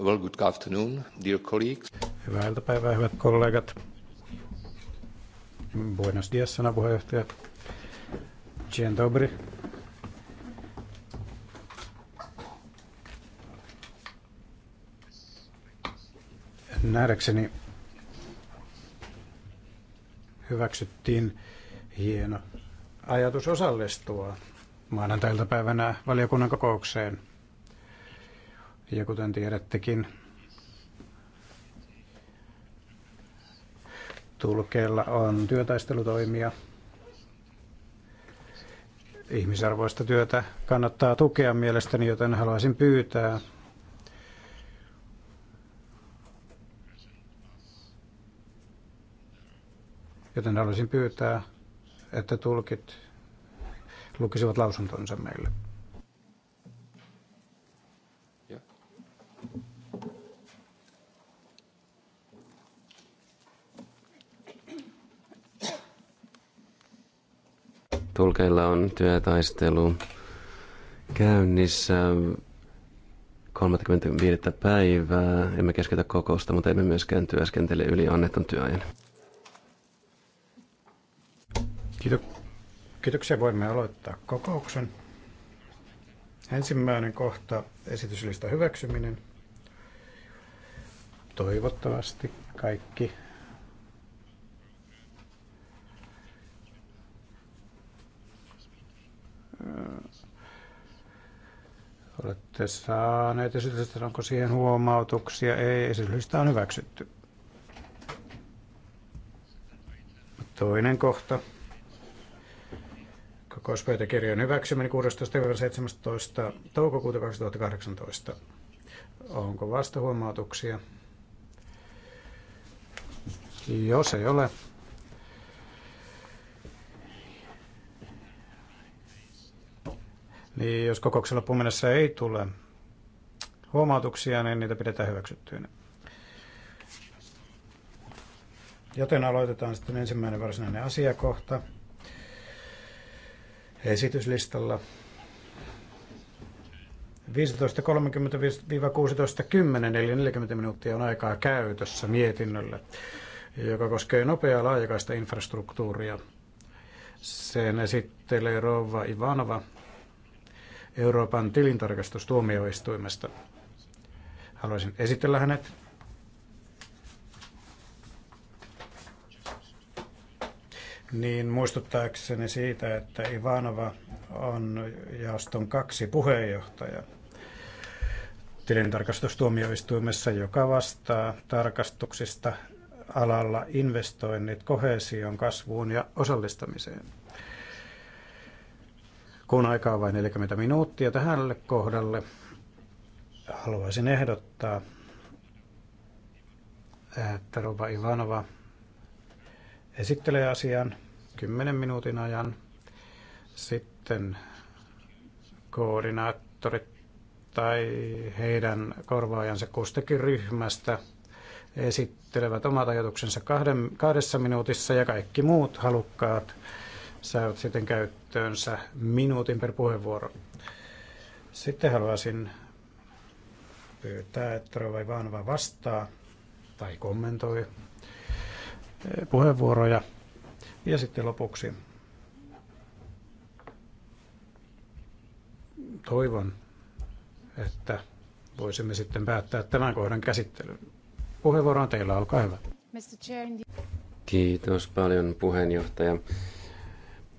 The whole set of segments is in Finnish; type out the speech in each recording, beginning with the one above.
Well, good afternoon, dear colleagues. Hyvää iltapäivää, hyvät kollegat. Buenos dias, sana puheenjohtaja. Dzień dobry. Nähdäkseni hyväksyttiin hieno ajatus osallistua maanantailtapäivänä valiokunnan kokoukseen – ja kuten tiedättekin, tulkeilla on työtaistelutoimia. Ihmisarvoista työtä kannattaa tukea mielestäni, joten haluaisin pyytää joten haluaisin pyytää, että tulkit lukisivat lausuntonsa meille. Tulkeilla on työtaistelu käynnissä 35. päivää. Emme keskeytä kokousta, mutta emme myöskään työskentele yli annetun työajan. Kiitok- Kiitoksia. Voimme aloittaa kokouksen. Ensimmäinen kohta, esityslista hyväksyminen. Toivottavasti kaikki Olette saaneet esitystä, onko siihen huomautuksia? Ei, esitystä on hyväksytty. Toinen kohta. Kokouspöytäkirjojen hyväksyminen 16.17. toukokuuta 2018. Onko vastahuomautuksia? Jos ei ole, Niin jos kokouksen loppuun mennessä ei tule huomautuksia, niin niitä pidetään hyväksyttyinä. Joten aloitetaan sitten ensimmäinen varsinainen asiakohta esityslistalla. 15.30-16.10 eli 40 minuuttia on aikaa käytössä mietinnölle, joka koskee nopeaa laajakaista infrastruktuuria. Sen esittelee Rova Ivanova Euroopan tilintarkastustuomioistuimesta. Haluaisin esitellä hänet. Niin muistuttaakseni siitä, että Ivanova on jaoston kaksi puheenjohtaja tilintarkastustuomioistuimessa, joka vastaa tarkastuksista alalla investoinnit kohesion kasvuun ja osallistamiseen kun aikaa on vain 40 minuuttia tähän kohdalle, haluaisin ehdottaa, että Ruba Ivanova esittelee asian 10 minuutin ajan. Sitten koordinaattorit tai heidän korvaajansa kustakin ryhmästä esittelevät omat ajatuksensa kahden, kahdessa minuutissa ja kaikki muut halukkaat saavat sitten käyttöönsä minuutin per puheenvuoro. Sitten haluaisin pyytää, että Rova Ivanova vastaa tai kommentoi puheenvuoroja. Ja sitten lopuksi toivon, että voisimme sitten päättää tämän kohdan käsittelyn. Puheenvuoro on teillä, olkaa hyvä. Kiitos paljon puheenjohtaja.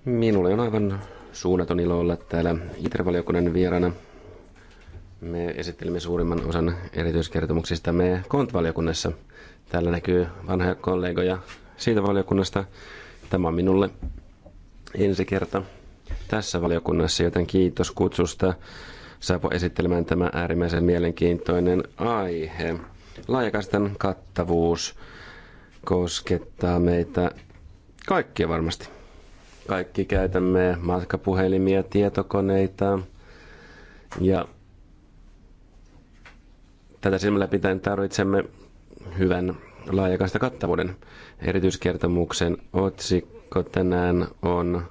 Minulle on aivan suunnaton ilo olla täällä Itävaliokunnan vierana. Me esittelimme suurimman osan erityiskertomuksista me kontvaliokunnassa. Täällä näkyy vanhoja kollegoja siitä valiokunnasta. Tämä on minulle ensi kerta tässä valiokunnassa, joten kiitos kutsusta. Saapu esittelemään tämä äärimmäisen mielenkiintoinen aihe. Laajakaistan kattavuus koskettaa meitä kaikkia varmasti. Kaikki käytämme matkapuhelimia, tietokoneita ja tätä silmällä pitäen tarvitsemme hyvän laajakaista kattavuuden. Erityiskertomuksen otsikko tänään on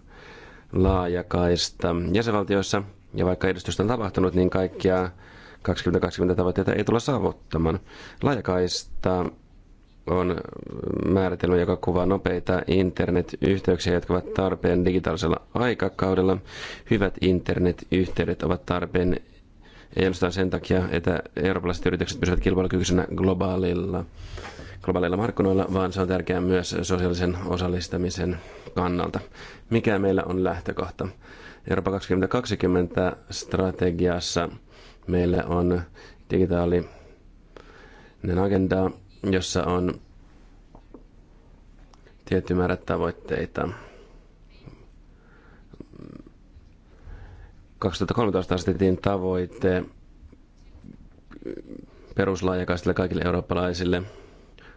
laajakaista jäsenvaltioissa. Ja vaikka edistystä on tapahtunut, niin kaikkia 2020 tavoitteita ei tulla saavuttamaan. Laajakaista on määritelmä, joka kuvaa nopeita internetyhteyksiä, jotka ovat tarpeen digitaalisella aikakaudella. Hyvät internetyhteydet ovat tarpeen ei ainoastaan sen takia, että eurooppalaiset yritykset pysyvät kilpailukykyisenä globaalilla, globaalilla markkinoilla, vaan se on tärkeää myös sosiaalisen osallistamisen kannalta. Mikä meillä on lähtökohta? Eurooppa 2020 strategiassa meillä on digitaalinen agenda, jossa on tietty määrä tavoitteita. 2013 asetettiin tavoite peruslaajakaistalle kaikille eurooppalaisille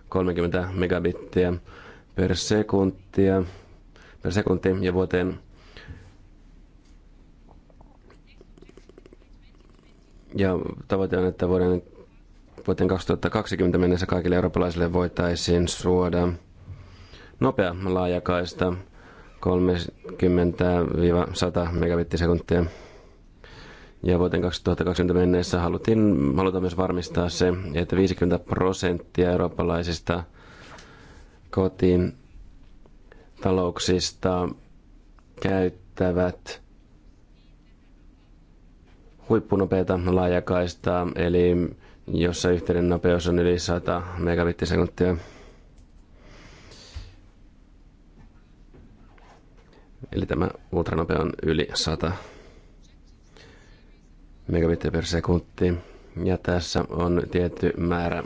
30 megabittiä per sekuntia per sekunti ja vuoteen ja tavoite on, että vuoden vuoteen 2020 mennessä kaikille eurooppalaisille voitaisiin suoda nopea laajakaista 30-100 megabittisekuntia. Ja vuoteen 2020 mennessä halutin halutaan myös varmistaa se, että 50 prosenttia eurooppalaisista kotiin talouksista käyttävät huippunopeita laajakaistaa, eli jossa yhteyden nopeus on yli 100 megabittisekuntia. Eli tämä ultranopea on yli 100 megabittiä per sekunti. Ja tässä on tietty määrä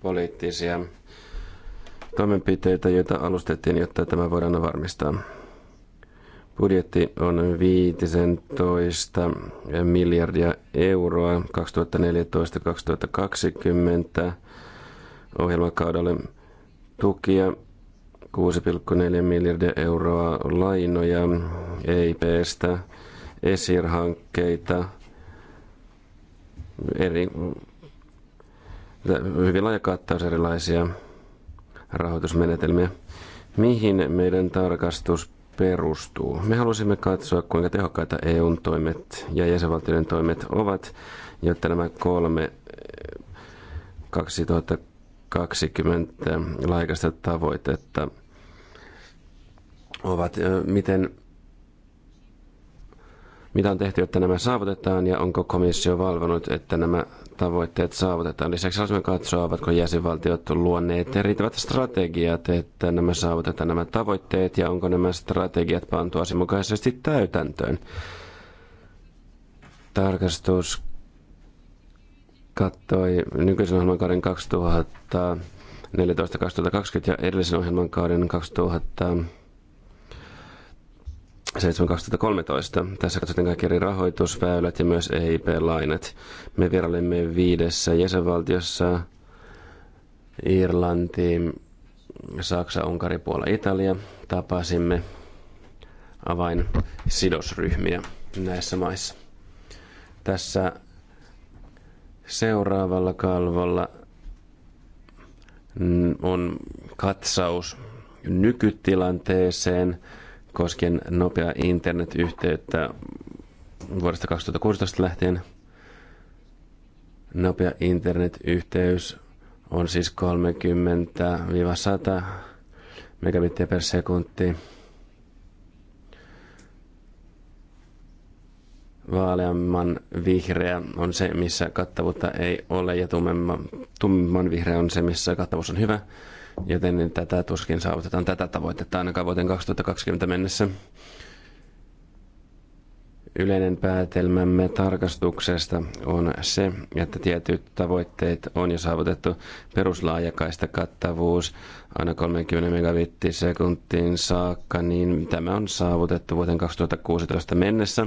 poliittisia toimenpiteitä, joita alustettiin, jotta tämä voidaan varmistaa. Budjetti on 15 miljardia euroa 2014-2020 ohjelmakaudelle tukia 6,4 miljardia euroa lainoja EIPstä, ESIR-hankkeita, eri, hyvin laaja kattaus erilaisia rahoitusmenetelmiä. Mihin meidän tarkastus perustuu. Me halusimme katsoa, kuinka tehokkaita EUn toimet ja jäsenvaltioiden toimet ovat, jotta nämä kolme 2020 eh, laikasta tavoitetta ovat, eh, miten, mitä on tehty, jotta nämä saavutetaan ja onko komissio valvonut, että nämä tavoitteet saavutetaan. Lisäksi haluaisimme katsoa, ovatko jäsenvaltiot luonneet riittävät strategiat, että nämä saavutetaan nämä tavoitteet ja onko nämä strategiat pantu asianmukaisesti täytäntöön. Tarkastus kattoi nykyisen ohjelmakauden 2014-2020 ja edellisen ohjelmakauden 2000 7.2013. Tässä katsotaan kaikki eri rahoitusväylät ja myös EIP-lainat. Me vierailimme viidessä jäsenvaltiossa, Irlanti, Saksa, Unkari, Puola, Italia. Tapasimme avain sidosryhmiä näissä maissa. Tässä seuraavalla kalvolla on katsaus nykytilanteeseen – koskien nopeaa internetyhteyttä vuodesta 2016 lähtien. Nopea internetyhteys on siis 30-100 megabittiä per sekunti. Vaaleamman vihreä on se, missä kattavuutta ei ole, ja tumman vihreä on se, missä kattavuus on hyvä joten tätä tuskin saavutetaan tätä tavoitetta ainakaan vuoteen 2020 mennessä. Yleinen päätelmämme tarkastuksesta on se, että tietyt tavoitteet on jo saavutettu peruslaajakaista kattavuus aina 30 megabittisekuntiin saakka, niin tämä on saavutettu vuoteen 2016 mennessä.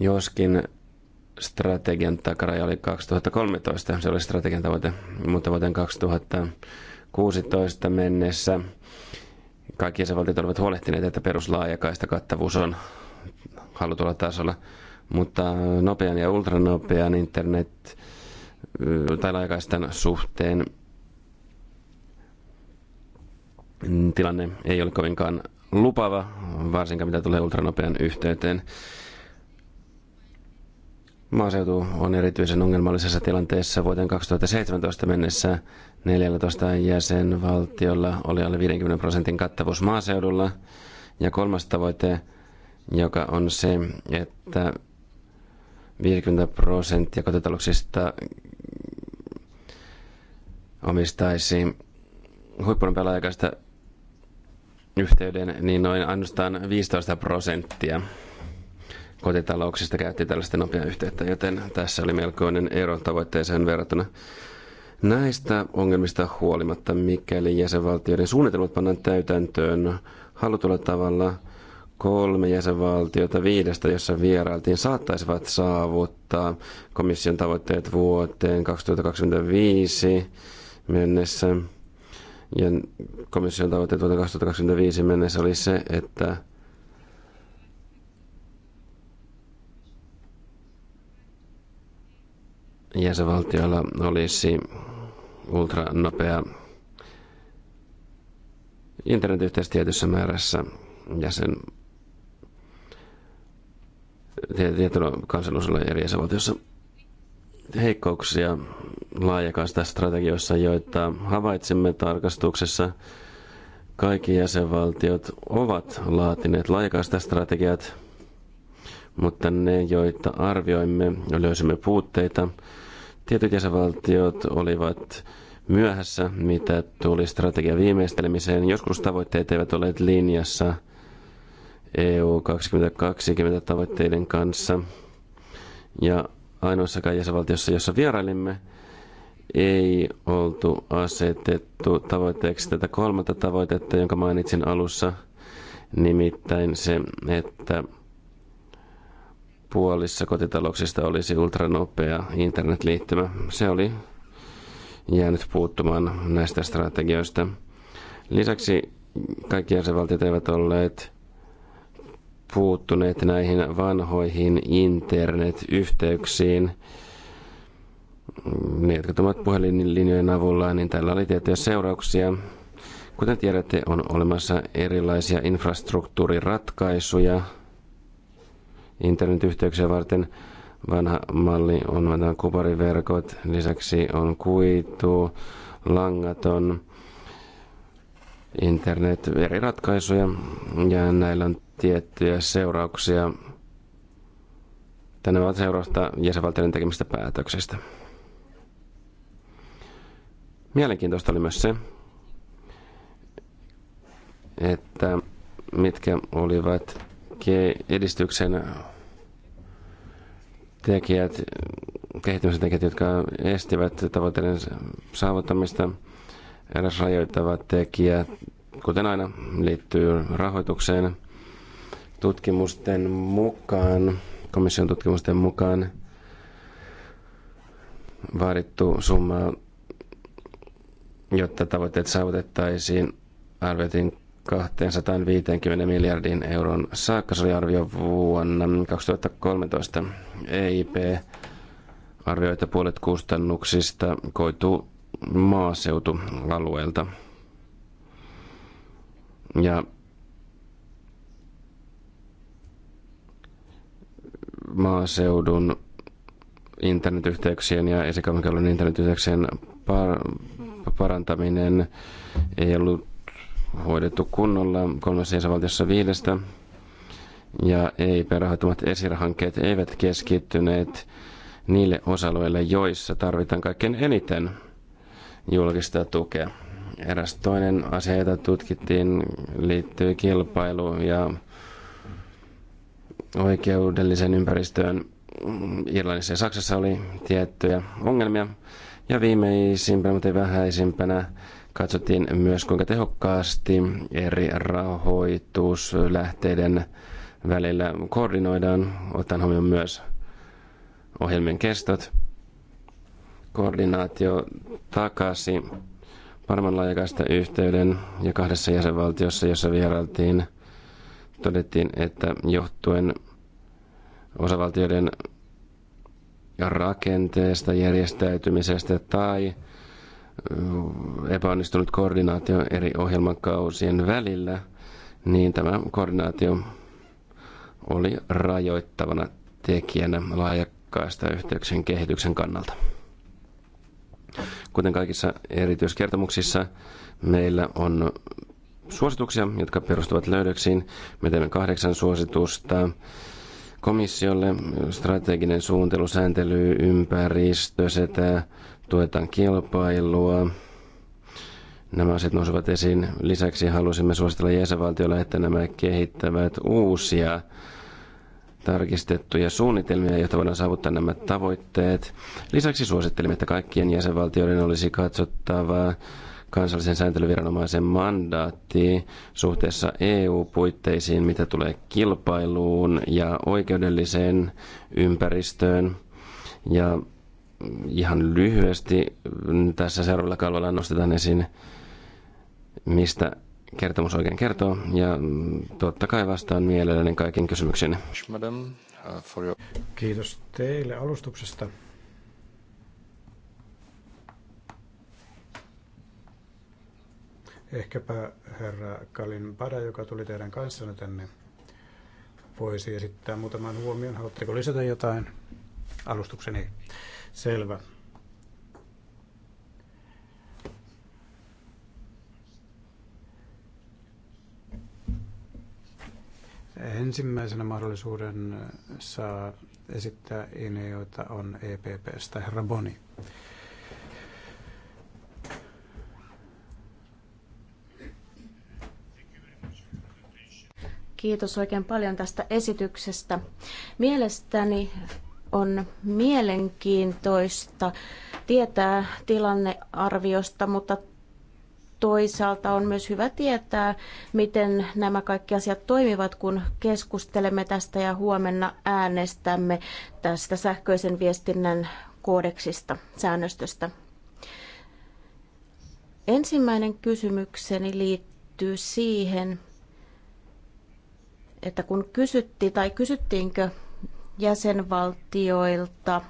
Joskin strategian takaraja oli 2013, se oli strategian tavoite, mutta vuoteen 2016 mennessä kaikki jäsenvaltiot olivat huolehtineet, että peruslaajakaista kattavuus on halutulla tasolla, mutta nopean ja ultranopean internet tai laajakaistan suhteen mm, tilanne ei ole kovinkaan lupava, varsinkaan mitä tulee ultranopean yhteyteen. Maaseutu on erityisen ongelmallisessa tilanteessa. Vuoteen 2017 mennessä 14 jäsenvaltiolla oli alle 50 prosentin kattavuus maaseudulla. Ja kolmas tavoite, joka on se, että 50 prosenttia kotitalouksista omistaisi huippuun pelaajakaista yhteyden, niin noin ainoastaan 15 prosenttia kotitalouksista käytti tällaista nopeaa yhteyttä, joten tässä oli melkoinen ero tavoitteeseen verrattuna. Näistä ongelmista huolimatta, mikäli jäsenvaltioiden suunnitelmat pannaan täytäntöön halutulla tavalla, kolme jäsenvaltiota viidestä, jossa vierailtiin, saattaisivat saavuttaa komission tavoitteet vuoteen 2025 mennessä. Ja komission tavoitteet vuoteen 2025 mennessä oli se, että jäsenvaltioilla olisi ultranopea internetyhteys tietyssä määrässä jäsen tietyllä kansallisella eri jäsenvaltiossa heikkouksia laajakaista strategioissa, joita havaitsemme tarkastuksessa. Kaikki jäsenvaltiot ovat laatineet laajakaista strategiat – mutta ne, joita arvioimme, löysimme puutteita. Tietyt jäsenvaltiot olivat myöhässä, mitä tuli strategia viimeistelemiseen. Joskus tavoitteet eivät olleet linjassa EU 2020 tavoitteiden kanssa. Ja ainoassakaan jäsenvaltiossa, jossa vierailimme, ei oltu asetettu tavoitteeksi tätä kolmatta tavoitetta, jonka mainitsin alussa, nimittäin se, että puolissa kotitalouksista olisi ultranopea internetliittymä. Se oli jäänyt puuttumaan näistä strategioista. Lisäksi kaikki jäsenvaltiot eivät olleet puuttuneet näihin vanhoihin internetyhteyksiin. Ne, jotka tuovat puhelinlinjojen avulla, niin tällä oli tiettyjä seurauksia. Kuten tiedätte, on olemassa erilaisia infrastruktuuriratkaisuja – internetyhteyksiä varten. Vanha malli on kupariverkot, lisäksi on kuitu, langaton, internet, eri ratkaisuja ja näillä on tiettyjä seurauksia. Tänne ovat seurausta jäsenvaltioiden tekemistä päätöksistä. Mielenkiintoista oli myös se, että mitkä olivat edistyksen tekijät, kehittymisen tekijät, jotka estivät tavoitteiden saavuttamista. Eräs rajoittava tekijä, kuten aina, liittyy rahoitukseen. Tutkimusten mukaan, komission tutkimusten mukaan, vaadittu summa, jotta tavoitteet saavutettaisiin, arvioitiin 250 miljardin euron saakka. Se oli arvio vuonna 2013. EIP arvioi, että puolet kustannuksista koituu maaseutualueelta. Ja maaseudun internetyhteyksien ja esikaupunkialueen internetyhteyksien par- parantaminen ei ollut hoidettu kunnolla kolmessa jäsenvaltiossa viidestä. Ja ei perahoitumat esirahankkeet eivät keskittyneet niille osa-alueille, joissa tarvitaan kaikkein eniten julkista tukea. Eräs toinen asia, jota tutkittiin, liittyy kilpailuun ja oikeudelliseen ympäristöön. Irlannissa ja Saksassa oli tiettyjä ongelmia. Ja viimeisimpänä, mutta ei vähäisimpänä, Katsottiin myös, kuinka tehokkaasti eri rahoituslähteiden välillä koordinoidaan, otan huomioon myös ohjelmien kestot. Koordinaatio takasi varman laajakaista yhteyden ja kahdessa jäsenvaltiossa, jossa vierailtiin, todettiin, että johtuen osavaltioiden rakenteesta, järjestäytymisestä tai epäonnistunut koordinaatio eri ohjelmakausien välillä, niin tämä koordinaatio oli rajoittavana tekijänä laajakkaista yhteyksien kehityksen kannalta. Kuten kaikissa erityiskertomuksissa, meillä on suosituksia, jotka perustuvat löydöksiin. Me teemme kahdeksan suositusta komissiolle, strateginen suunntelu, sääntely, ympäristö, setä, tuetaan kilpailua. Nämä asiat nousevat esiin. Lisäksi halusimme suositella jäsenvaltioille, että nämä kehittävät uusia tarkistettuja suunnitelmia, joita voidaan saavuttaa nämä tavoitteet. Lisäksi suosittelimme, että kaikkien jäsenvaltioiden olisi katsottava kansallisen sääntelyviranomaisen mandaatti suhteessa EU-puitteisiin, mitä tulee kilpailuun ja oikeudelliseen ympäristöön. Ja ihan lyhyesti tässä seuraavalla kalvolla nostetaan esiin, mistä kertomus oikein kertoo. Ja totta kai vastaan mielelläni kaiken kysymyksiin. Uh, Kiitos teille alustuksesta. Ehkäpä herra Kalin Pada, joka tuli teidän kanssanne tänne, voisi esittää muutaman huomion. Haluatteko lisätä jotain? Alustukseni Selvä. Ensimmäisenä mahdollisuuden saa esittää ideoita on EPPstä herra Boni. Kiitos oikein paljon tästä esityksestä. Mielestäni on mielenkiintoista tietää tilannearviosta, mutta toisaalta on myös hyvä tietää, miten nämä kaikki asiat toimivat, kun keskustelemme tästä ja huomenna äänestämme tästä sähköisen viestinnän koodeksista, säännöstöstä. Ensimmäinen kysymykseni liittyy siihen, että kun kysyttiin tai kysyttiinkö jäsenvaltioilta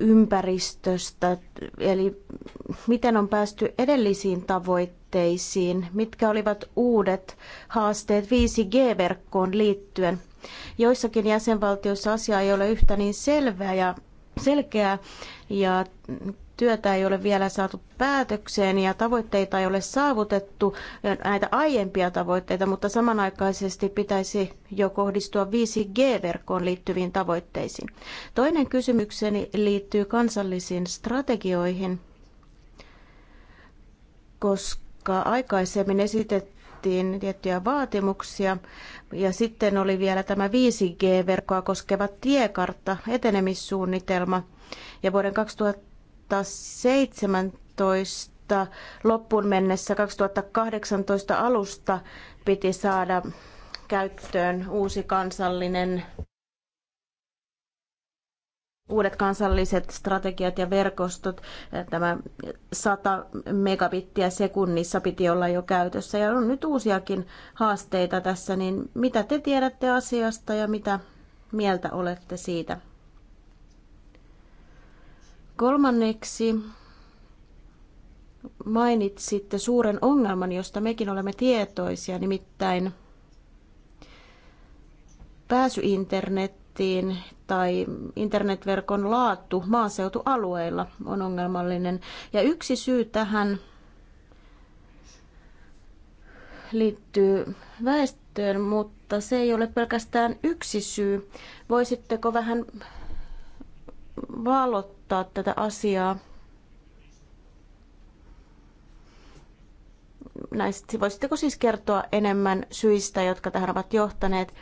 ympäristöstä, eli miten on päästy edellisiin tavoitteisiin, mitkä olivat uudet haasteet 5G-verkkoon liittyen. Joissakin jäsenvaltioissa asia ei ole yhtä niin selvää ja selkeää, ja työtä ei ole vielä saatu päätökseen ja tavoitteita ei ole saavutettu, näitä aiempia tavoitteita, mutta samanaikaisesti pitäisi jo kohdistua 5G-verkkoon liittyviin tavoitteisiin. Toinen kysymykseni liittyy kansallisiin strategioihin, koska aikaisemmin esitetty tiettyjä vaatimuksia. Ja sitten oli vielä tämä 5G-verkkoa koskeva tiekartta, etenemissuunnitelma. Ja vuoden 2000 2017 loppuun mennessä 2018 alusta piti saada käyttöön uusi kansallinen uudet kansalliset strategiat ja verkostot, tämä 100 megabittiä sekunnissa piti olla jo käytössä ja on nyt uusiakin haasteita tässä, niin mitä te tiedätte asiasta ja mitä mieltä olette siitä? Kolmanneksi mainitsitte suuren ongelman, josta mekin olemme tietoisia, nimittäin pääsy internettiin tai internetverkon laatu maaseutualueilla on ongelmallinen. Ja yksi syy tähän liittyy väestöön, mutta se ei ole pelkästään yksi syy. Voisitteko vähän valottaa? muuttaa tätä asiaa. Näistä, voisitteko siis kertoa enemmän syistä, jotka tähän ovat johtaneet?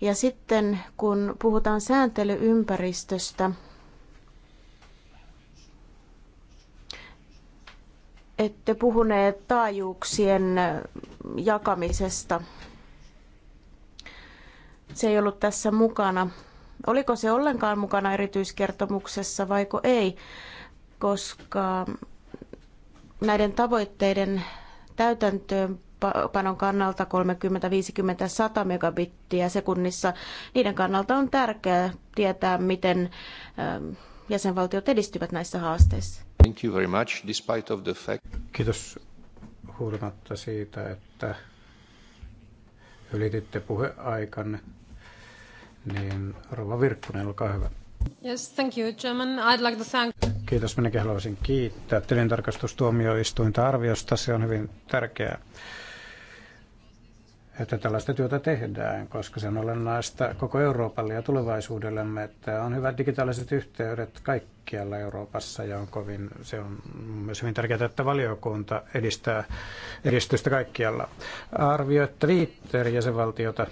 Ja sitten kun puhutaan sääntelyympäristöstä, ette puhuneet taajuuksien jakamisesta. Se ei ollut tässä mukana. Oliko se ollenkaan mukana erityiskertomuksessa vaiko ei, koska näiden tavoitteiden täytäntöönpanon kannalta 30, 50, 100 megabittiä sekunnissa, niiden kannalta on tärkeää tietää, miten ähm, jäsenvaltiot edistyvät näissä haasteissa. Thank you very much, despite of the fact... Kiitos huolimatta siitä, että ylititte puheaikanne niin Rova Virkkunen, olkaa hyvä. Yes, thank you, Chairman. I'd like to thank... Kiitos, minäkin haluaisin kiittää tilintarkastustuomioistuinta arviosta. Se on hyvin tärkeää, että tällaista työtä tehdään, koska se on olennaista koko Euroopalle ja tulevaisuudellemme, että on hyvät digitaaliset yhteydet kaikkialla Euroopassa ja on kovin, se on myös hyvin tärkeää, että valiokunta edistää edistystä kaikkialla. Arvioitte viitteeri jäsenvaltiota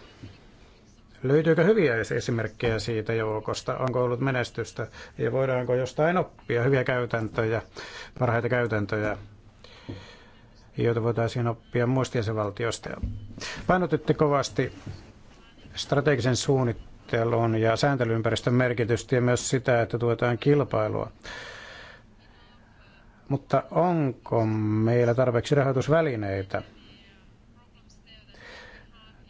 Löytyykö hyviä esimerkkejä siitä joukosta? Onko ollut menestystä ja voidaanko jostain oppia hyviä käytäntöjä, parhaita käytäntöjä, joita voitaisiin oppia muistiasevaltiosta? Painotitte kovasti strategisen suunnittelun ja sääntelyympäristön merkitystä ja myös sitä, että tuetaan kilpailua. Mutta onko meillä tarpeeksi rahoitusvälineitä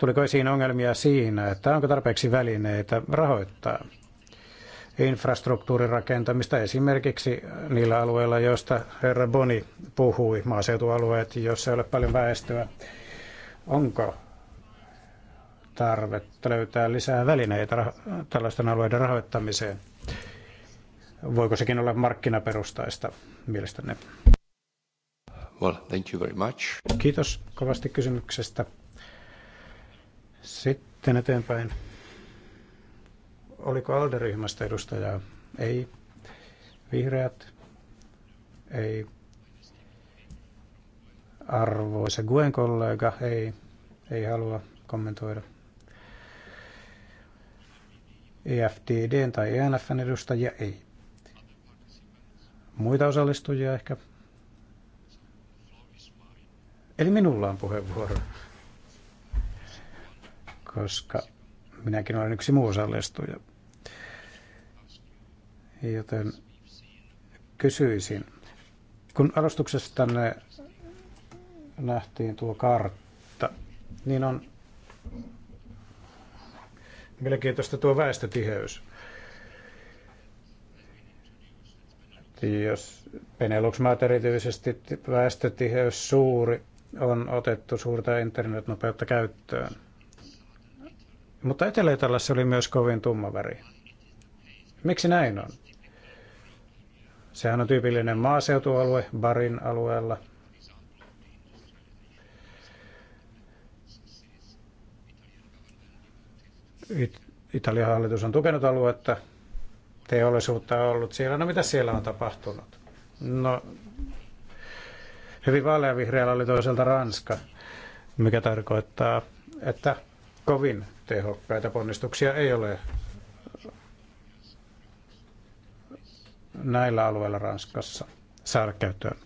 Tuliko esiin ongelmia siinä, että onko tarpeeksi välineitä rahoittaa infrastruktuurin rakentamista esimerkiksi niillä alueilla, joista herra Boni puhui, maaseutualueet, joissa ei ole paljon väestöä. Onko tarvetta löytää lisää välineitä tällaisten alueiden rahoittamiseen? Voiko sekin olla markkinaperustaista mielestänne? Well, thank you very much. Kiitos kovasti kysymyksestä. Sitten eteenpäin. Oliko Alderyhmästä edustajaa? Ei. Vihreät? Ei. Arvoisa Guen kollega? Ei. Ei halua kommentoida. EFTD tai ENFn edustajia? Ei. Muita osallistujia ehkä? Eli minulla on puheenvuoro koska minäkin olen yksi muu osallistuja. Joten kysyisin, kun tänne nähtiin tuo kartta, niin on mielenkiintoista tuo väestötiheys. Jos Penelux maat erityisesti väestötiheys suuri on otettu suurta internetnopeutta käyttöön – mutta Etelä-Italiassa oli myös kovin tumma väri. Miksi näin on? Sehän on tyypillinen maaseutualue Barin alueella. It- Italian hallitus on tukenut aluetta, teollisuutta on ollut siellä. No mitä siellä on tapahtunut? No, hyvin vaaleanvihreällä oli toiselta Ranska, mikä tarkoittaa, että kovin tehokkaita ponnistuksia ei ole näillä alueilla Ranskassa saada käyttöön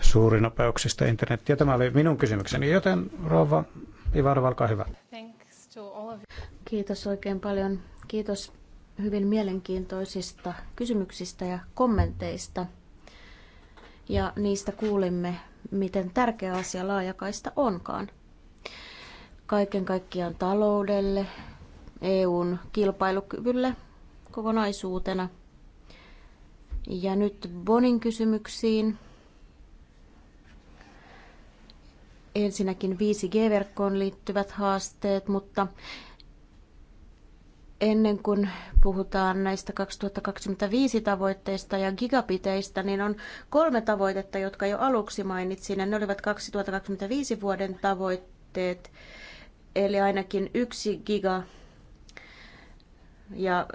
suurinopeuksista internetiä. Tämä oli minun kysymykseni, joten rouva Ivarova, olkaa hyvä. Kiitos oikein paljon. Kiitos hyvin mielenkiintoisista kysymyksistä ja kommenteista. Ja niistä kuulimme, miten tärkeä asia laajakaista onkaan kaiken kaikkiaan taloudelle, EUn kilpailukyvylle kokonaisuutena. Ja nyt Bonin kysymyksiin. Ensinnäkin 5G-verkkoon liittyvät haasteet, mutta ennen kuin puhutaan näistä 2025 tavoitteista ja gigabiteista, niin on kolme tavoitetta, jotka jo aluksi mainitsin, ja ne olivat 2025 vuoden tavoitteet eli ainakin yksi giga. Ja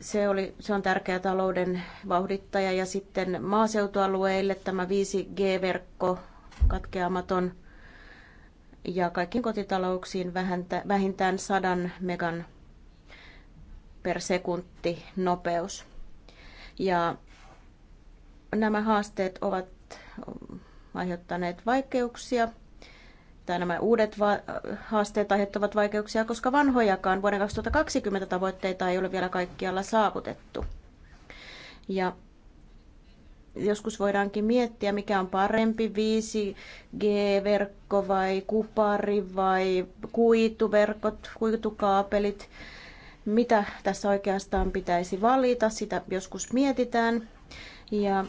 se, oli, se on tärkeä talouden vauhdittaja. Ja sitten maaseutualueille tämä 5G-verkko, katkeamaton, ja kaikkiin kotitalouksiin vähintään 100 megan per sekunti nopeus. Ja nämä haasteet ovat aiheuttaneet vaikeuksia tai nämä uudet haasteet aiheuttavat vaikeuksia, koska vanhojakaan vuoden 2020 tavoitteita ei ole vielä kaikkialla saavutettu. Ja joskus voidaankin miettiä, mikä on parempi, 5G-verkko vai kupari vai kuituverkot, kuitukaapelit. Mitä tässä oikeastaan pitäisi valita, sitä joskus mietitään. Ja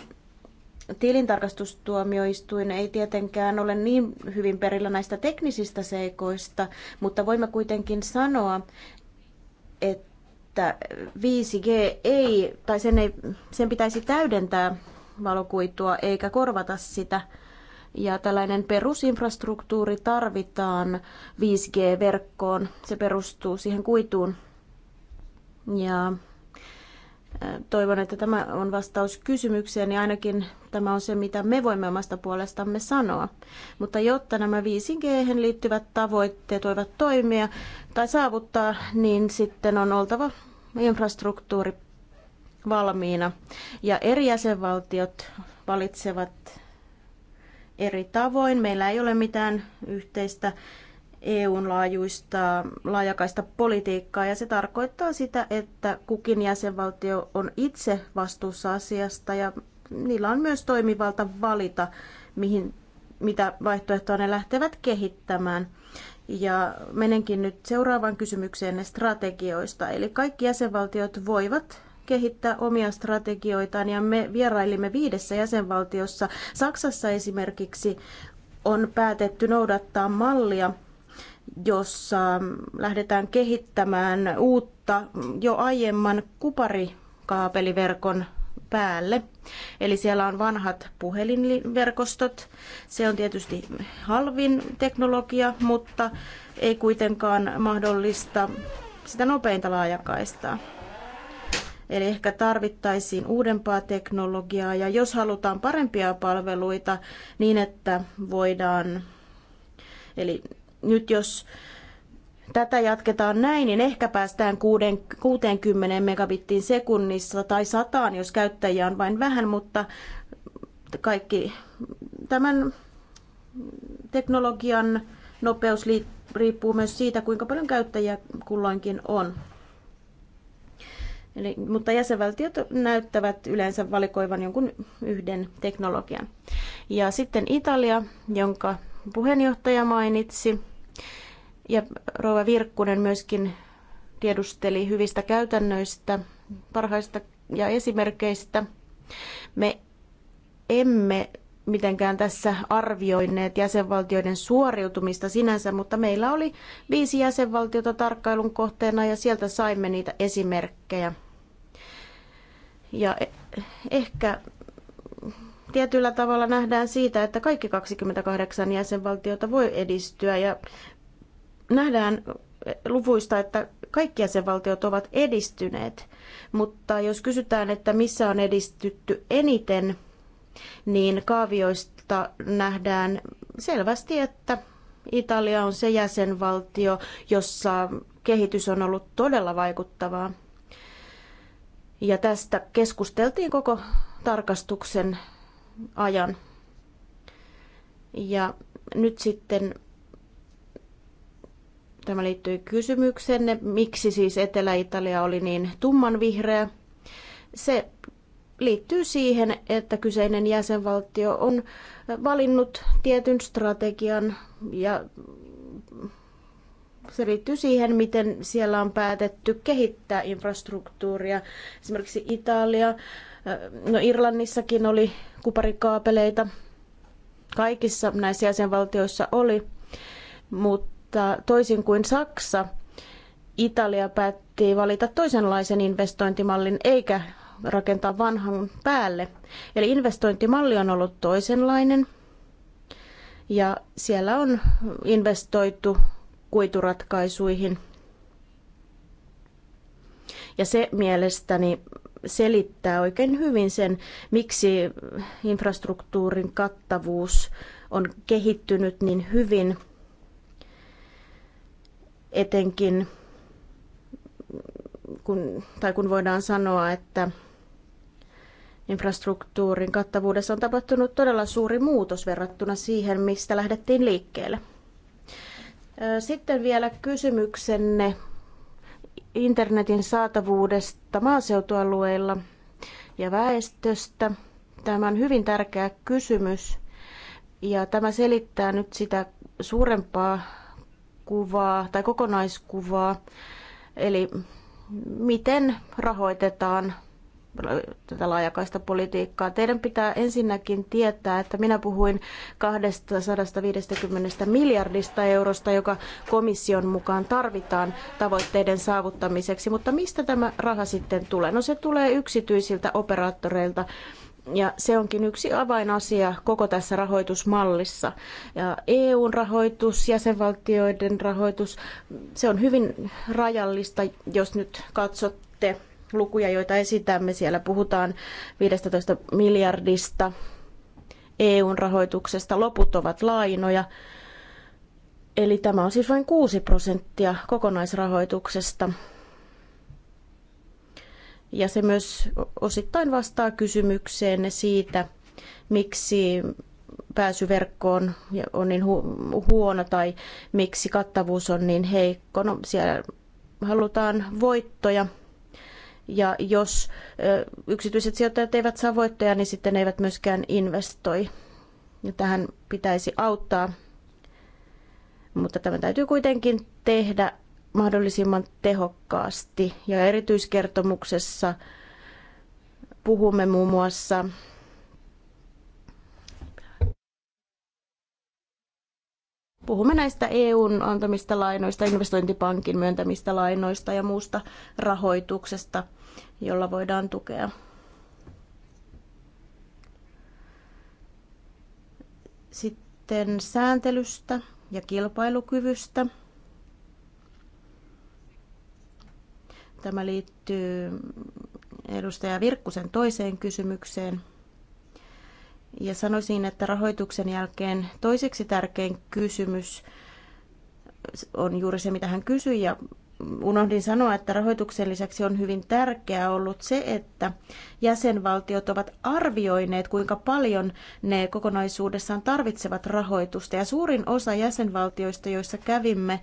tilintarkastustuomioistuin ei tietenkään ole niin hyvin perillä näistä teknisistä seikoista, mutta voimme kuitenkin sanoa, että 5G ei, tai sen, ei, sen pitäisi täydentää valokuitua eikä korvata sitä. Ja tällainen perusinfrastruktuuri tarvitaan 5G-verkkoon. Se perustuu siihen kuituun. Ja Toivon, että tämä on vastaus kysymykseen, niin ainakin tämä on se, mitä me voimme omasta puolestamme sanoa. Mutta jotta nämä 5G liittyvät tavoitteet voivat toimia tai saavuttaa, niin sitten on oltava infrastruktuuri valmiina. Ja eri jäsenvaltiot valitsevat eri tavoin. Meillä ei ole mitään yhteistä eu laajuista laajakaista politiikkaa ja se tarkoittaa sitä, että kukin jäsenvaltio on itse vastuussa asiasta ja niillä on myös toimivalta valita, mihin, mitä vaihtoehtoa ne lähtevät kehittämään. Ja menenkin nyt seuraavaan kysymykseen strategioista. Eli kaikki jäsenvaltiot voivat kehittää omia strategioitaan ja me vierailimme viidessä jäsenvaltiossa. Saksassa esimerkiksi on päätetty noudattaa mallia, jossa lähdetään kehittämään uutta jo aiemman kuparikaapeliverkon päälle. Eli siellä on vanhat puhelinverkostot. Se on tietysti halvin teknologia, mutta ei kuitenkaan mahdollista sitä nopeinta laajakaistaa. Eli ehkä tarvittaisiin uudempaa teknologiaa ja jos halutaan parempia palveluita niin, että voidaan, eli nyt jos tätä jatketaan näin, niin ehkä päästään 60 megabittiin sekunnissa tai sataan, jos käyttäjiä on vain vähän, mutta kaikki tämän teknologian nopeus riippuu myös siitä, kuinka paljon käyttäjiä kulloinkin on. Eli, mutta jäsenvaltiot näyttävät yleensä valikoivan jonkun yhden teknologian. Ja sitten Italia, jonka puheenjohtaja mainitsi. Ja Rouva Virkkunen myöskin tiedusteli hyvistä käytännöistä, parhaista ja esimerkkeistä. Me emme mitenkään tässä arvioineet jäsenvaltioiden suoriutumista sinänsä, mutta meillä oli viisi jäsenvaltiota tarkkailun kohteena ja sieltä saimme niitä esimerkkejä. Ja e- ehkä tietyllä tavalla nähdään siitä, että kaikki 28 jäsenvaltiota voi edistyä ja nähdään luvuista, että kaikki jäsenvaltiot ovat edistyneet. Mutta jos kysytään, että missä on edistytty eniten, niin kaavioista nähdään selvästi, että Italia on se jäsenvaltio, jossa kehitys on ollut todella vaikuttavaa. Ja tästä keskusteltiin koko tarkastuksen ajan. Ja nyt sitten tämä liittyy kysymykseen, miksi siis Etelä-Italia oli niin tummanvihreä. Se liittyy siihen, että kyseinen jäsenvaltio on valinnut tietyn strategian ja se liittyy siihen, miten siellä on päätetty kehittää infrastruktuuria. Esimerkiksi Italia No Irlannissakin oli kuparikaapeleita. Kaikissa näissä jäsenvaltioissa oli, mutta toisin kuin Saksa, Italia päätti valita toisenlaisen investointimallin eikä rakentaa vanhan päälle. Eli investointimalli on ollut toisenlainen ja siellä on investoitu kuituratkaisuihin. Ja se mielestäni selittää oikein hyvin sen, miksi infrastruktuurin kattavuus on kehittynyt niin hyvin, etenkin kun, tai kun voidaan sanoa, että infrastruktuurin kattavuudessa on tapahtunut todella suuri muutos verrattuna siihen, mistä lähdettiin liikkeelle. Sitten vielä kysymyksenne internetin saatavuudesta maaseutualueilla ja väestöstä. Tämä on hyvin tärkeä kysymys ja tämä selittää nyt sitä suurempaa kuvaa tai kokonaiskuvaa, eli miten rahoitetaan tätä laajakaista politiikkaa. Teidän pitää ensinnäkin tietää, että minä puhuin 250 miljardista eurosta, joka komission mukaan tarvitaan tavoitteiden saavuttamiseksi. Mutta mistä tämä raha sitten tulee? No se tulee yksityisiltä operaattoreilta. Ja se onkin yksi avainasia koko tässä rahoitusmallissa. Ja EUn rahoitus, jäsenvaltioiden rahoitus, se on hyvin rajallista, jos nyt katsotte lukuja, joita esitämme. Siellä puhutaan 15 miljardista EUn rahoituksesta. Loput ovat lainoja. Eli tämä on siis vain 6 prosenttia kokonaisrahoituksesta. Ja se myös osittain vastaa kysymykseenne siitä, miksi pääsy verkkoon on niin hu- huono tai miksi kattavuus on niin heikko. No, siellä halutaan voittoja ja jos yksityiset sijoittajat eivät saa voittoja, niin sitten eivät myöskään investoi. Ja tähän pitäisi auttaa, mutta tämä täytyy kuitenkin tehdä mahdollisimman tehokkaasti. Ja erityiskertomuksessa puhumme muun muassa Puhumme näistä EUn antamista lainoista, investointipankin myöntämistä lainoista ja muusta rahoituksesta, jolla voidaan tukea sitten sääntelystä ja kilpailukyvystä. Tämä liittyy edustaja Virkkusen toiseen kysymykseen. Ja sanoisin, että rahoituksen jälkeen toiseksi tärkein kysymys on juuri se, mitä hän kysyi, ja unohdin sanoa, että rahoituksen lisäksi on hyvin tärkeää ollut se, että jäsenvaltiot ovat arvioineet, kuinka paljon ne kokonaisuudessaan tarvitsevat rahoitusta. Ja suurin osa jäsenvaltioista, joissa kävimme,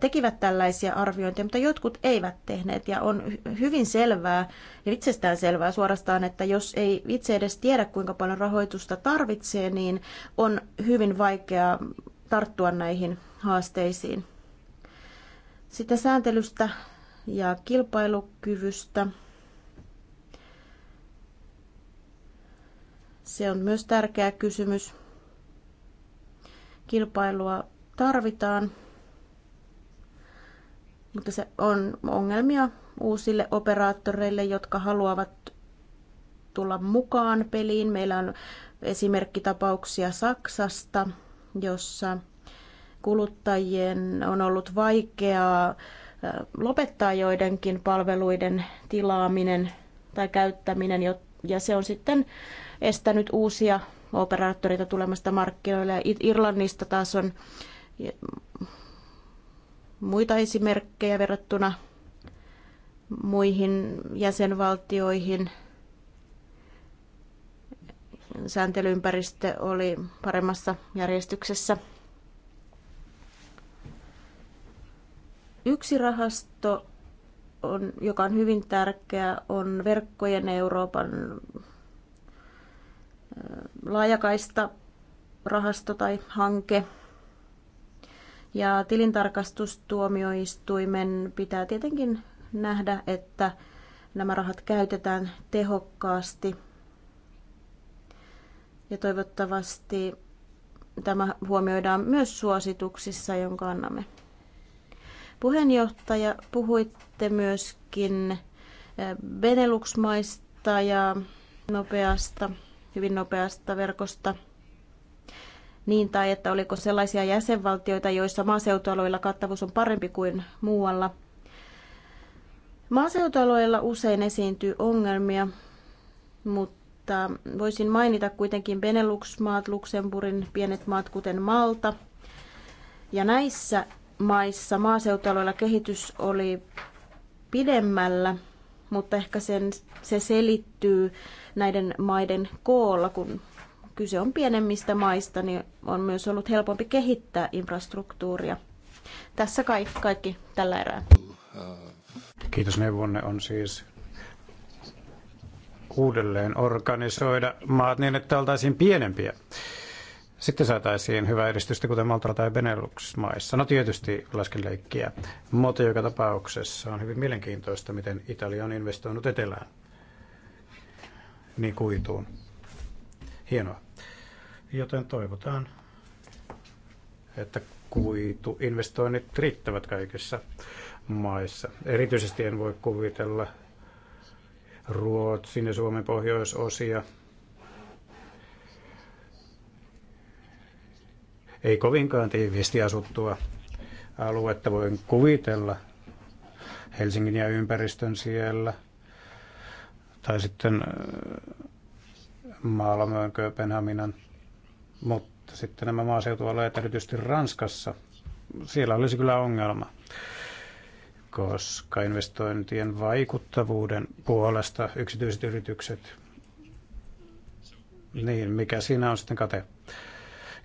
tekivät tällaisia arviointeja, mutta jotkut eivät tehneet. Ja on hyvin selvää ja itsestään selvää suorastaan, että jos ei itse edes tiedä, kuinka paljon rahoitusta tarvitsee, niin on hyvin vaikea tarttua näihin haasteisiin. Sitten sääntelystä ja kilpailukyvystä. Se on myös tärkeä kysymys. Kilpailua tarvitaan, mutta se on ongelmia uusille operaattoreille, jotka haluavat tulla mukaan peliin. Meillä on esimerkkitapauksia Saksasta, jossa kuluttajien on ollut vaikeaa lopettaa joidenkin palveluiden tilaaminen tai käyttäminen, ja se on sitten estänyt uusia operaattoreita tulemasta markkinoille. Irlannista taas on muita esimerkkejä verrattuna muihin jäsenvaltioihin. Sääntelyympäristö oli paremmassa järjestyksessä. Yksi rahasto, on, joka on hyvin tärkeä, on verkkojen Euroopan laajakaista rahasto tai hanke. Ja tilintarkastustuomioistuimen pitää tietenkin nähdä, että nämä rahat käytetään tehokkaasti. Ja toivottavasti tämä huomioidaan myös suosituksissa, jonka annamme. Puheenjohtaja, puhuitte myöskin eh, Benelux-maista ja nopeasta, hyvin nopeasta verkosta. Niin, tai että oliko sellaisia jäsenvaltioita, joissa maaseutualueilla kattavuus on parempi kuin muualla. Maaseutualueilla usein esiintyy ongelmia, mutta voisin mainita kuitenkin Benelux-maat, Luxemburgin pienet maat, kuten Malta. Ja näissä maissa maaseutualueilla kehitys oli pidemmällä, mutta ehkä sen, se selittyy näiden maiden koolla, kun kyse on pienemmistä maista, niin on myös ollut helpompi kehittää infrastruktuuria. Tässä kaikki, kaikki tällä erää. Kiitos neuvonne on siis uudelleen organisoida maat niin, että oltaisiin pienempiä. Sitten saataisiin hyvää edistystä, kuten Maltalla tai Benelux-maissa. No tietysti lasken leikkiä, mutta joka tapauksessa on hyvin mielenkiintoista, miten Italia on investoinut etelään, niin kuituun. Hienoa. Joten toivotaan, että kuituinvestoinnit riittävät kaikissa maissa. Erityisesti en voi kuvitella Ruotsin ja Suomen pohjoisosia ei kovinkaan tiiviisti asuttua aluetta. Voin kuvitella Helsingin ja ympäristön siellä tai sitten äh, Maalamöön, Kööpenhaminan, mutta sitten nämä maaseutualueet, erityisesti Ranskassa, siellä olisi kyllä ongelma, koska investointien vaikuttavuuden puolesta yksityiset yritykset, niin mikä siinä on sitten kate?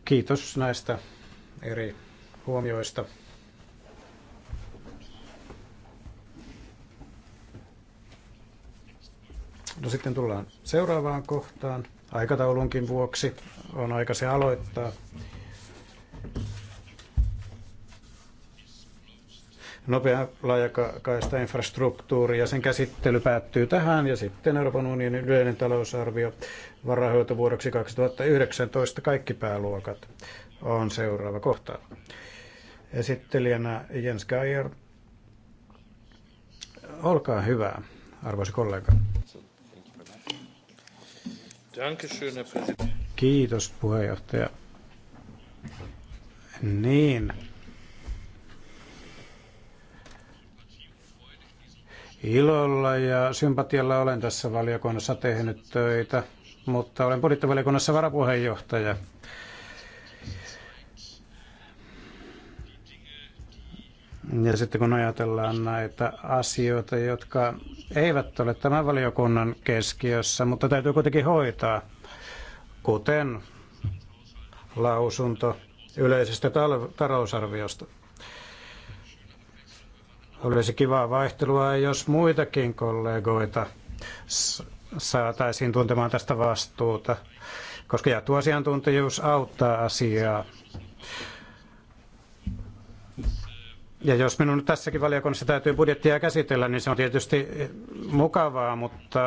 Kiitos näistä eri huomioista. No sitten tullaan seuraavaan kohtaan. Aikataulunkin vuoksi on aika se aloittaa. nopea laajakaista infrastruktuuri ja sen käsittely päättyy tähän ja sitten Euroopan unionin yleinen talousarvio varainhoitovuodeksi 2019 kaikki pääluokat on seuraava kohta. Esittelijänä Jens Geier. Olkaa hyvä, arvoisa kollega. Kiitos puheenjohtaja. Niin, Ilolla ja sympatialla olen tässä valiokunnassa tehnyt töitä, mutta olen budjettivaliokunnassa varapuheenjohtaja. Ja sitten kun ajatellaan näitä asioita, jotka eivät ole tämän valiokunnan keskiössä, mutta täytyy kuitenkin hoitaa, kuten lausunto yleisestä talousarviosta. Olisi kivaa vaihtelua, jos muitakin kollegoita saataisiin tuntemaan tästä vastuuta, koska jaettu asiantuntijuus auttaa asiaa. Ja jos minun tässäkin valiokunnassa täytyy budjettia käsitellä, niin se on tietysti mukavaa, mutta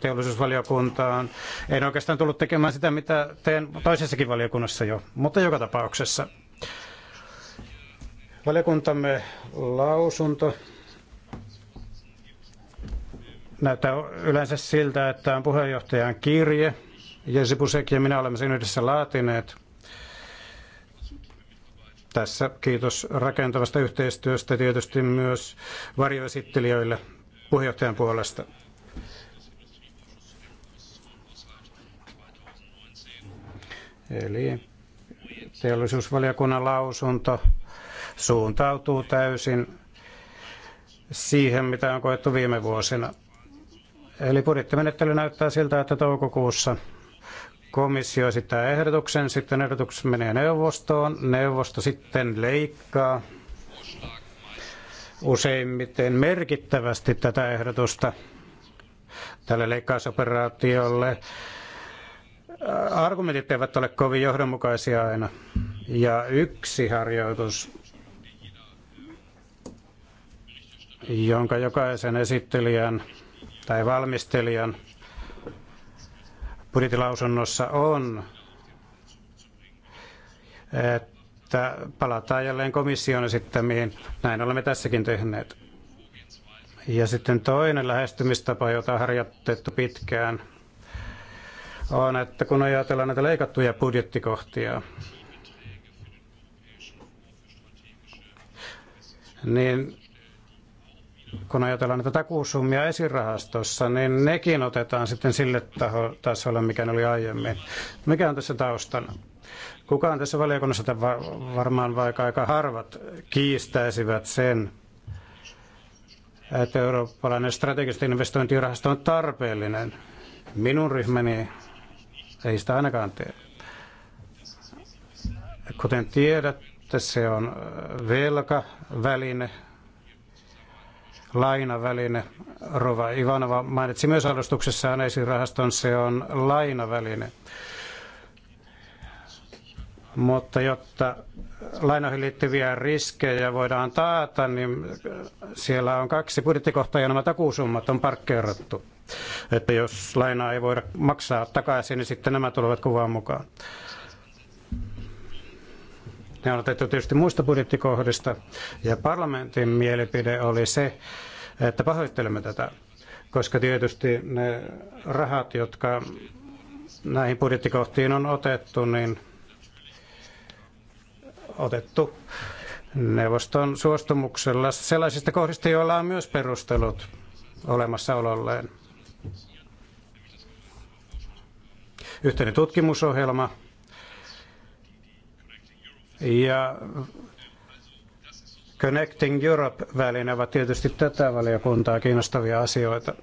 teollisuusvaliokuntaan en oikeastaan tullut tekemään sitä, mitä teen toisessakin valiokunnassa jo, mutta joka tapauksessa. Valiokuntamme lausunto näyttää yleensä siltä, että on puheenjohtajan kirje. Jesi Pusek ja minä olemme sen yhdessä laatineet. Tässä kiitos rakentavasta yhteistyöstä tietysti myös varjoesittelijöille puheenjohtajan puolesta. Eli teollisuusvaliokunnan lausunto suuntautuu täysin siihen, mitä on koettu viime vuosina. Eli budjettimenettely näyttää siltä, että toukokuussa komissio esittää ehdotuksen, sitten ehdotus menee neuvostoon, neuvosto sitten leikkaa useimmiten merkittävästi tätä ehdotusta tälle leikkausoperaatiolle. Argumentit eivät ole kovin johdonmukaisia aina. Ja yksi harjoitus jonka jokaisen esittelijän tai valmistelijan budjettilausunnossa on, että palataan jälleen komission esittämiin. Näin olemme tässäkin tehneet. Ja sitten toinen lähestymistapa, jota on harjoitettu pitkään, on, että kun ajatellaan näitä leikattuja budjettikohtia, niin kun ajatellaan että takuusummia esirahastossa, niin nekin otetaan sitten sille taho, tasolle, mikä ne oli aiemmin. Mikä on tässä taustana? Kukaan tässä valiokunnassa, että varmaan vaikka aika harvat, kiistäisivät sen, että eurooppalainen strategisesti investointirahasto on tarpeellinen. Minun ryhmäni ei sitä ainakaan tee. Kuten tiedätte, se on velkaväline, lainaväline. Rova Ivanova mainitsi myös alustuksessaan rahaston, se on lainaväline. Mutta jotta lainoihin liittyviä riskejä voidaan taata, niin siellä on kaksi budjettikohtaa ja nämä takuusummat on parkkeerattu. Että jos lainaa ei voida maksaa takaisin, niin sitten nämä tulevat kuvaan mukaan. Ne on otettu tietysti muista budjettikohdista ja parlamentin mielipide oli se, että pahoittelemme tätä, koska tietysti ne rahat, jotka näihin budjettikohtiin on otettu, niin otettu neuvoston suostumuksella sellaisista kohdista, joilla on myös perustelut olemassaololleen. Yhteinen tutkimusohjelma, ja Connecting Europe-väline ovat tietysti tätä valiokuntaa kiinnostavia asioita.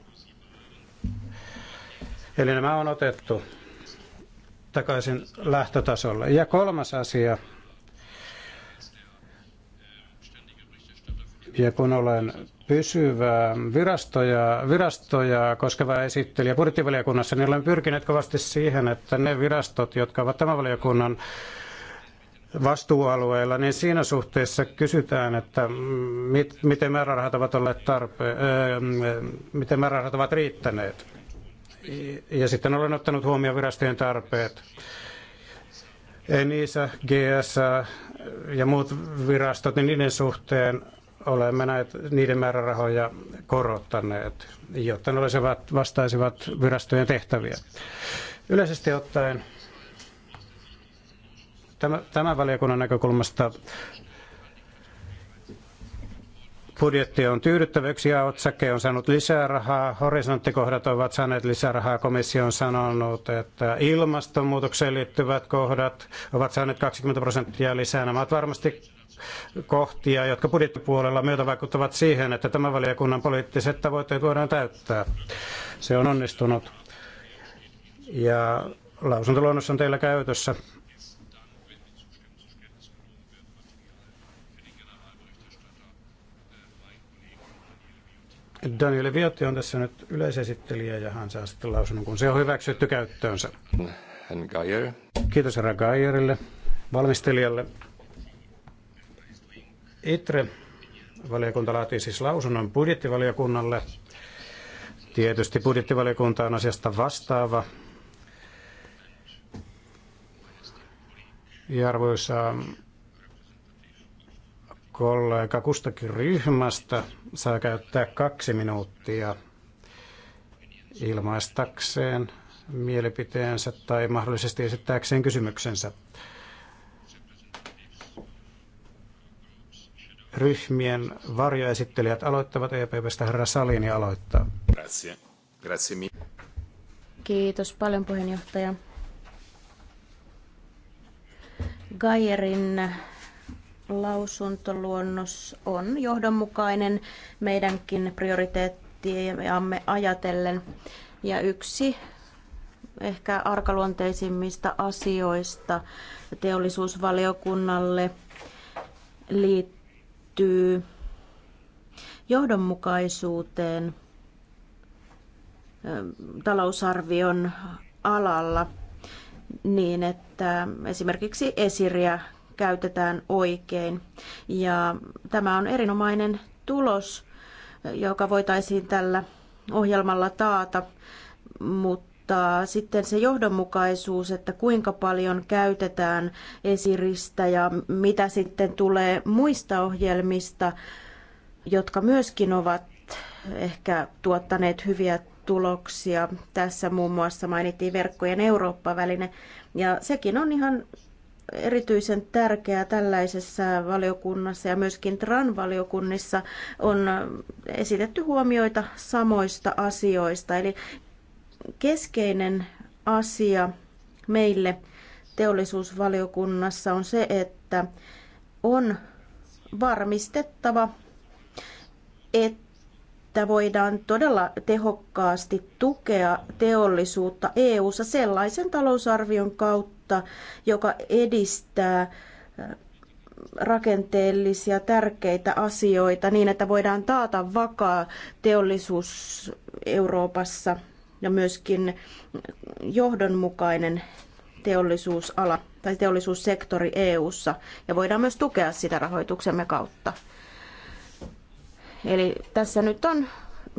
Eli nämä on otettu takaisin lähtötasolle. Ja kolmas asia, ja kun olen pysyvää virastoja, virastoja koskeva esittelijä budjettivaliokunnassa, niin olen pyrkinyt kovasti siihen, että ne virastot, jotka ovat tämän valiokunnan vastuualueilla, niin siinä suhteessa kysytään, että mit, miten määrärahat ovat olleet tarpeen, öö, miten määrärahat ovat riittäneet. Ja sitten olen ottanut huomioon virastojen tarpeet. ENISA, GSA ja muut virastot, niin niiden suhteen olemme näet, niiden määrärahoja korottaneet, jotta ne olisivat, vastaisivat virastojen tehtäviä. Yleisesti ottaen tämän valiokunnan näkökulmasta budjetti on tyydyttäväksi ja otsake on saanut lisää rahaa. Horisonttikohdat ovat saaneet lisää rahaa. Komissio on sanonut, että ilmastonmuutokseen liittyvät kohdat ovat saaneet 20 prosenttia lisää. Nämä ovat varmasti kohtia, jotka budjettipuolella myötä vaikuttavat siihen, että tämän valiokunnan poliittiset tavoitteet voidaan täyttää. Se on onnistunut. Ja lausuntoluonnos on teillä käytössä. Daniel Viotti on tässä nyt yleisesittelijä ja hän saa sitten lausunnon, kun se on hyväksytty käyttöönsä. Hän Geier. Kiitos herra Geierille, valmistelijalle. ITRE valiokunta laatii siis lausunnon budjettivaliokunnalle. Tietysti budjettivaliokunta on asiasta vastaava. Ja arvoisa kollega kustakin ryhmästä saa käyttää kaksi minuuttia ilmaistakseen mielipiteensä tai mahdollisesti esittääkseen kysymyksensä. Ryhmien varjoesittelijät aloittavat EPPstä herra Salini aloittaa. Grazie. Grazie Kiitos paljon puheenjohtaja. Gajerin lausuntoluonnos on johdonmukainen meidänkin prioriteettiamme ajatellen. Ja yksi ehkä arkaluonteisimmista asioista teollisuusvaliokunnalle liittyy johdonmukaisuuteen talousarvion alalla niin, että esimerkiksi esiriä käytetään oikein. Ja tämä on erinomainen tulos, joka voitaisiin tällä ohjelmalla taata, mutta sitten se johdonmukaisuus, että kuinka paljon käytetään esiristä ja mitä sitten tulee muista ohjelmista, jotka myöskin ovat ehkä tuottaneet hyviä tuloksia. Tässä muun muassa mainittiin verkkojen Eurooppa-väline, ja sekin on ihan erityisen tärkeää tällaisessa valiokunnassa ja myöskin TRAN-valiokunnissa on esitetty huomioita samoista asioista. Eli keskeinen asia meille teollisuusvaliokunnassa on se, että on varmistettava, että että voidaan todella tehokkaasti tukea teollisuutta EU:ssa sellaisen talousarvion kautta, joka edistää rakenteellisia tärkeitä asioita niin, että voidaan taata vakaa teollisuus Euroopassa ja myöskin johdonmukainen teollisuusala tai teollisuussektori EU:ssa ja voidaan myös tukea sitä rahoituksemme kautta. Eli tässä nyt on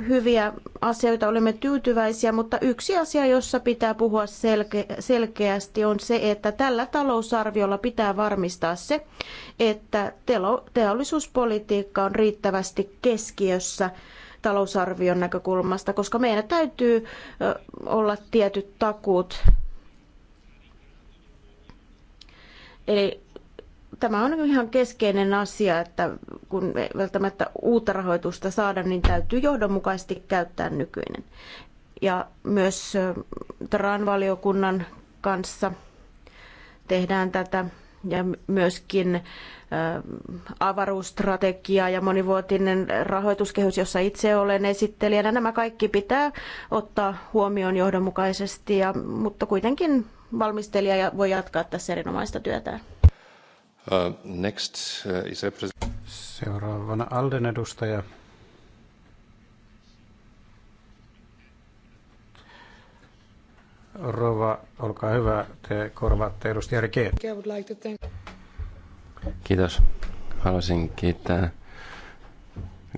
hyviä asioita, olemme tyytyväisiä, mutta yksi asia, jossa pitää puhua selke- selkeästi, on se, että tällä talousarviolla pitää varmistaa se, että teollisuuspolitiikka on riittävästi keskiössä talousarvion näkökulmasta, koska meidän täytyy olla tietyt takuut. Eli tämä on ihan keskeinen asia, että kun välttämättä uutta rahoitusta saada, niin täytyy johdonmukaisesti käyttää nykyinen. Ja myös TRAN-valiokunnan kanssa tehdään tätä ja myöskin avaruusstrategia ja monivuotinen rahoituskehys, jossa itse olen esittelijänä. Nämä kaikki pitää ottaa huomioon johdonmukaisesti, ja, mutta kuitenkin valmistelija voi jatkaa tässä erinomaista työtään. Uh, next uh, is Seuraavana Alden edustaja. Rova, olkaa hyvä, te korvaatte edustaja Rike. Kiitos. Haluaisin kiittää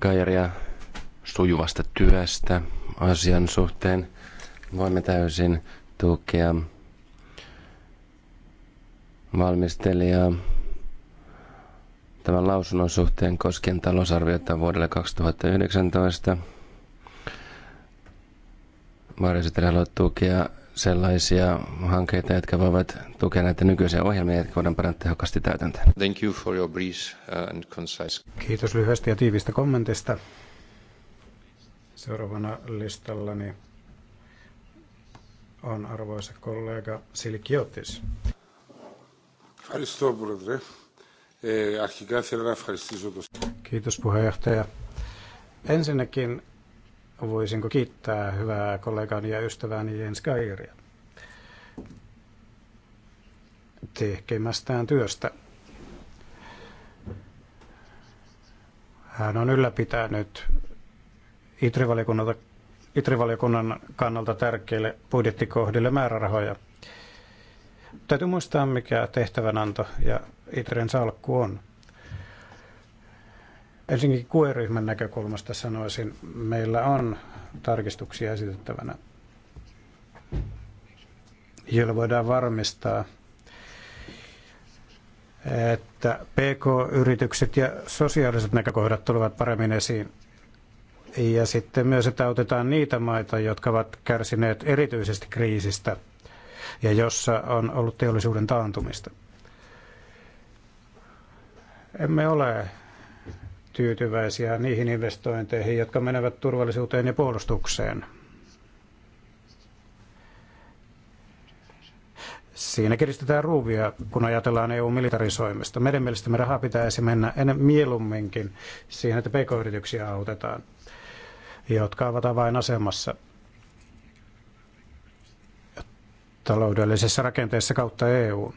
Gajaria sujuvasta työstä asian suhteen. Voimme täysin tukea valmistelijaa tämän lausunnon suhteen koskien talousarviota vuodelle 2019. Varjositelle haluaa tukea sellaisia hankkeita, jotka voivat tukea näitä nykyisiä ohjelmia, jotka voidaan parantaa tehokkaasti täytäntöön. Thank you for your brief uh, and concise. Kiitos lyhyesti ja tiivistä kommentista. Seuraavana listallani on arvoisa kollega Silikiotis. Kiitos, Αρχικά θέλω να ευχαριστήσω το... Kiitos puheenjohtaja. Ensinnäkin voisinko kiittää hyvää kollegaani ja ystävääni Jens Kairia tekemästään työstä. Hän on ylläpitänyt Itrivaliokunnalta Itrivaliokunnan kannalta tärkeille budjettikohdille määrärahoja. Täytyy muistaa, mikä tehtävänanto ja ITREn salkku on. Ensinnäkin kueryhmän näkökulmasta sanoisin, meillä on tarkistuksia esitettävänä, joilla voidaan varmistaa, että PK-yritykset ja sosiaaliset näkökohdat tulevat paremmin esiin. Ja sitten myös, että autetaan niitä maita, jotka ovat kärsineet erityisesti kriisistä ja jossa on ollut teollisuuden taantumista. Emme ole tyytyväisiä niihin investointeihin, jotka menevät turvallisuuteen ja puolustukseen. Siinä kiristetään ruuvia, kun ajatellaan EU-militarisoimista. Meidän me rahaa pitäisi mennä ennen mieluumminkin siihen, että pk-yrityksiä autetaan, jotka ovat avainasemassa taloudellisessa rakenteessa kautta EU.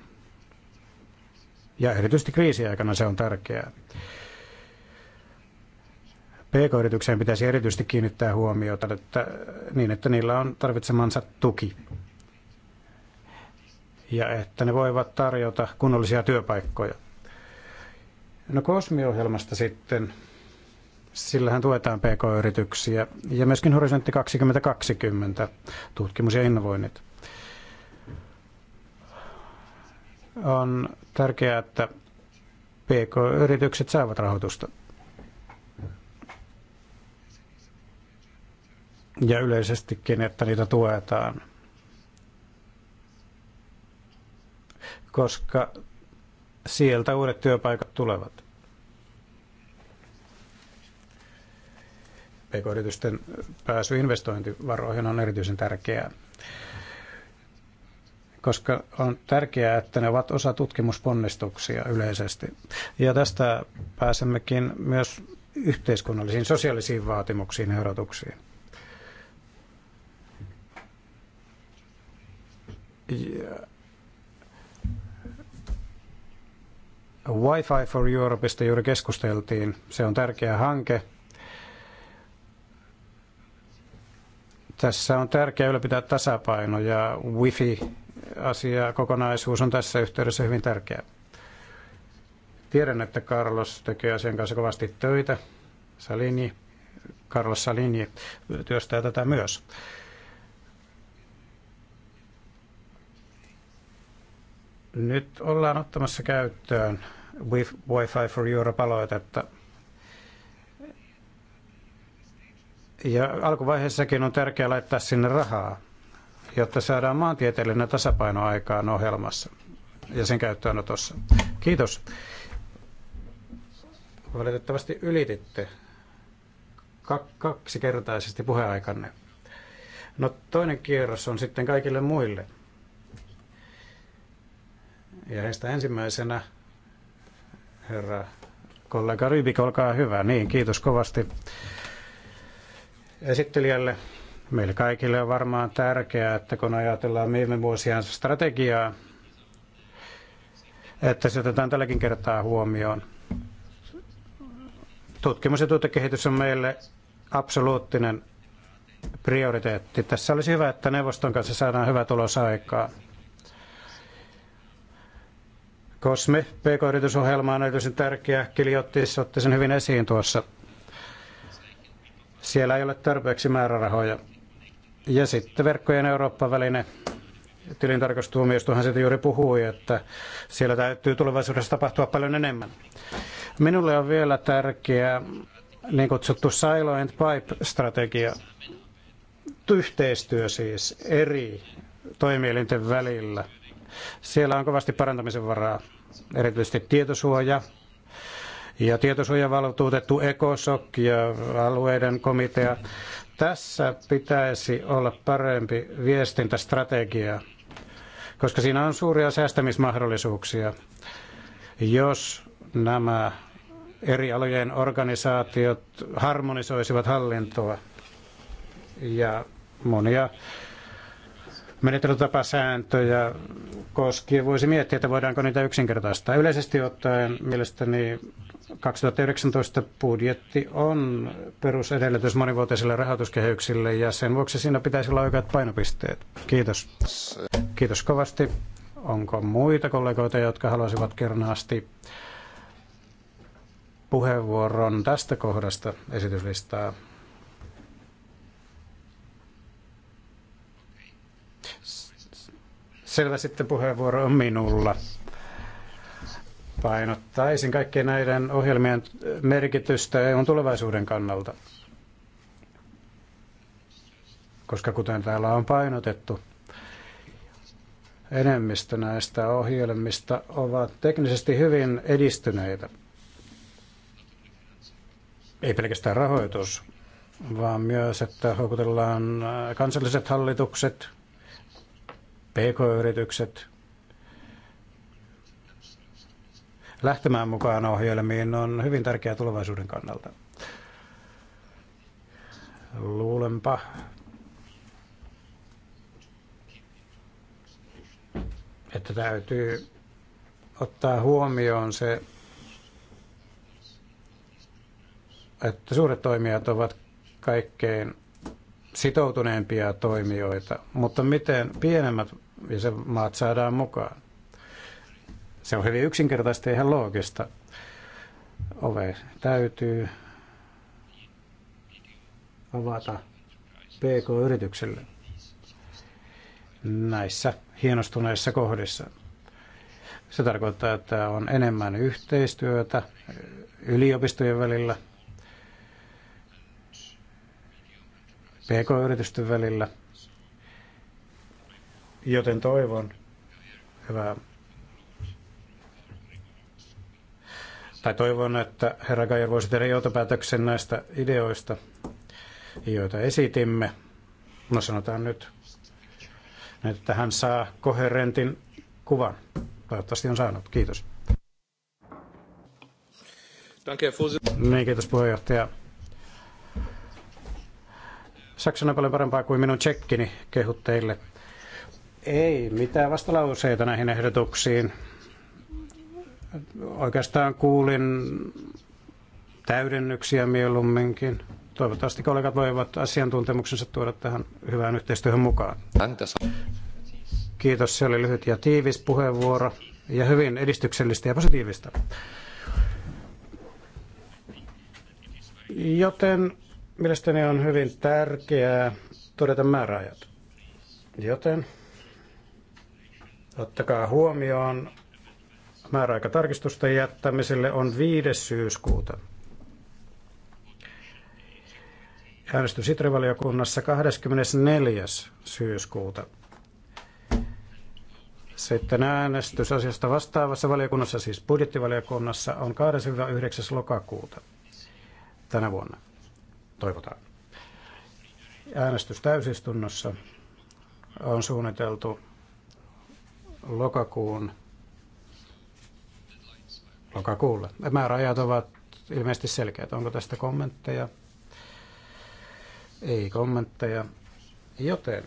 Ja erityisesti kriisiaikana se on tärkeää. PK-yritykseen pitäisi erityisesti kiinnittää huomiota että, niin, että niillä on tarvitsemansa tuki ja että ne voivat tarjota kunnollisia työpaikkoja. No Kosmi-ohjelmasta sitten, sillähän tuetaan PK-yrityksiä ja myöskin Horisontti 2020, tutkimus ja innovoinnit. on tärkeää, että PK-yritykset saavat rahoitusta. Ja yleisestikin, että niitä tuetaan. Koska sieltä uudet työpaikat tulevat. PK-yritysten pääsy investointivaroihin on erityisen tärkeää koska on tärkeää, että ne ovat osa tutkimusponnistuksia yleisesti. Ja tästä pääsemmekin myös yhteiskunnallisiin, sosiaalisiin vaatimuksiin ja odotuksiin. Yeah. Wi-Fi for Europeista juuri keskusteltiin. Se on tärkeä hanke. Tässä on tärkeää ylläpitää tasapaino ja Wi-Fi asia, kokonaisuus on tässä yhteydessä hyvin tärkeä. Tiedän, että Carlos tekee asian kanssa kovasti töitä. Salini, Carlos Salini työstää tätä myös. Nyt ollaan ottamassa käyttöön Wi-Fi for Europe-aloitetta. Ja alkuvaiheessakin on tärkeää laittaa sinne rahaa jotta saadaan maantieteellinen tasapaino aikaan ohjelmassa ja sen käyttöönotossa. Kiitos. Valitettavasti ylititte kaksikertaisesti puheaikanne. No toinen kierros on sitten kaikille muille. Ja heistä ensimmäisenä herra kollega Rybik, olkaa hyvä. Niin, kiitos kovasti esittelijälle Meille kaikille on varmaan tärkeää, että kun ajatellaan viime vuosien strategiaa, että se otetaan tälläkin kertaa huomioon. Tutkimus ja tuotekehitys on meille absoluuttinen prioriteetti. Tässä olisi hyvä, että neuvoston kanssa saadaan hyvä tulos aikaa. Kosme PK-yritysohjelma on erityisen tärkeä. otti, otti sen hyvin esiin tuossa. Siellä ei ole tarpeeksi määrärahoja. Ja sitten verkkojen Eurooppa-väline. Tilintarkastustuomioistuhan siitä juuri puhui, että siellä täytyy tulevaisuudessa tapahtua paljon enemmän. Minulle on vielä tärkeä niin kutsuttu silo and pipe-strategia. Yhteistyö siis eri toimielinten välillä. Siellä on kovasti parantamisen varaa, erityisesti tietosuoja, ja tietosuojavaltuutettu ECOSOC ja alueiden komitea tässä pitäisi olla parempi viestintästrategia, koska siinä on suuria säästämismahdollisuuksia, jos nämä eri alojen organisaatiot harmonisoisivat hallintoa ja monia menettelytapasääntöjä koskien voisi miettiä, että voidaanko niitä yksinkertaistaa. Yleisesti ottaen mielestäni 2019 budjetti on perusedellytys monivuotisille rahoituskehyksille ja sen vuoksi siinä pitäisi olla oikeat painopisteet. Kiitos. Kiitos kovasti. Onko muita kollegoita, jotka haluaisivat kernaasti puheenvuoron tästä kohdasta esityslistaa? Selvä sitten puheenvuoro on minulla. Painottaisin kaikkien näiden ohjelmien merkitystä EUn tulevaisuuden kannalta. Koska kuten täällä on painotettu, enemmistö näistä ohjelmista ovat teknisesti hyvin edistyneitä. Ei pelkästään rahoitus, vaan myös, että houkutellaan kansalliset hallitukset, pk-yritykset lähtemään mukaan ohjelmiin on hyvin tärkeää tulevaisuuden kannalta. Luulenpa. että täytyy ottaa huomioon se, että suuret toimijat ovat kaikkein sitoutuneempia toimijoita, mutta miten pienemmät jäsenmaat saadaan mukaan? Se on hyvin yksinkertaisesti ihan loogista. Ove täytyy avata PK-yrityksille näissä hienostuneissa kohdissa. Se tarkoittaa, että on enemmän yhteistyötä yliopistojen välillä – PK-yritysten välillä. Joten toivon hyvää. Tai toivon, että herra Kajer voisi tehdä johtopäätöksen näistä ideoista, joita esitimme. No sanotaan nyt, että hän saa koherentin kuvan. Toivottavasti on saanut. Kiitos. Niin, kiitos puheenjohtaja. Saksana on paljon parempaa kuin minun tsekkini, kehut teille. Ei mitään vastalauseita näihin ehdotuksiin. Oikeastaan kuulin täydennyksiä mieluumminkin. Toivottavasti kollegat voivat asiantuntemuksensa tuoda tähän hyvään yhteistyöhön mukaan. Kiitos, se oli lyhyt ja tiivis puheenvuoro ja hyvin edistyksellistä ja positiivista. Joten Mielestäni on hyvin tärkeää todeta määräajat. Joten ottakaa huomioon määräaika tarkistusten jättämiselle on 5. syyskuuta. Äänestys Itrivaliokunnassa 24. syyskuuta. Sitten äänestys asiasta vastaavassa valiokunnassa, siis budjettivaliokunnassa, on 2-9. lokakuuta tänä vuonna toivotaan. Äänestys täysistunnossa on suunniteltu lokakuun lokakuulle. Määräajat ovat ilmeisesti selkeät. Onko tästä kommentteja? Ei kommentteja. Joten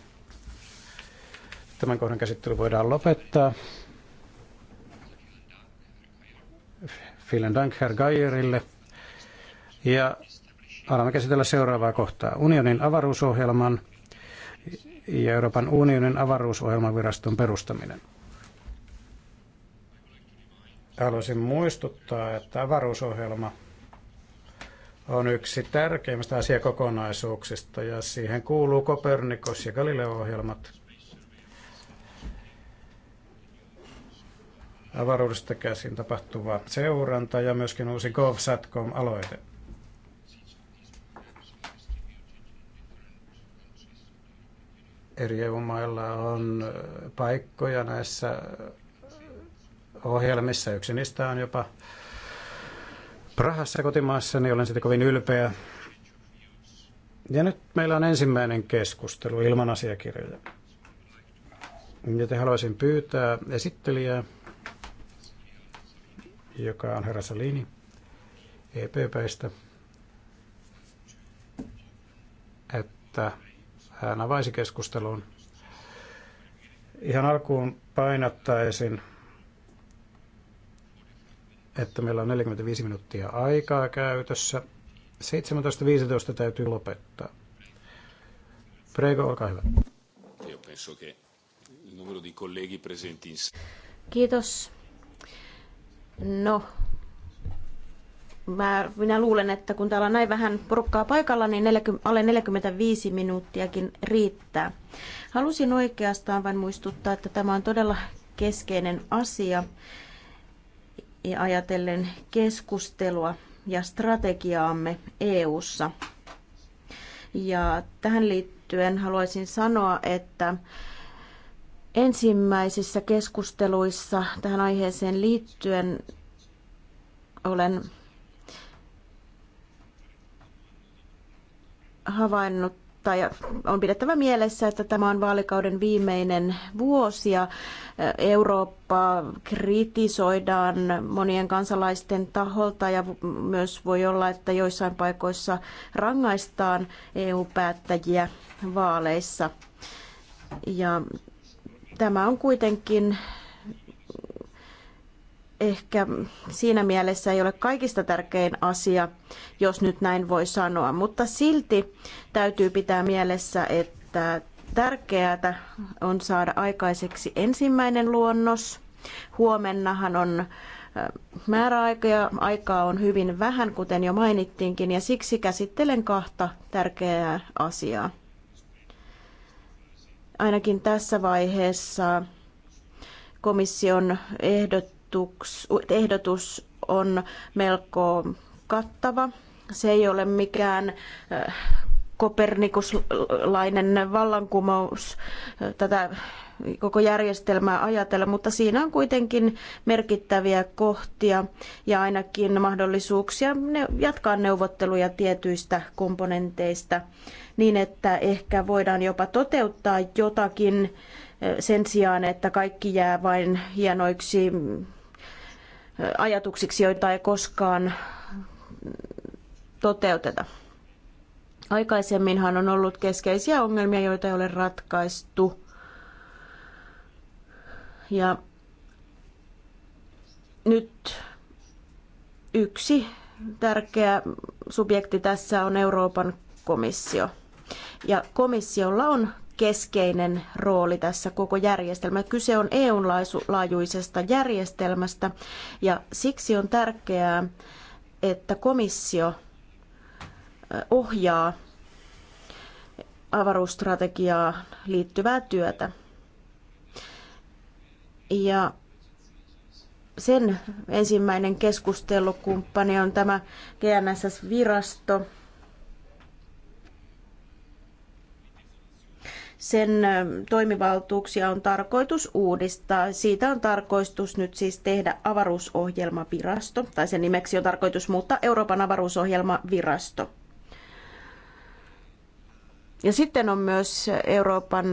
tämän kohdan käsittely voidaan lopettaa. Vielen dank Herr Geierille. Ja Alamme käsitellä seuraavaa kohtaa. Unionin avaruusohjelman ja Euroopan unionin avaruusohjelmaviraston perustaminen. Haluaisin muistuttaa, että avaruusohjelma on yksi tärkeimmistä asiakokonaisuuksista ja siihen kuuluu Kopernikos ja Galileo-ohjelmat. Avaruudesta käsin tapahtuva seuranta ja myöskin uusi GovSatcom-aloite. eri EU-mailla on äh, paikkoja näissä äh, ohjelmissa. Yksi niistä on jopa Prahassa kotimaassa, niin olen siitä kovin ylpeä. Ja nyt meillä on ensimmäinen keskustelu ilman asiakirjoja. Joten haluaisin pyytää esittelijää, joka on herra Salini EPPstä, että hän avaisi keskusteluun. Ihan alkuun painottaisin, että meillä on 45 minuuttia aikaa käytössä. 17.15 täytyy lopettaa. Prego, olkaa hyvä. Kiitos. No, Mä, minä luulen, että kun täällä on näin vähän porukkaa paikalla, niin 40, alle 45 minuuttiakin riittää. Halusin oikeastaan vain muistuttaa, että tämä on todella keskeinen asia ja ajatellen keskustelua ja strategiaamme EU:ssa. Ja tähän liittyen haluaisin sanoa, että ensimmäisissä keskusteluissa tähän aiheeseen liittyen olen havainnut tai on pidettävä mielessä, että tämä on vaalikauden viimeinen vuosi ja eh, Eurooppaa kritisoidaan monien kansalaisten taholta ja myös voi olla, että joissain paikoissa rangaistaan EU-päättäjiä vaaleissa. Ja tämä on kuitenkin ehkä siinä mielessä ei ole kaikista tärkein asia, jos nyt näin voi sanoa, mutta silti täytyy pitää mielessä, että tärkeää on saada aikaiseksi ensimmäinen luonnos. Huomennahan on ja aikaa on hyvin vähän, kuten jo mainittiinkin, ja siksi käsittelen kahta tärkeää asiaa. Ainakin tässä vaiheessa komission ehdot ehdotus on melko kattava. Se ei ole mikään äh, kopernikuslainen vallankumous äh, tätä koko järjestelmää ajatella, mutta siinä on kuitenkin merkittäviä kohtia ja ainakin mahdollisuuksia jatkaa neuvotteluja tietyistä komponenteista niin, että ehkä voidaan jopa toteuttaa jotakin äh, sen sijaan, että kaikki jää vain hienoiksi ajatuksiksi, joita ei koskaan toteuteta. Aikaisemminhan on ollut keskeisiä ongelmia, joita ei ole ratkaistu. Ja nyt yksi tärkeä subjekti tässä on Euroopan komissio. Ja komissiolla on keskeinen rooli tässä koko järjestelmä. Kyse on eu laajuisesta järjestelmästä ja siksi on tärkeää, että komissio ohjaa avaruusstrategiaa liittyvää työtä. Ja sen ensimmäinen keskustelukumppani on tämä GNSS-virasto, Sen toimivaltuuksia on tarkoitus uudistaa. Siitä on tarkoitus nyt siis tehdä avaruusohjelmavirasto, tai sen nimeksi on tarkoitus muuttaa Euroopan avaruusohjelmavirasto. Ja sitten on myös Euroopan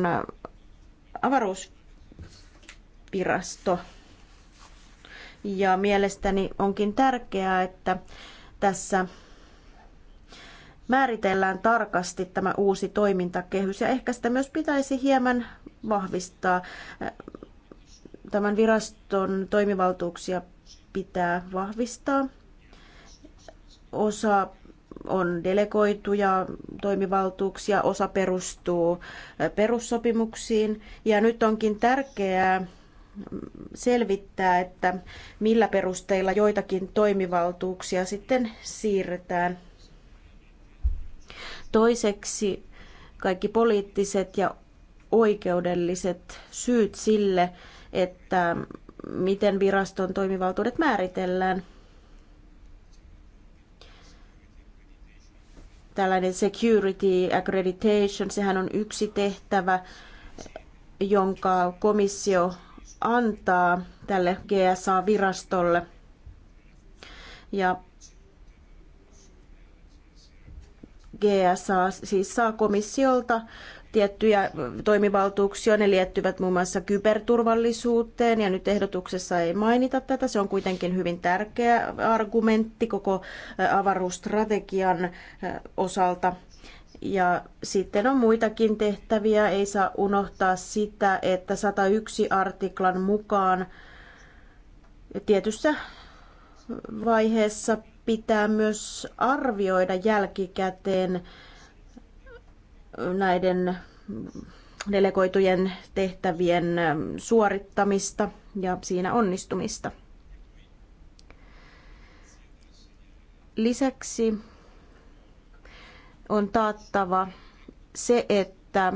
avaruusvirasto. Ja mielestäni onkin tärkeää, että tässä määritellään tarkasti tämä uusi toimintakehys ja ehkä sitä myös pitäisi hieman vahvistaa. Tämän viraston toimivaltuuksia pitää vahvistaa. Osa on delegoituja toimivaltuuksia, osa perustuu perussopimuksiin. Ja nyt onkin tärkeää selvittää, että millä perusteilla joitakin toimivaltuuksia sitten siirretään Toiseksi kaikki poliittiset ja oikeudelliset syyt sille, että miten viraston toimivaltuudet määritellään. Tällainen security accreditation, sehän on yksi tehtävä, jonka komissio antaa tälle GSA-virastolle. Ja GSA siis saa komissiolta tiettyjä toimivaltuuksia. Ne liittyvät muun muassa kyberturvallisuuteen ja nyt ehdotuksessa ei mainita tätä. Se on kuitenkin hyvin tärkeä argumentti koko avaruusstrategian osalta. Ja sitten on muitakin tehtäviä. Ei saa unohtaa sitä, että 101 artiklan mukaan tietyssä vaiheessa pitää myös arvioida jälkikäteen näiden delegoitujen tehtävien suorittamista ja siinä onnistumista. Lisäksi on taattava se, että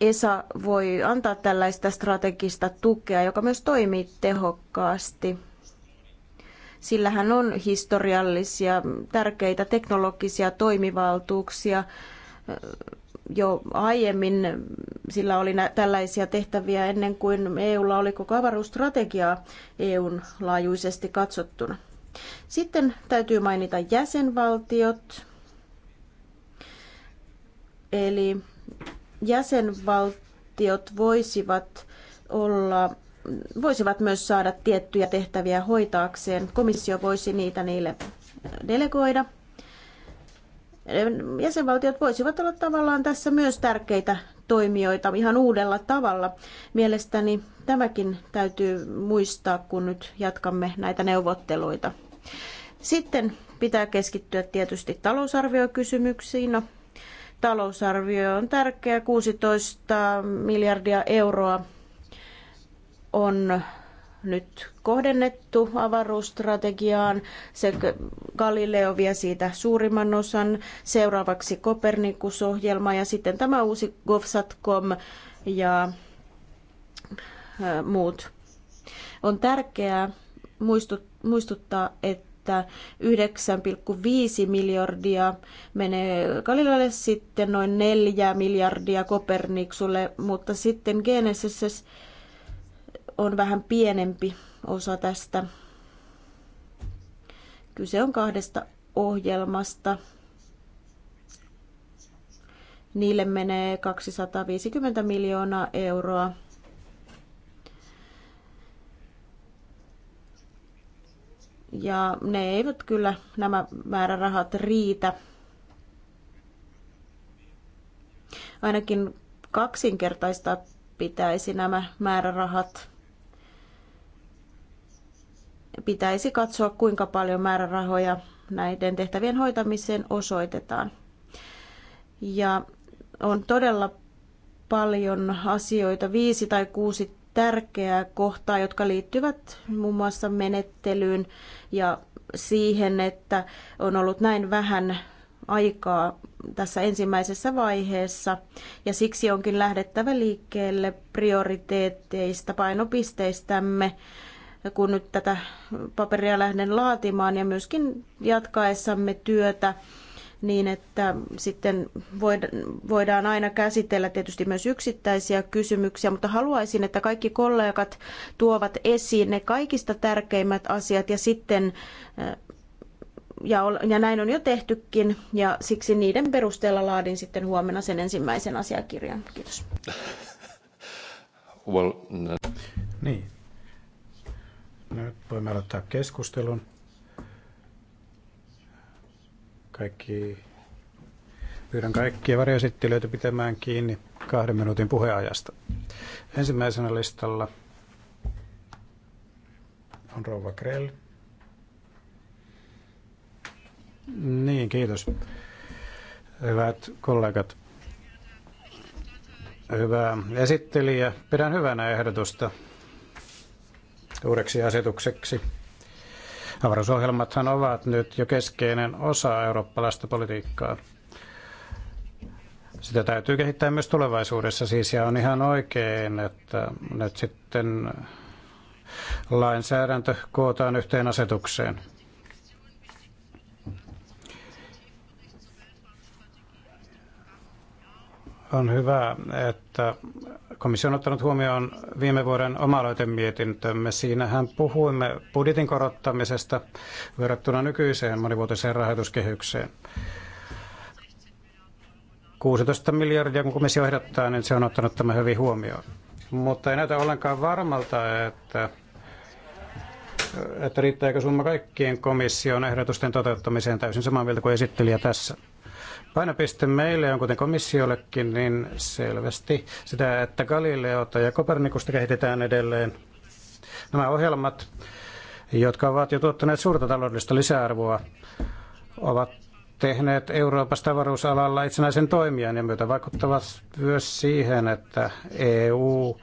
ESA voi antaa tällaista strategista tukea, joka myös toimii tehokkaasti – sillä hän on historiallisia, tärkeitä teknologisia toimivaltuuksia. Jo aiemmin sillä oli tällaisia tehtäviä ennen kuin EUlla oli koko avaruusstrategiaa EUn laajuisesti katsottuna. Sitten täytyy mainita jäsenvaltiot. Eli jäsenvaltiot voisivat olla voisivat myös saada tiettyjä tehtäviä hoitaakseen. Komissio voisi niitä niille delegoida. Jäsenvaltiot voisivat olla tavallaan tässä myös tärkeitä toimijoita ihan uudella tavalla. Mielestäni tämäkin täytyy muistaa, kun nyt jatkamme näitä neuvotteluita. Sitten pitää keskittyä tietysti talousarviokysymyksiin. No, talousarvio on tärkeä, 16 miljardia euroa on nyt kohdennettu avaruusstrategiaan. Se Galileo vie siitä suurimman osan, seuraavaksi Kopernikus-ohjelma ja sitten tämä uusi GovSatcom ja äh, muut. On tärkeää muistuttaa, että 9,5 miljardia menee Galileolle, sitten noin 4 miljardia Koperniksulle, mutta sitten Genesisessä on vähän pienempi osa tästä. Kyse on kahdesta ohjelmasta. Niille menee 250 miljoonaa euroa. Ja ne eivät kyllä nämä määrärahat riitä. Ainakin kaksinkertaista pitäisi nämä määrärahat pitäisi katsoa, kuinka paljon määrärahoja näiden tehtävien hoitamiseen osoitetaan. Ja on todella paljon asioita, viisi tai kuusi tärkeää kohtaa, jotka liittyvät muun mm. muassa menettelyyn ja siihen, että on ollut näin vähän aikaa tässä ensimmäisessä vaiheessa ja siksi onkin lähdettävä liikkeelle prioriteetteista, painopisteistämme kun nyt tätä paperia lähden laatimaan ja myöskin jatkaessamme työtä niin, että sitten voidaan aina käsitellä tietysti myös yksittäisiä kysymyksiä, mutta haluaisin, että kaikki kollegat tuovat esiin ne kaikista tärkeimmät asiat ja sitten eh, ja, ja näin on jo tehtykin, ja siksi niiden perusteella laadin sitten huomenna sen ensimmäisen asiakirjan. Kiitos. Well, no. Niin, nyt voimme aloittaa keskustelun. Kaikki, pyydän kaikkia varjoesittelijöitä pitämään kiinni kahden minuutin puheajasta. Ensimmäisenä listalla on rouva Krell. Niin, kiitos. Hyvät kollegat, hyvä esittelijä. Pidän hyvänä ehdotusta uudeksi asetukseksi. Avaruusohjelmathan ovat nyt jo keskeinen osa eurooppalaista politiikkaa. Sitä täytyy kehittää myös tulevaisuudessa siis, ja on ihan oikein, että nyt sitten lainsäädäntö kootaan yhteen asetukseen. On hyvä, että komissio on ottanut huomioon viime vuoden oma aloitemietintömme. Siinähän puhuimme budjetin korottamisesta verrattuna nykyiseen monivuotiseen rahoituskehykseen. 16 miljardia, kun komissio ehdottaa, niin se on ottanut tämän hyvin huomioon. Mutta ei näytä ollenkaan varmalta, että, että riittääkö summa kaikkien komission ehdotusten toteuttamiseen täysin samaa mieltä kuin esittelijä tässä. Painopiste meille on, kuten komissiollekin, niin selvästi sitä, että Galileota ja Kopernikusta kehitetään edelleen. Nämä ohjelmat, jotka ovat jo tuottaneet suurta taloudellista lisäarvoa, ovat tehneet Euroopasta avaruusalalla itsenäisen toimijan ja myötä vaikuttavat myös siihen, että EU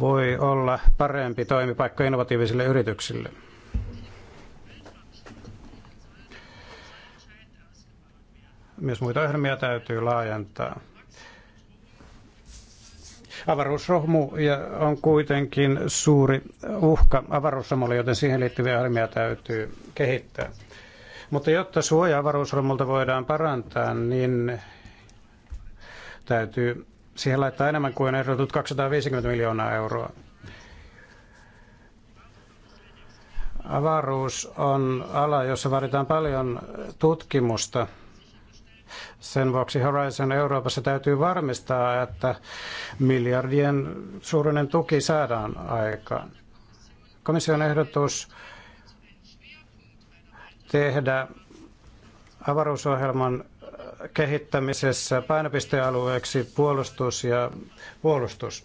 voi olla parempi toimipaikka innovatiivisille yrityksille. Myös muita ohjelmia täytyy laajentaa. Avaruusrohmu on kuitenkin suuri uhka avaruusromulle, joten siihen liittyviä ohjelmia täytyy kehittää. Mutta jotta suoja avaruusromulta voidaan parantaa, niin täytyy siihen laittaa enemmän kuin ehdotut 250 miljoonaa euroa. Avaruus on ala, jossa vaaditaan paljon tutkimusta sen vuoksi Horizon Euroopassa täytyy varmistaa, että miljardien suurinen tuki saadaan aikaan. Komission ehdotus tehdä avaruusohjelman kehittämisessä painopistealueeksi puolustus ja puolustus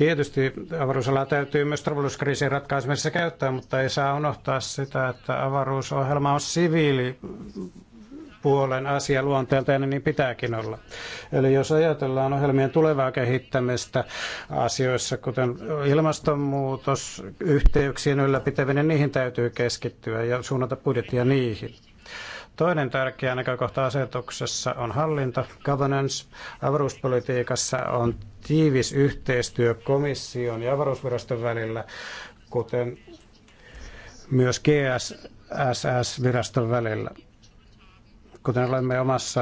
Tietysti avaruusalaa täytyy myös turvallisuuskriisin ratkaisemisessa käyttää, mutta ei saa unohtaa sitä, että avaruusohjelma on siviili puolen asia luonteelta ja niin pitääkin olla. Eli jos ajatellaan ohjelmien tulevaa kehittämistä asioissa, kuten ilmastonmuutos, yhteyksien ylläpitäminen, niihin täytyy keskittyä ja suunnata budjettia niihin. Toinen tärkeä näkökohta asetuksessa on hallinta. Governance avaruuspolitiikassa on tiivis yhteistyö komission ja avaruusviraston välillä, kuten myös GSSS-viraston välillä. Kuten olemme omassa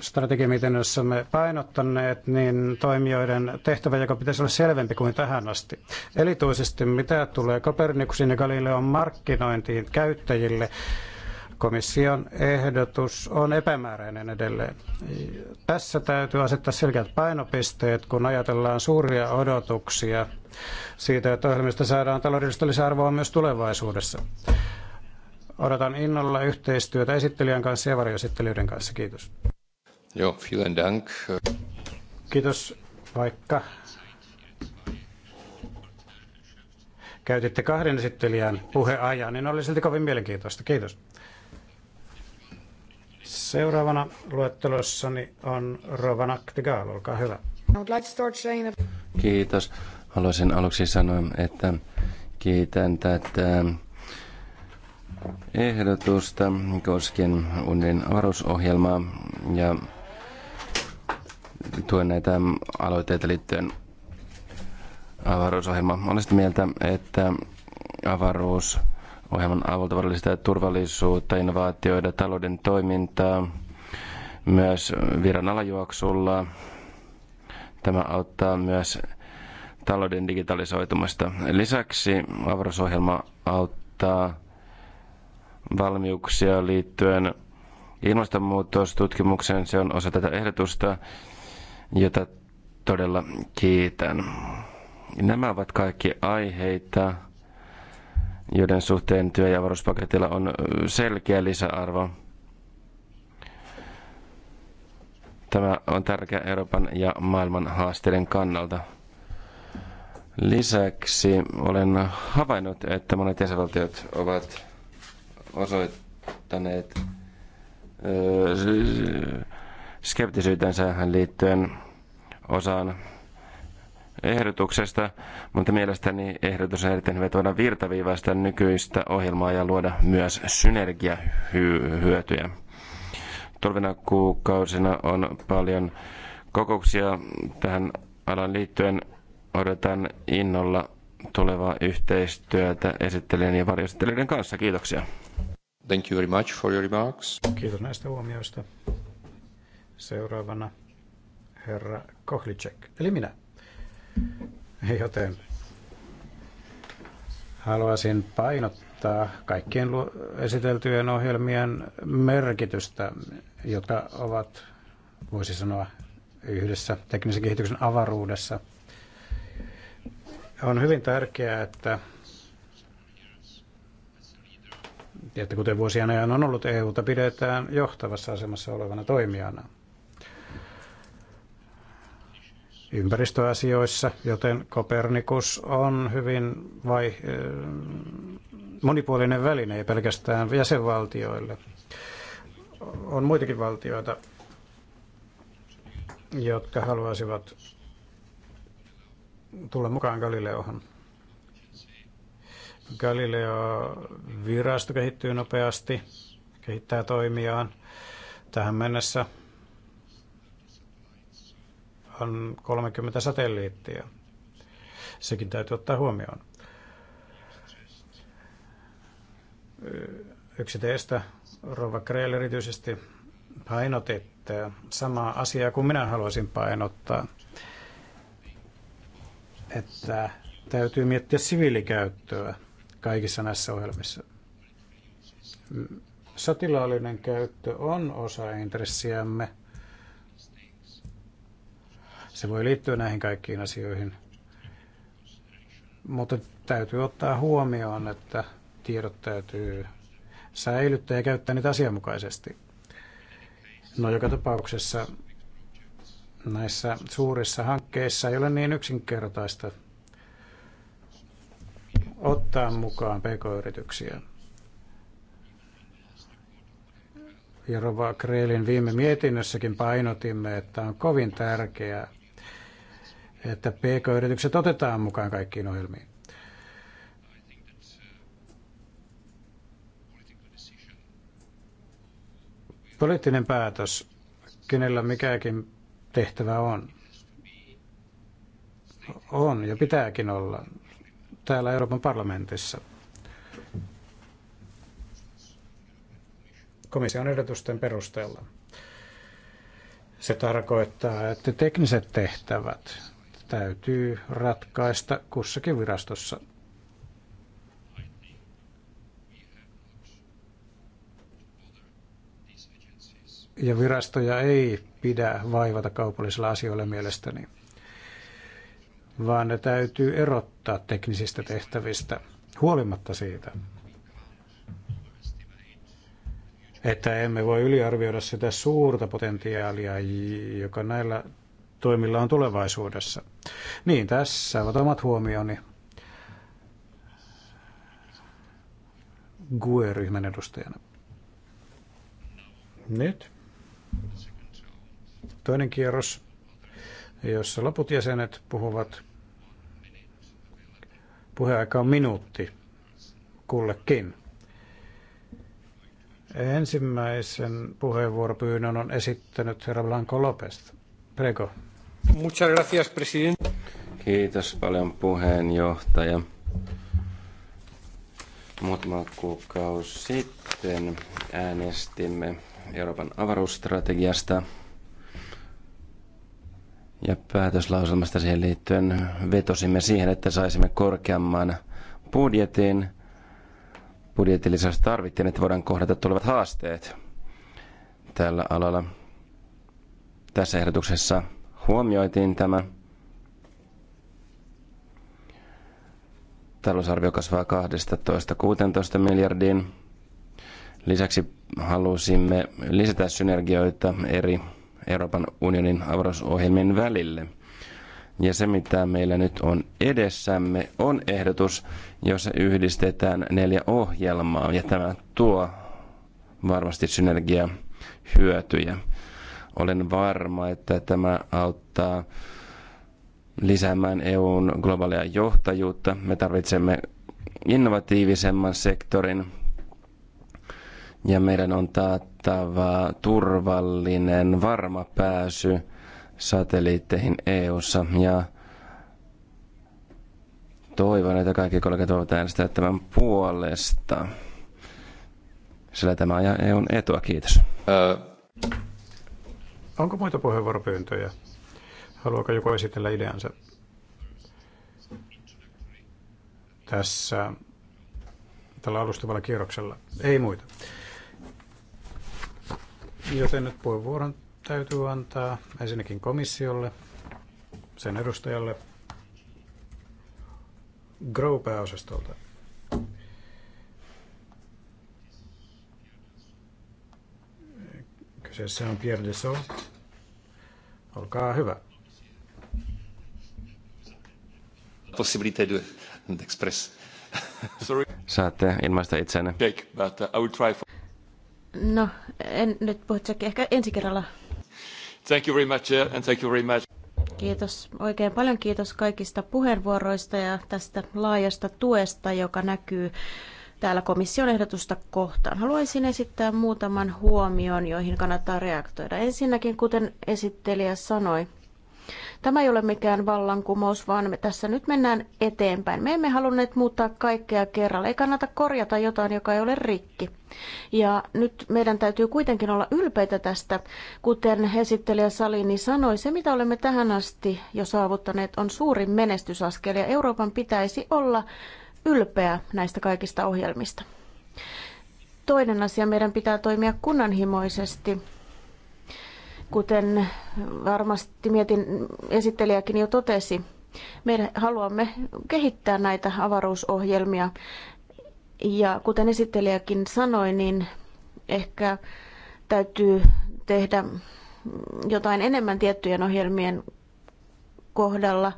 strategiamietinnössämme painottaneet, niin toimijoiden tehtävä, joka pitäisi olla selvempi kuin tähän asti. Elituisesti mitä tulee Kopernikusin ja Galileon markkinointiin käyttäjille, Komission ehdotus on epämääräinen edelleen. Tässä täytyy asettaa selkeät painopisteet, kun ajatellaan suuria odotuksia siitä, että ohjelmista saadaan taloudellista lisäarvoa myös tulevaisuudessa. Odotan innolla yhteistyötä esittelijän kanssa ja varjoesittelijöiden kanssa. Kiitos. Joo, vielen dank. Kiitos, vaikka käytitte kahden esittelijän puheajan, niin oli silti kovin mielenkiintoista. Kiitos. Seuraavana luettelossani on Rovan Ktigal, olkaa hyvä. Kiitos. Haluaisin aluksi sanoa, että kiitän tätä ehdotusta koskien unen avaruusohjelmaa ja tuen näitä aloitteita liittyen avaruusohjelmaan. Olen sitä mieltä, että avaruus Ohjelman avulta varallista turvallisuutta, innovaatioita, talouden toimintaa, myös viran alajuoksulla. Tämä auttaa myös talouden digitalisoitumista. Lisäksi avaruusohjelma auttaa valmiuksia liittyen ilmastonmuutostutkimukseen. Se on osa tätä ehdotusta, jota todella kiitän. Nämä ovat kaikki aiheita, joiden suhteen työ- ja varuspaketilla on selkeä lisäarvo. Tämä on tärkeä Euroopan ja maailman haasteiden kannalta. Lisäksi olen havainnut, että monet jäsenvaltiot ovat osoittaneet öö, skeptisyytensä liittyen osaan ehdotuksesta, mutta mielestäni ehdotus on erittäin hyvä, tuoda voidaan virtaviivaista nykyistä ohjelmaa ja luoda myös synergiahyötyjä. Tulvina kuukausina on paljon kokouksia tähän alan liittyen. Odotan innolla tulevaa yhteistyötä esittelijän ja varjostelijoiden kanssa. Kiitoksia. Thank you very much for your remarks. Kiitos näistä huomioista. Seuraavana herra Kohlicek, eli minä. Joten haluaisin painottaa kaikkien esiteltyjen ohjelmien merkitystä, jotka ovat, voisi sanoa, yhdessä teknisen kehityksen avaruudessa. On hyvin tärkeää, että, että kuten vuosien ajan on ollut EUta, pidetään johtavassa asemassa olevana toimijana – ympäristöasioissa, joten Kopernikus on hyvin vai, eh, monipuolinen väline, ei pelkästään jäsenvaltioille. On muitakin valtioita, jotka haluaisivat tulla mukaan Galileohan. Galileo-virasto kehittyy nopeasti, kehittää toimiaan tähän mennessä – on 30 satelliittia. Sekin täytyy ottaa huomioon. Yksi teistä, Rova Kreel erityisesti, painotitte samaa asiaa kuin minä haluaisin painottaa. Että täytyy miettiä siviilikäyttöä kaikissa näissä ohjelmissa. Sotilaallinen käyttö on osa intressiämme – se voi liittyä näihin kaikkiin asioihin, mutta täytyy ottaa huomioon, että tiedot täytyy säilyttää ja käyttää niitä asianmukaisesti. No joka tapauksessa näissä suurissa hankkeissa ei ole niin yksinkertaista ottaa mukaan pk-yrityksiä. Rova Kreelin viime mietinnössäkin painotimme, että on kovin tärkeää että PK-yritykset otetaan mukaan kaikkiin ohjelmiin. Poliittinen päätös, kenellä mikäkin tehtävä on, on ja pitääkin olla täällä Euroopan parlamentissa. Komission ehdotusten perusteella. Se tarkoittaa, että tekniset tehtävät, täytyy ratkaista kussakin virastossa. Ja virastoja ei pidä vaivata kaupallisilla asioilla mielestäni, vaan ne täytyy erottaa teknisistä tehtävistä huolimatta siitä, että emme voi yliarvioida sitä suurta potentiaalia, joka näillä toimilla on tulevaisuudessa. Niin, tässä ovat omat huomioni. GUE-ryhmän edustajana. Nyt. Toinen kierros, jossa loput jäsenet puhuvat. Puheaika on minuutti kullekin. Ensimmäisen puheenvuoropyynnön on esittänyt herra Blanco Lopez. Prego. Muchas gracias, presidente. Kiitos paljon puheenjohtaja. Muutama kuukausi sitten äänestimme Euroopan avaruusstrategiasta ja päätöslauselmasta siihen liittyen vetosimme siihen, että saisimme korkeamman budjetin. Budjetin tarvittiin, että voidaan kohdata tulevat haasteet tällä alalla. Tässä ehdotuksessa huomioitiin tämä. Talousarvio kasvaa 12-16 miljardiin. Lisäksi halusimme lisätä synergioita eri Euroopan unionin avaruusohjelmien välille. Ja se, mitä meillä nyt on edessämme, on ehdotus, jossa yhdistetään neljä ohjelmaa. Ja tämä tuo varmasti synergia hyötyjä. Olen varma, että tämä auttaa lisäämään EUn globaalia johtajuutta. Me tarvitsemme innovatiivisemman sektorin ja meidän on taattava turvallinen, varma pääsy satelliitteihin EU:ssa ja toivon, että kaikki kollegat ovat äänestää tämän puolesta. Sillä tämä ajaa EUn etua. Kiitos. Uh. Onko muita puheenvuoropyyntöjä? Haluaako joku esitellä ideansa? Tässä tällä alustavalla kierroksella. Ei muita. Joten nyt puheenvuoron täytyy antaa ensinnäkin komissiolle, sen edustajalle, Grow-pääosastolta. Kyseessä on Pierre de Olkaa hyvä. Possibilité de d'express. Sorry. Saatte ilmaista itseänne. Take, but uh, I will try for... No, en nyt puhu Ehkä ensi kerralla. Thank you very much, and thank you very much. Kiitos. Oikein paljon kiitos kaikista puheenvuoroista ja tästä laajasta tuesta, joka näkyy täällä komission ehdotusta kohtaan. Haluaisin esittää muutaman huomion, joihin kannattaa reaktoida. Ensinnäkin, kuten esittelijä sanoi, Tämä ei ole mikään vallankumous, vaan me tässä nyt mennään eteenpäin. Me emme halunneet muuttaa kaikkea kerralla. Ei kannata korjata jotain, joka ei ole rikki. Ja nyt meidän täytyy kuitenkin olla ylpeitä tästä. Kuten esittelijä Salini sanoi, se mitä olemme tähän asti jo saavuttaneet on suurin menestysaskel ja Euroopan pitäisi olla ylpeä näistä kaikista ohjelmista. Toinen asia, meidän pitää toimia kunnanhimoisesti. Kuten varmasti mietin, esittelijäkin jo totesi, me haluamme kehittää näitä avaruusohjelmia. Ja kuten esittelijäkin sanoi, niin ehkä täytyy tehdä jotain enemmän tiettyjen ohjelmien kohdalla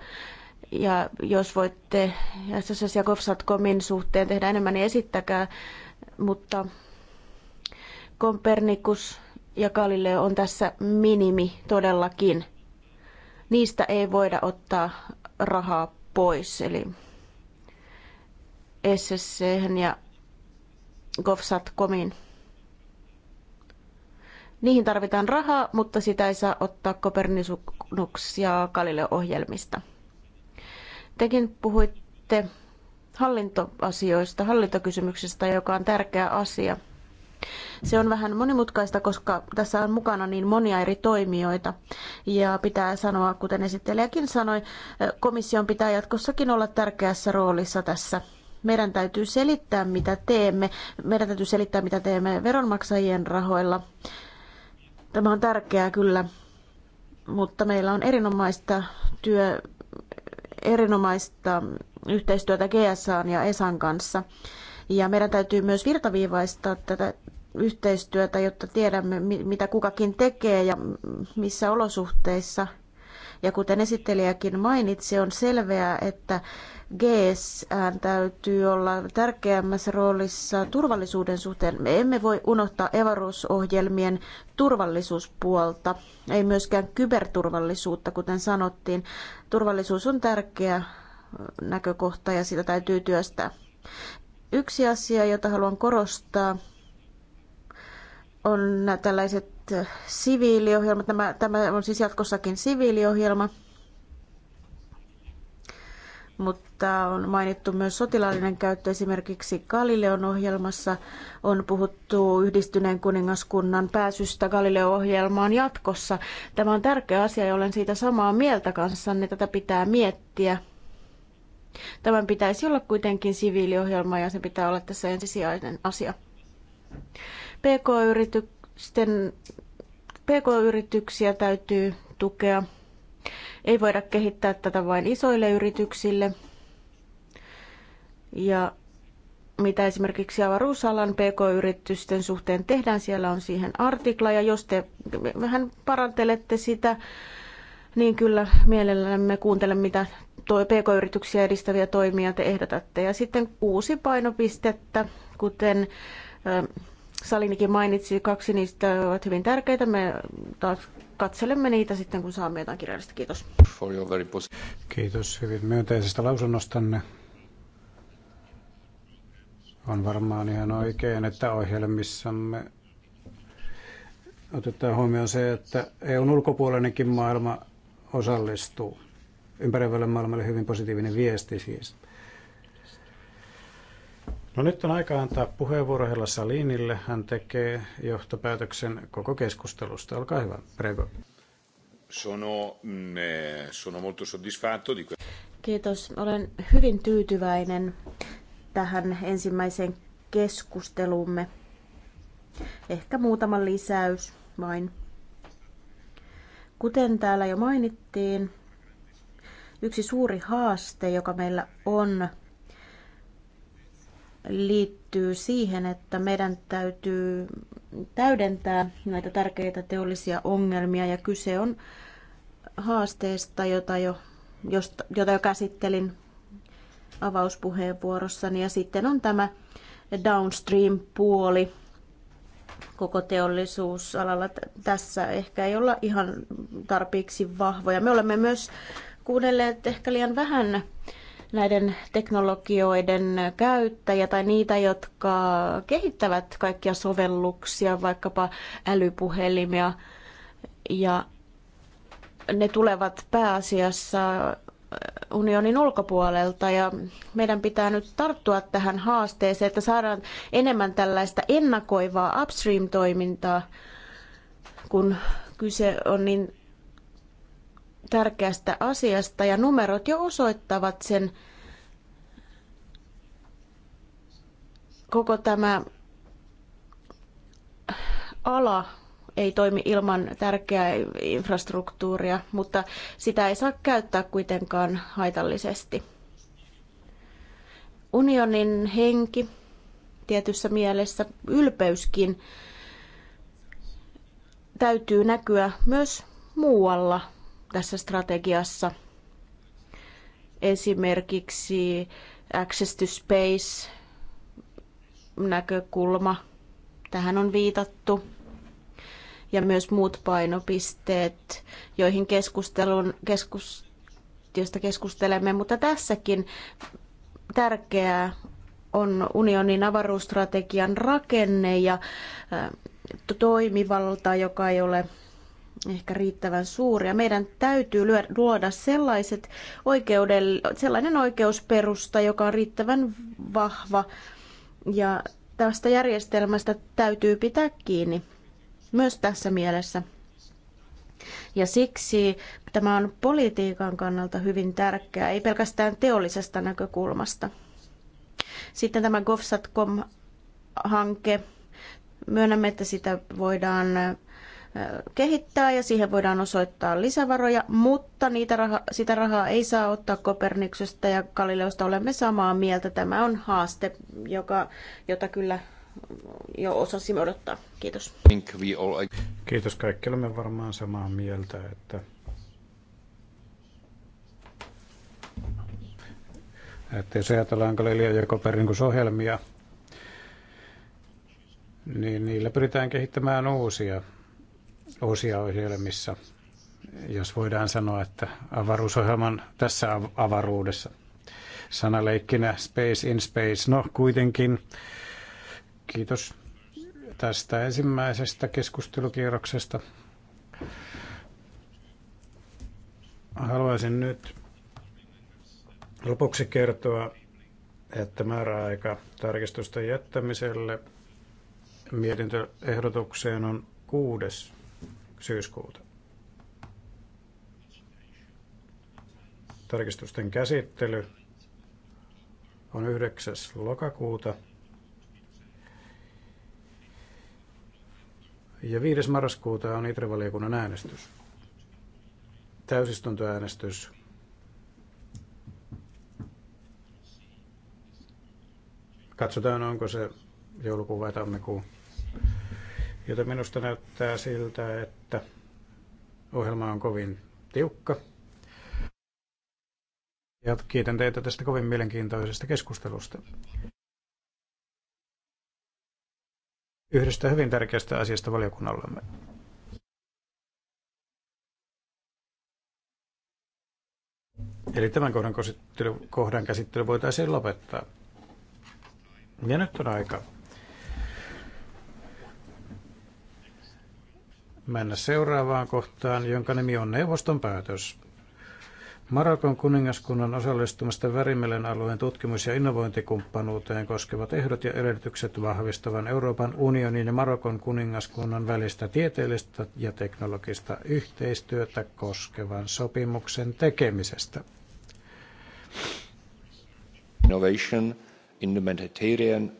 ja jos voitte SSS ja Govsatcomin suhteen tehdä enemmän, niin esittäkää. Mutta Kompernikus ja Galileo on tässä minimi todellakin. Niistä ei voida ottaa rahaa pois. Eli SSC ja Govsatcomin. Niihin tarvitaan rahaa, mutta sitä ei saa ottaa Kopernikus ja Galileo-ohjelmista. Tekin puhuitte hallintoasioista, hallintokysymyksistä, joka on tärkeä asia. Se on vähän monimutkaista, koska tässä on mukana niin monia eri toimijoita. Ja pitää sanoa, kuten esittelijäkin sanoi, komission pitää jatkossakin olla tärkeässä roolissa tässä. Meidän täytyy selittää, mitä teemme. Meidän täytyy selittää, mitä teemme veronmaksajien rahoilla. Tämä on tärkeää kyllä, mutta meillä on erinomaista työ, erinomaista yhteistyötä GSAn ja ESAn kanssa. Ja meidän täytyy myös virtaviivaistaa tätä yhteistyötä, jotta tiedämme, mitä kukakin tekee ja missä olosuhteissa ja kuten esittelijäkin mainitsi, on selveää, että GS täytyy olla tärkeämmässä roolissa turvallisuuden suhteen. Me emme voi unohtaa evaruusohjelmien turvallisuuspuolta, ei myöskään kyberturvallisuutta, kuten sanottiin. Turvallisuus on tärkeä näkökohta ja sitä täytyy työstää. Yksi asia, jota haluan korostaa, on tällaiset äh, siviiliohjelmat. Tämä, tämä on siis jatkossakin siviiliohjelma, mutta on mainittu myös sotilaallinen käyttö. Esimerkiksi Galileon ohjelmassa on puhuttu yhdistyneen kuningaskunnan pääsystä Galileo-ohjelmaan jatkossa. Tämä on tärkeä asia ja olen siitä samaa mieltä kanssanne. Tätä pitää miettiä. Tämän pitäisi olla kuitenkin siviiliohjelma ja se pitää olla tässä ensisijainen asia. PK-yritysten, PK-yrityksiä täytyy tukea. Ei voida kehittää tätä vain isoille yrityksille. Ja mitä esimerkiksi avaruusalan PK-yritysten suhteen tehdään, siellä on siihen artikla. Ja jos te vähän parantelette sitä, niin kyllä mielellämme kuuntele, mitä tuo PK-yrityksiä edistäviä toimia te ehdotatte. Ja sitten kuusi painopistettä, kuten Salinikin mainitsi, kaksi niistä ovat hyvin tärkeitä. Me taas katselemme niitä sitten, kun saamme jotain kirjallista. Kiitos. Kiitos hyvin myönteisestä lausunnostanne. On varmaan ihan oikein, että ohjelmissamme otetaan huomioon se, että EUn ulkopuolinenkin maailma osallistuu. Ympäröivälle maailmalle hyvin positiivinen viesti siis. No nyt on aika antaa puheenvuoro Hella Salinille. Hän tekee johtopäätöksen koko keskustelusta. Olkaa hyvä, Prego. Sono, mm, eh, sono molto soddisfatto di Kiitos. Olen hyvin tyytyväinen tähän ensimmäiseen keskusteluumme. Ehkä muutama lisäys vain. Kuten täällä jo mainittiin, yksi suuri haaste, joka meillä on, liittyy siihen, että meidän täytyy täydentää näitä tärkeitä teollisia ongelmia ja kyse on haasteesta, jota jo, josta, jota jo käsittelin avauspuheenvuorossani. Ja sitten on tämä downstream-puoli koko teollisuusalalla. Tässä ehkä ei olla ihan tarpeeksi vahvoja. Me olemme myös kuunnelleet ehkä liian vähän näiden teknologioiden käyttäjä tai niitä, jotka kehittävät kaikkia sovelluksia, vaikkapa älypuhelimia. Ja ne tulevat pääasiassa äh, unionin ulkopuolelta ja meidän pitää nyt tarttua tähän haasteeseen, että saadaan enemmän tällaista ennakoivaa upstream-toimintaa, kun kyse on niin tärkeästä asiasta ja numerot jo osoittavat sen koko tämä ala ei toimi ilman tärkeää infrastruktuuria, mutta sitä ei saa käyttää kuitenkaan haitallisesti. Unionin henki tietyssä mielessä, ylpeyskin, täytyy näkyä myös muualla tässä strategiassa. Esimerkiksi Access to Space näkökulma, tähän on viitattu. Ja myös muut painopisteet, joihin keskustelun, keskus, josta keskustelemme. Mutta tässäkin tärkeää on unionin avaruusstrategian rakenne ja toimivalta, joka ei ole ehkä riittävän suuri ja Meidän täytyy luoda sellaiset oikeudell sellainen oikeusperusta, joka on riittävän vahva ja tästä järjestelmästä täytyy pitää kiinni myös tässä mielessä. Ja siksi tämä on politiikan kannalta hyvin tärkeää, ei pelkästään teollisesta näkökulmasta. Sitten tämä GovSatcom-hanke. Myönnämme, että sitä voidaan kehittää ja siihen voidaan osoittaa lisävaroja, mutta niitä raha, sitä rahaa ei saa ottaa Koperniksesta ja Galileosta olemme samaa mieltä. Tämä on haaste, joka, jota kyllä jo osasimme odottaa. Kiitos. Kiitos. Kaikki olemme varmaan samaa mieltä, että Että jos ajatellaan Galileo ja Kopernikus-ohjelmia, niin niillä pyritään kehittämään uusia uusia ohjelmissa, jos voidaan sanoa, että avaruusohjelman tässä avaruudessa. Sanaleikkinä Space in Space. No kuitenkin, kiitos tästä ensimmäisestä keskustelukierroksesta. Haluaisin nyt lopuksi kertoa, että määräaika tarkistusten jättämiselle mietintöehdotukseen on kuudes syyskuuta. Tarkistusten käsittely on 9. lokakuuta ja 5. marraskuuta on ITRE-valiokunnan äänestys. Täysistuntoäänestys katsotaan onko se joulukuu vai tammikuu. Joten minusta näyttää siltä, että että ohjelma on kovin tiukka. Ja kiitän teitä tästä kovin mielenkiintoisesta keskustelusta. Yhdestä hyvin tärkeästä asiasta valiokunnallemme. Eli tämän kohdan käsittely, kohdan käsittely voitaisiin lopettaa. Ja nyt on aika mennä seuraavaan kohtaan, jonka nimi on neuvoston päätös. Marokon kuningaskunnan osallistumista Värimelen alueen tutkimus- ja innovointikumppanuuteen koskevat ehdot ja edellytykset vahvistavan Euroopan unionin ja Marokon kuningaskunnan välistä tieteellistä ja teknologista yhteistyötä koskevan sopimuksen tekemisestä. Innovation in the Mediterranean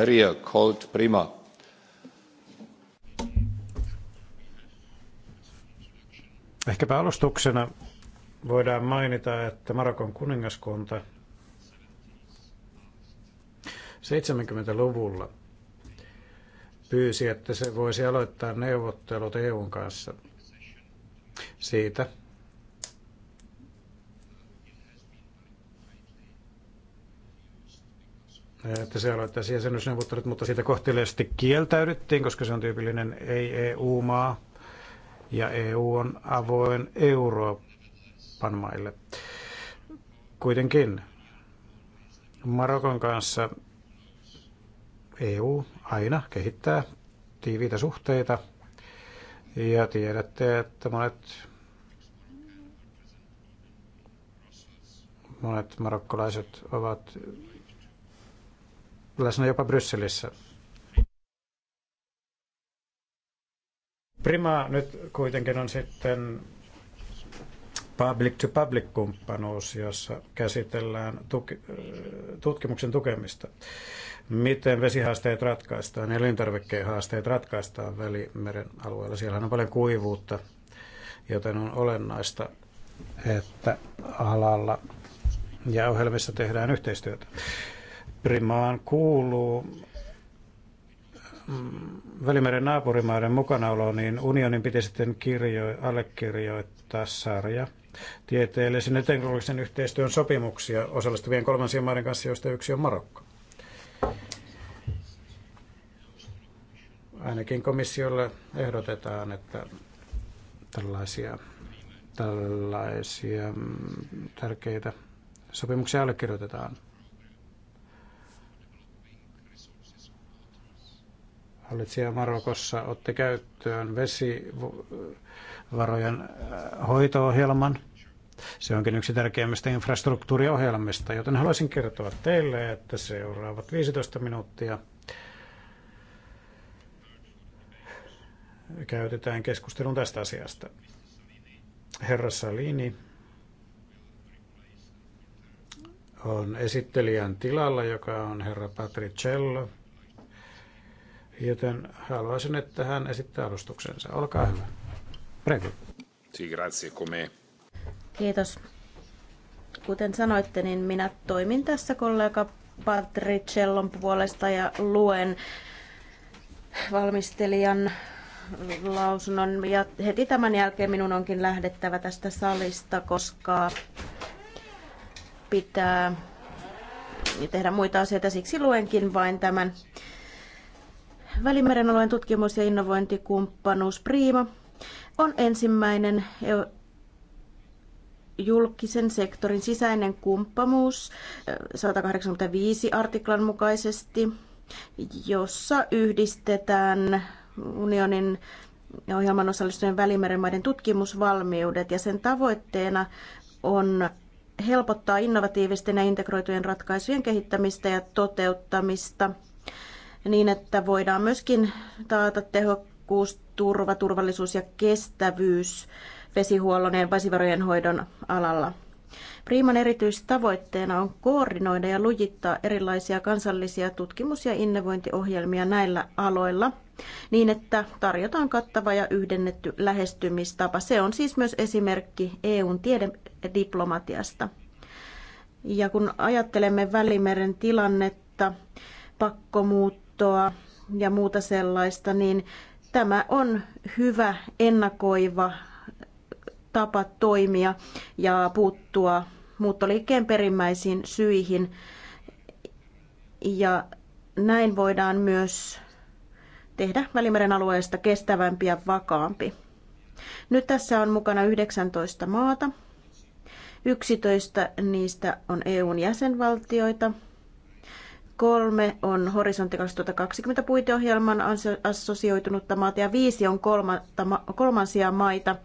area called Prima Ehkäpä alustuksena voidaan mainita, että Marokon kuningaskunta 70-luvulla pyysi, että se voisi aloittaa neuvottelut EUn kanssa siitä, että se aloittaisi jäsenyysneuvottelut, mutta siitä kohteliaasti kieltäydyttiin, koska se on tyypillinen ei-EU-maa ja EU on avoin Euroopan maille. Kuitenkin Marokon kanssa EU aina kehittää tiiviitä suhteita ja tiedätte, että monet monet marokkolaiset ovat läsnä jopa Brysselissä. Prima nyt kuitenkin on sitten public-to-public-kumppanuus, jossa käsitellään tuki, äh, tutkimuksen tukemista. Miten vesihaasteet ratkaistaan, elintarvikkeen haasteet ratkaistaan Välimeren alueella. Siellä on paljon kuivuutta, joten on olennaista, että alalla ja ohjelmissa tehdään yhteistyötä. Primaan kuuluu Välimeren naapurimaiden mukanaolo, niin unionin piti sitten kirjo, allekirjoittaa sarja tieteellisen ja teknologisen yhteistyön sopimuksia osallistuvien kolmansien maiden kanssa, joista yksi on Marokko. Ainakin komissiolle ehdotetaan, että tällaisia, tällaisia mm, tärkeitä sopimuksia allekirjoitetaan. hallitsija Marokossa otti käyttöön vesivarojen äh, hoitoohjelman. Se onkin yksi tärkeimmistä infrastruktuuriohjelmista, joten haluaisin kertoa teille, että seuraavat 15 minuuttia käytetään keskustelun tästä asiasta. Herra Salini on esittelijän tilalla, joka on herra Patricello, joten haluaisin, että hän esittää alustuksensa. Olkaa hyvä. Prego. Sì, grazie, come. Kiitos. Kuten sanoitte, niin minä toimin tässä kollega Patricellon puolesta ja luen valmistelijan lausunnon. Ja heti tämän jälkeen minun onkin lähdettävä tästä salista, koska pitää tehdä muita asioita. Siksi luenkin vain tämän Välimeren alueen tutkimus- ja innovointikumppanuus Prima on ensimmäinen julkisen sektorin sisäinen kumppanuus 185 artiklan mukaisesti, jossa yhdistetään unionin ohjelman osallistujien välimeren maiden tutkimusvalmiudet ja sen tavoitteena on helpottaa innovatiivisten ja integroitujen ratkaisujen kehittämistä ja toteuttamista – niin, että voidaan myöskin taata tehokkuus, turva, turvallisuus ja kestävyys vesihuollon ja vesivarojen hoidon alalla. Priiman erityistavoitteena on koordinoida ja lujittaa erilaisia kansallisia tutkimus- ja innovointiohjelmia näillä aloilla niin, että tarjotaan kattava ja yhdennetty lähestymistapa. Se on siis myös esimerkki EUn tiedediplomatiasta. Ja kun ajattelemme Välimeren tilannetta, pakkomuut kuntoa ja muuta sellaista, niin tämä on hyvä ennakoiva tapa toimia ja puuttua muuttoliikkeen perimmäisiin syihin. Ja näin voidaan myös tehdä Välimeren alueesta kestävämpi ja vakaampi. Nyt tässä on mukana 19 maata. 11 niistä on EUn jäsenvaltioita – Kolme on Horisontti 2020 puiteohjelman assosioitunutta maata ja viisi on kolmansia maita,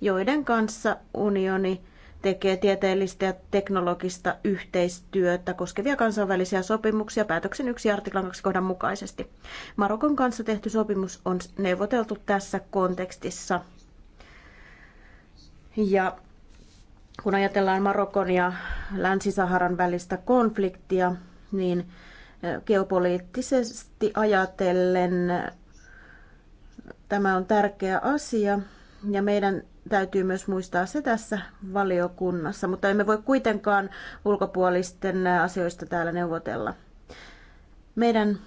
joiden kanssa unioni tekee tieteellistä ja teknologista yhteistyötä koskevia kansainvälisiä sopimuksia päätöksen yksi artiklan 2 kohdan mukaisesti. Marokon kanssa tehty sopimus on neuvoteltu tässä kontekstissa. Ja kun ajatellaan Marokon ja Länsi-Saharan välistä konfliktia, niin geopoliittisesti ajatellen tämä on tärkeä asia ja meidän täytyy myös muistaa se tässä valiokunnassa, mutta emme voi kuitenkaan ulkopuolisten asioista täällä neuvotella. Meidän,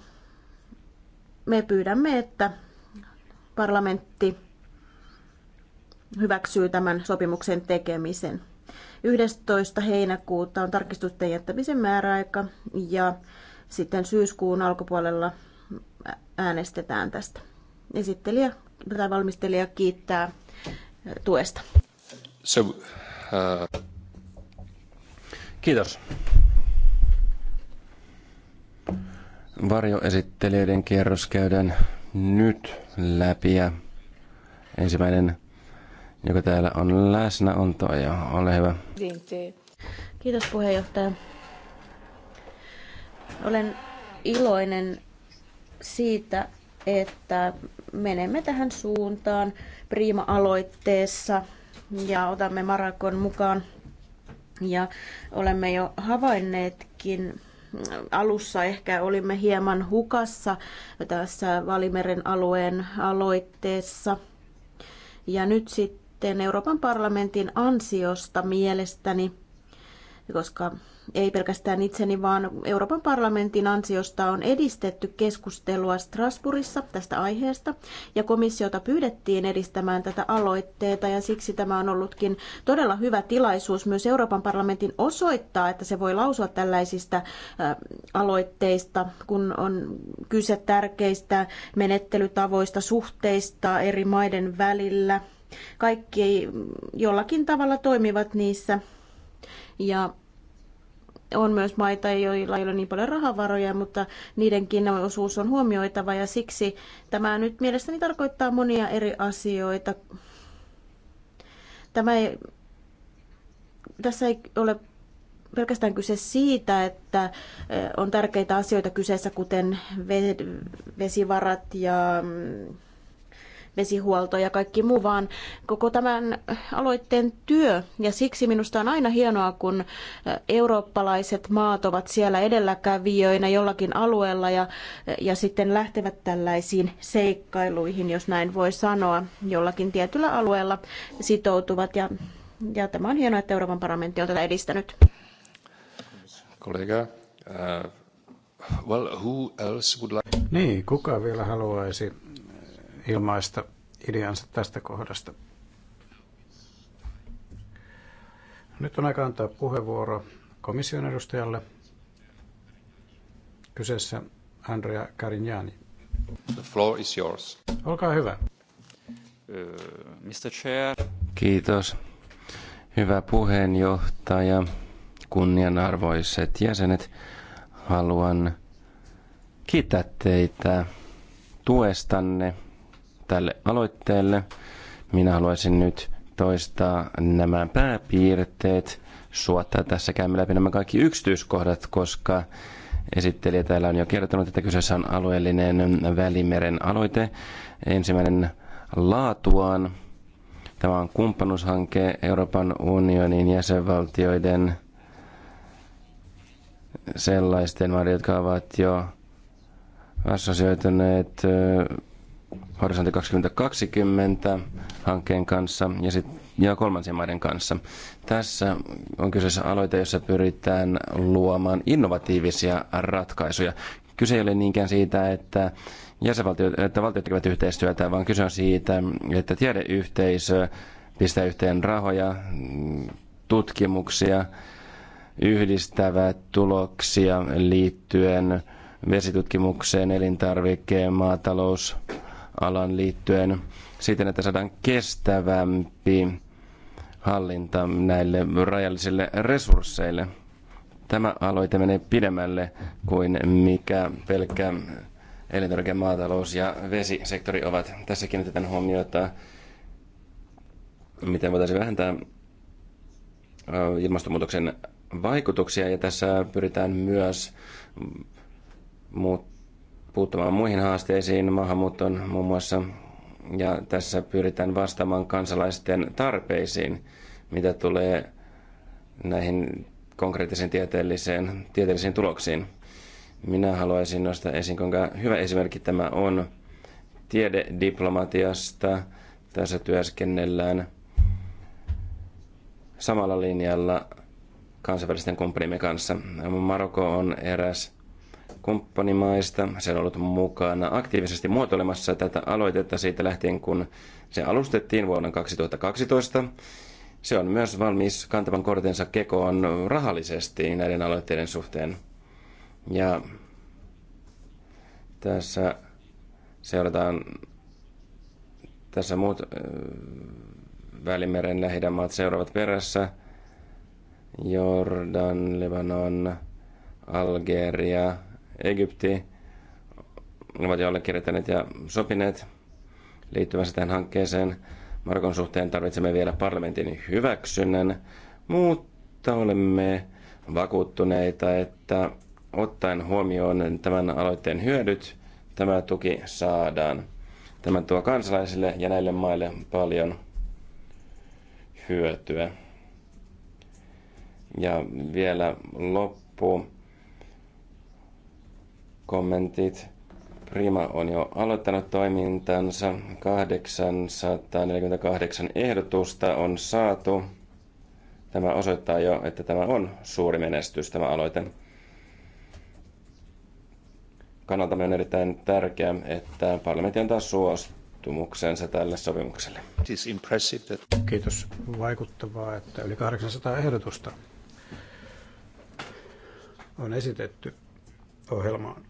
me pyydämme, että parlamentti hyväksyy tämän sopimuksen tekemisen. 11. heinäkuuta on tarkistusten jättämisen määräaika ja sitten syyskuun alkupuolella äänestetään tästä. Esittelijä tai valmistelija kiittää tuesta. So, uh... Kiitos. Varjoesittelijöiden kierros käydään nyt läpi ja ensimmäinen, joka täällä on läsnä, on tuo. Ole hyvä. Kiitos puheenjohtaja. Olen iloinen siitä, että menemme tähän suuntaan Prima-aloitteessa ja otamme Marakon mukaan. Ja olemme jo havainneetkin, alussa ehkä olimme hieman hukassa tässä Valimeren alueen aloitteessa. Ja nyt sitten Euroopan parlamentin ansiosta mielestäni, koska ei pelkästään itseni, vaan Euroopan parlamentin ansiosta on edistetty keskustelua Strasbourgissa tästä aiheesta, ja komissiota pyydettiin edistämään tätä aloitteita, ja siksi tämä on ollutkin todella hyvä tilaisuus myös Euroopan parlamentin osoittaa, että se voi lausua tällaisista äh, aloitteista, kun on kyse tärkeistä menettelytavoista, suhteista eri maiden välillä. Kaikki jollakin tavalla toimivat niissä. Ja on myös maita, joilla ei ole niin paljon rahavaroja, mutta niidenkin osuus on huomioitava ja siksi tämä nyt mielestäni tarkoittaa monia eri asioita. Tämä ei, tässä ei ole pelkästään kyse siitä, että e, on tärkeitä asioita kyseessä, kuten vesivarat ja mm, vesihuolto ja kaikki muu, vaan koko tämän aloitteen työ. Ja siksi minusta on aina hienoa, kun eurooppalaiset maat ovat siellä edelläkävijöinä jollakin alueella ja, ja sitten lähtevät tällaisiin seikkailuihin, jos näin voi sanoa, jollakin tietyllä alueella sitoutuvat. Ja, ja tämä on hienoa, että Euroopan parlamentti on tätä edistänyt. Kollega, uh, well, who else would like... Niin, kuka vielä haluaisi ilmaista ideansa tästä kohdasta. Nyt on aika antaa puheenvuoro komission edustajalle. Kyseessä Andrea Carignani. The floor is yours. Olkaa hyvä. Uh, Mr. Chair. Kiitos. Hyvä puheenjohtaja, kunnianarvoiset jäsenet. Haluan kiittää teitä tuestanne tälle aloitteelle. Minä haluaisin nyt toistaa nämä pääpiirteet, suottaa tässä käymme läpi nämä kaikki yksityiskohdat, koska esittelijä täällä on jo kertonut, että kyseessä on alueellinen Välimeren aloite. Ensimmäinen laatuaan. Tämä on kumppanuushanke Euroopan unionin jäsenvaltioiden sellaisten maiden, jotka ovat jo assosioituneet Horisontti 2020 hankkeen kanssa ja, sit, ja kolmansien maiden kanssa. Tässä on kyseessä aloite, jossa pyritään luomaan innovatiivisia ratkaisuja. Kyse ei ole niinkään siitä, että jäsenvaltiot, että valtiot tekevät yhteistyötä, vaan kyse on siitä, että tiedeyhteisö pistää yhteen rahoja, tutkimuksia, yhdistävät tuloksia liittyen vesitutkimukseen, elintarvikkeen, maatalous, alan liittyen siten, että saadaan kestävämpi hallinta näille rajallisille resursseille. Tämä aloite menee pidemmälle kuin mikä pelkkä elintarvike-, maatalous- ja vesisektori ovat. Tässä kiinnitetään huomiota, miten voitaisiin vähentää äh, ilmastonmuutoksen vaikutuksia, ja tässä pyritään myös muut puuttumaan muihin haasteisiin, maahanmuuton muun muassa, ja tässä pyritään vastaamaan kansalaisten tarpeisiin, mitä tulee näihin konkreettisiin tieteelliseen, tieteellisiin tuloksiin. Minä haluaisin nostaa esiin, kuinka hyvä esimerkki tämä on tiedediplomatiasta. Tässä työskennellään samalla linjalla kansainvälisten kumppanimme kanssa. Marokko on eräs kumppanimaista. Se on ollut mukana aktiivisesti muotoilemassa tätä aloitetta siitä lähtien, kun se alustettiin vuonna 2012. Se on myös valmis kantavan kortensa kekoon rahallisesti näiden aloitteiden suhteen. Ja tässä seurataan tässä muut äh, Välimeren lähidän maat seuraavat perässä. Jordan, Libanon, Algeria, Egypti ovat jo allekirjoittaneet ja sopineet liittyvänsä tähän hankkeeseen. Markon suhteen tarvitsemme vielä parlamentin hyväksynnän, mutta olemme vakuuttuneita, että ottaen huomioon tämän aloitteen hyödyt, tämä tuki saadaan. Tämä tuo kansalaisille ja näille maille paljon hyötyä. Ja vielä loppu kommentit. Prima on jo aloittanut toimintansa. 848 ehdotusta on saatu. Tämä osoittaa jo, että tämä on suuri menestys, tämä aloite. Kannaltamme on erittäin tärkeää, että parlamentti antaa suostumuksensa tälle sopimukselle. Kiitos. Vaikuttavaa, että yli 800 ehdotusta on esitetty ohjelmaan.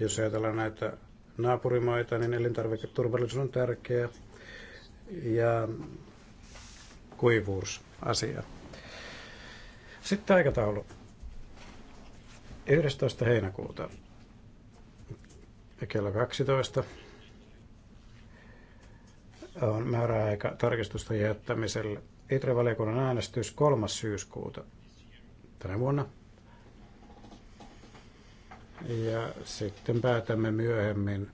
Jos ajatellaan näitä naapurimaita, niin elintarviketurvallisuus on tärkeä ja kuivuusasia. Sitten aikataulu. 11. heinäkuuta kello 12 on määräaika tarkistusta jättämiselle. Itre-valiokunnan äänestys 3. syyskuuta tänä vuonna ja sitten päätämme myöhemmin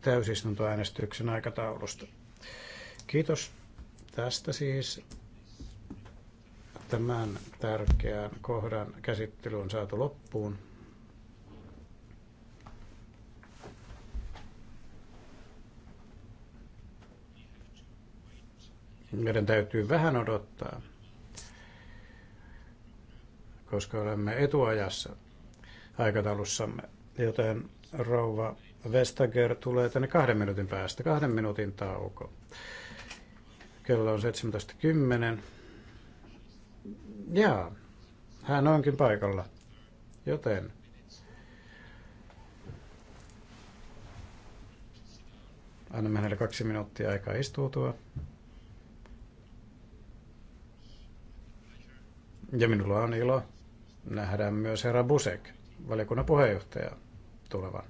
täysistuntoäänestyksen aikataulusta. Kiitos tästä siis. Tämän tärkeän kohdan käsittely on saatu loppuun. meidän täytyy vähän odottaa, koska olemme etuajassa aikataulussamme. Joten rouva Vestager tulee tänne kahden minuutin päästä, kahden minuutin tauko. Kello on 17.10. Jaa, hän onkin paikalla. Joten annamme hänelle kaksi minuuttia aikaa istuutua. Ja minulla on ilo nähdä myös herra Busek valiokunnan puheenjohtaja tulevan.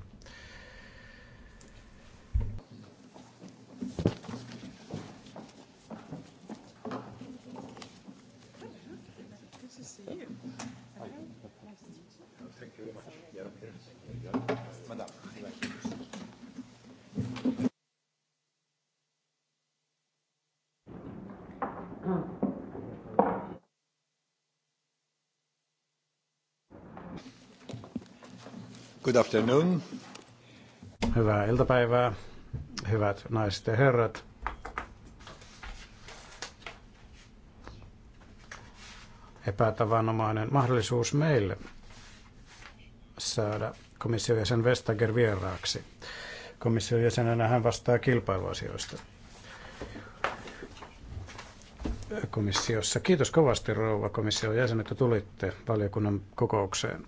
Good afternoon. Hyvää iltapäivää, hyvät naiset ja herrat. Epätavanomainen mahdollisuus meille saada komission jäsen Vestager vieraaksi. Komission jäsenenä hän vastaa kilpailuasioista komissiossa. Kiitos kovasti rouva komission jäsen, että tulitte valiokunnan kokoukseen.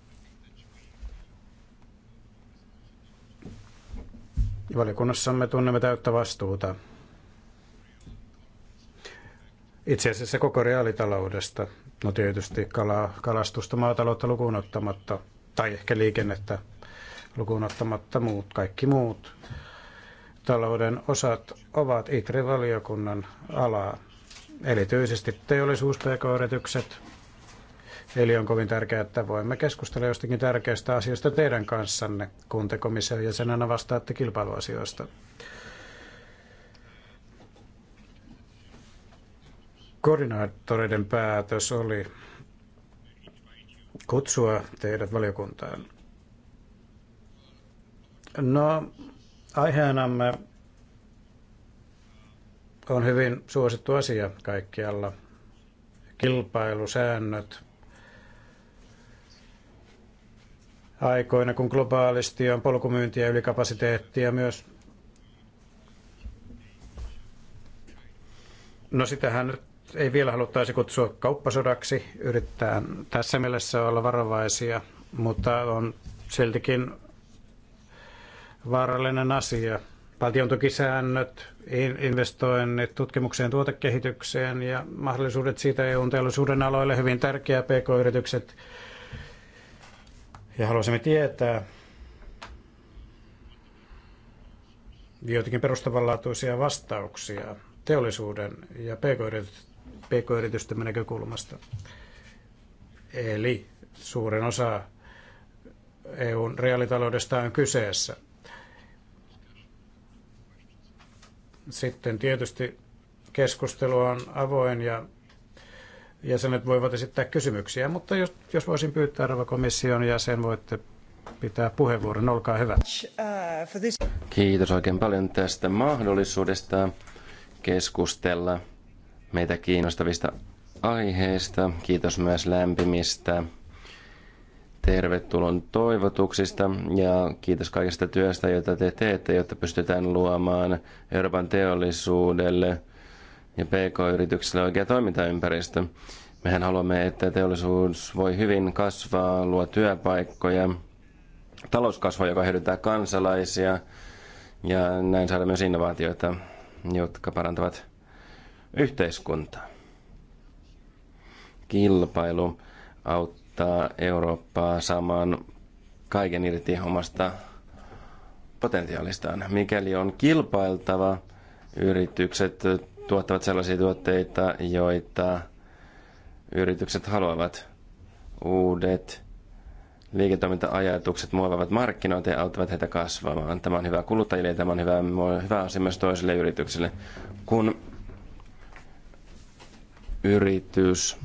Valiokunnassamme tunnemme täyttä vastuuta itse asiassa koko reaalitaloudesta. No tietysti kalaa, kalastusta, maataloutta lukuun ottamatta, tai ehkä liikennettä lukuun ottamatta muut, kaikki muut talouden osat ovat ITRE-valiokunnan alaa. Erityisesti teollisuuspk yritykset Eli on kovin tärkeää, että voimme keskustella jostakin tärkeistä asioista teidän kanssanne, kun te komission jäsenenä vastaatte kilpailuasioista. Koordinaattoreiden päätös oli kutsua teidät valiokuntaan. No, aiheenamme on hyvin suosittu asia kaikkialla. Kilpailusäännöt, aikoina, kun globaalisti on polkumyyntiä ja ylikapasiteettia myös. No sitähän ei vielä haluttaisi kutsua kauppasodaksi, yrittää tässä mielessä olla varovaisia, mutta on siltikin vaarallinen asia. Valtion tukisäännöt, investoinnit tutkimukseen, tuotekehitykseen ja mahdollisuudet siitä eu teollisuuden aloille, hyvin tärkeä PK-yritykset, ja haluaisimme tietää joitakin perustavanlaatuisia vastauksia teollisuuden ja pk-yritysten näkökulmasta. Eli suurin osa EUn reaalitaloudesta on kyseessä. Sitten tietysti keskustelu on avoin ja jäsenet voivat esittää kysymyksiä, mutta jos, jos voisin pyytää Rova komission jäsen, voitte pitää puheenvuoron. Olkaa hyvä. Kiitos oikein paljon tästä mahdollisuudesta keskustella meitä kiinnostavista aiheista. Kiitos myös lämpimistä tervetulon toivotuksista ja kiitos kaikesta työstä, jota te teette, jotta pystytään luomaan Euroopan teollisuudelle – ja pk yrityksille oikea toimintaympäristö. Mehän haluamme, että teollisuus voi hyvin kasvaa, luo työpaikkoja, talouskasvua, joka hyödyttää kansalaisia ja näin saada myös innovaatioita, jotka parantavat yhteiskuntaa. Kilpailu auttaa Eurooppaa saamaan kaiken irti omasta potentiaalistaan. Mikäli on kilpailtava, yritykset tuottavat sellaisia tuotteita, joita yritykset haluavat. Uudet liiketoiminta-ajatukset muovavat markkinoita ja auttavat heitä kasvamaan. Tämä on hyvä kuluttajille ja tämä on hyvä, hyvä asia myös toisille yrityksille. Kun yritys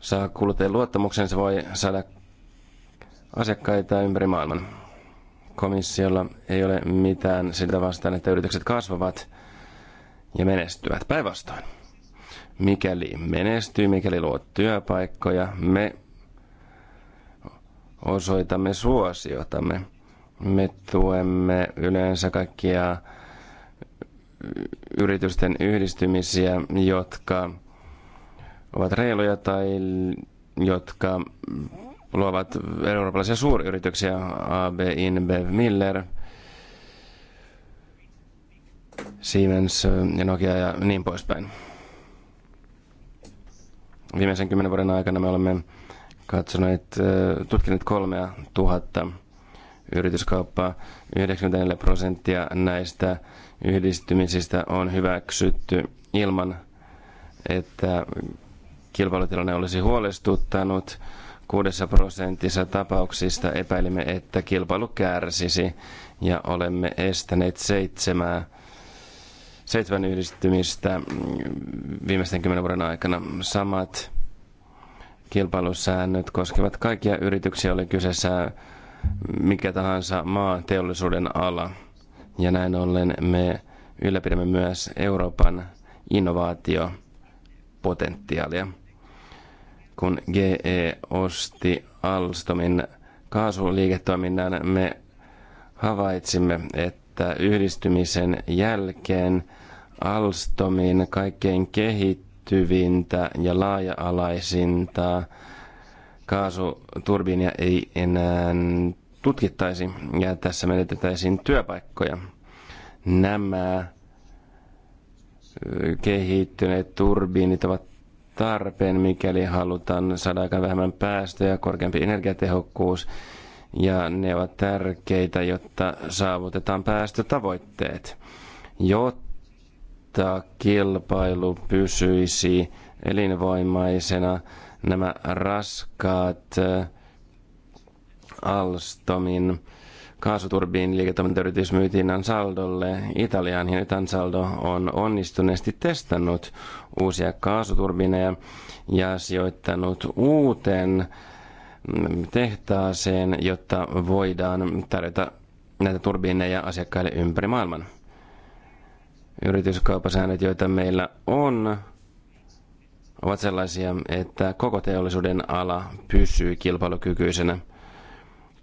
saa kuluttajien luottamuksen, se voi saada asiakkaita ympäri maailman komissiolla ei ole mitään sitä vastaan, että yritykset kasvavat ja menestyvät. Päinvastoin. Mikäli menestyy, mikäli luo työpaikkoja, me osoitamme suosiotamme. Me tuemme yleensä kaikkia yritysten yhdistymisiä, jotka ovat reiluja tai jotka luovat eurooppalaisia suuryrityksiä, AB InBev Miller, Siemens ja Nokia ja niin poispäin. Viimeisen kymmenen vuoden aikana me olemme katsoneet, tutkineet kolmea tuhatta yrityskauppaa. 94 prosenttia näistä yhdistymisistä on hyväksytty ilman, että kilpailutilanne olisi huolestuttanut kuudessa prosentissa tapauksista epäilimme, että kilpailu kärsisi ja olemme estäneet seitsemää, seitsemän yhdistymistä viimeisten kymmenen vuoden aikana. Samat kilpailusäännöt koskevat kaikkia yrityksiä, oli kyseessä mikä tahansa maa teollisuuden ala. Ja näin ollen me ylläpidämme myös Euroopan innovaatiopotentiaalia kun GE osti Alstomin kaasuliiketoiminnan, me havaitsimme, että yhdistymisen jälkeen Alstomin kaikkein kehittyvintä ja laaja-alaisinta kaasuturbiinia ei enää tutkittaisi ja tässä menetetäisiin työpaikkoja. Nämä kehittyneet turbiinit ovat tarpeen, mikäli halutaan saada aika vähemmän päästöjä, korkeampi energiatehokkuus, ja ne ovat tärkeitä, jotta saavutetaan päästötavoitteet, jotta kilpailu pysyisi elinvoimaisena. Nämä raskaat Alstomin kaasuturbiin liiketoimintayritys myytiin Ansaldolle Italiaan, ja nyt Ansaldo on onnistuneesti testannut uusia kaasuturbiineja ja sijoittanut uuteen mm, tehtaaseen, jotta voidaan tarjota näitä turbiineja asiakkaille ympäri maailman. Yrityskaupasäännöt, joita meillä on, ovat sellaisia, että koko teollisuuden ala pysyy kilpailukykyisenä.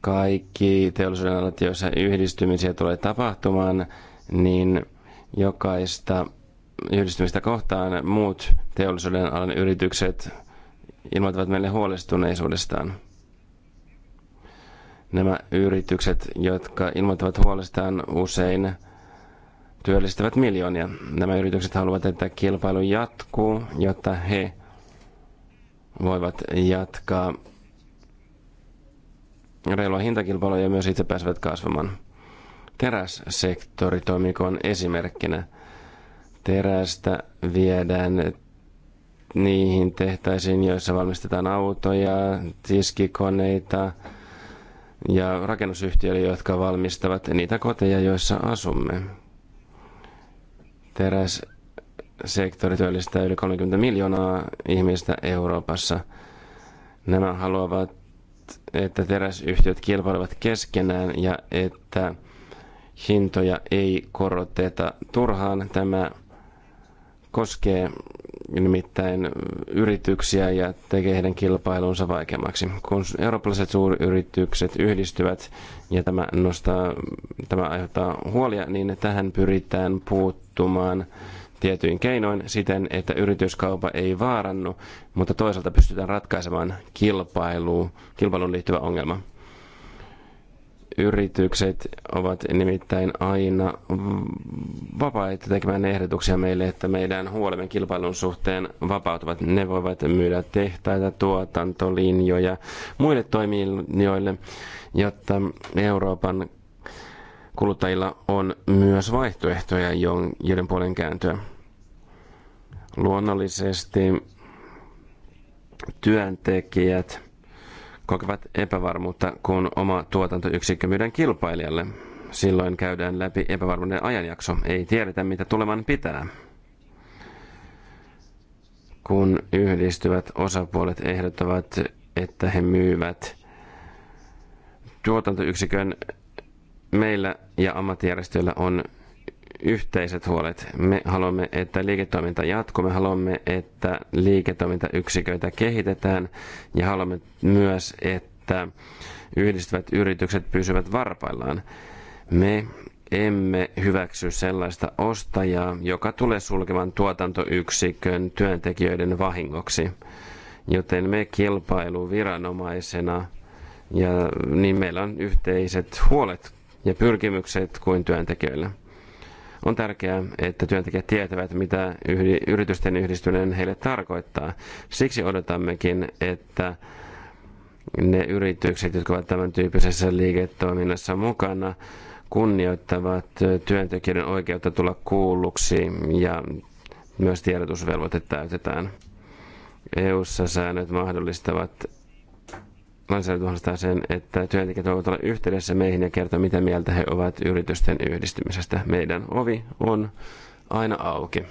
Kaikki teollisuuden alat, joissa yhdistymisiä tulee tapahtumaan, niin jokaista yhdistymistä kohtaan muut teollisuuden alan yritykset ilmoittavat meille huolestuneisuudestaan. Nämä yritykset, jotka ilmoittavat huolestaan usein työllistävät miljoonia. Nämä yritykset haluavat, että kilpailu jatkuu, jotta he voivat jatkaa reilua hintakilpailua ja myös itse pääsevät kasvamaan. Terässektori toimikoon esimerkkinä terästä viedään niihin tehtäisiin, joissa valmistetaan autoja, tiskikoneita ja rakennusyhtiöille, jotka valmistavat niitä koteja, joissa asumme. Terässektori työllistää yli 30 miljoonaa ihmistä Euroopassa. Nämä haluavat, että teräsyhtiöt kilpailevat keskenään ja että hintoja ei koroteta turhaan. Tämä koskee nimittäin yrityksiä ja tekee heidän kilpailunsa vaikeammaksi. Kun eurooppalaiset suuryritykset yhdistyvät ja tämä, nostaa, tämä aiheuttaa huolia, niin tähän pyritään puuttumaan tietyin keinoin siten, että yrityskaupa ei vaarannu, mutta toisaalta pystytään ratkaisemaan kilpailuun, kilpailuun liittyvä ongelma. Yritykset ovat nimittäin aina vapaita tekemään ehdotuksia meille, että meidän huolemme kilpailun suhteen vapautuvat. Ne voivat myydä tehtaita, tuotantolinjoja muille toimijoille, jotta Euroopan kuluttajilla on myös vaihtoehtoja, joiden puolen kääntyä. Luonnollisesti työntekijät kokevat epävarmuutta, kun oma tuotantoyksikkö myydään kilpailijalle. Silloin käydään läpi epävarmuuden ajanjakso. Ei tiedetä, mitä tuleman pitää. Kun yhdistyvät osapuolet ehdottavat, että he myyvät tuotantoyksikön, meillä ja ammattijärjestöillä on yhteiset huolet. Me haluamme, että liiketoiminta jatkuu, me haluamme, että liiketoimintayksiköitä kehitetään ja haluamme myös, että yhdistyvät yritykset pysyvät varpaillaan. Me emme hyväksy sellaista ostajaa, joka tulee sulkevan tuotantoyksikön työntekijöiden vahingoksi. Joten me kilpailuviranomaisena, ja, niin meillä on yhteiset huolet ja pyrkimykset kuin työntekijöillä. On tärkeää, että työntekijät tietävät, mitä yritysten yhdistyminen heille tarkoittaa. Siksi odotammekin, että ne yritykset, jotka ovat tämän tyyppisessä liiketoiminnassa mukana, kunnioittavat työntekijöiden oikeutta tulla kuulluksi ja myös tiedotusvelvoite täytetään. EU-ssa säännöt mahdollistavat lainsäädäntöhanstaan sen, että työntekijät voivat olla yhteydessä meihin ja kertoa, mitä mieltä he ovat yritysten yhdistymisestä. Meidän ovi on aina auki.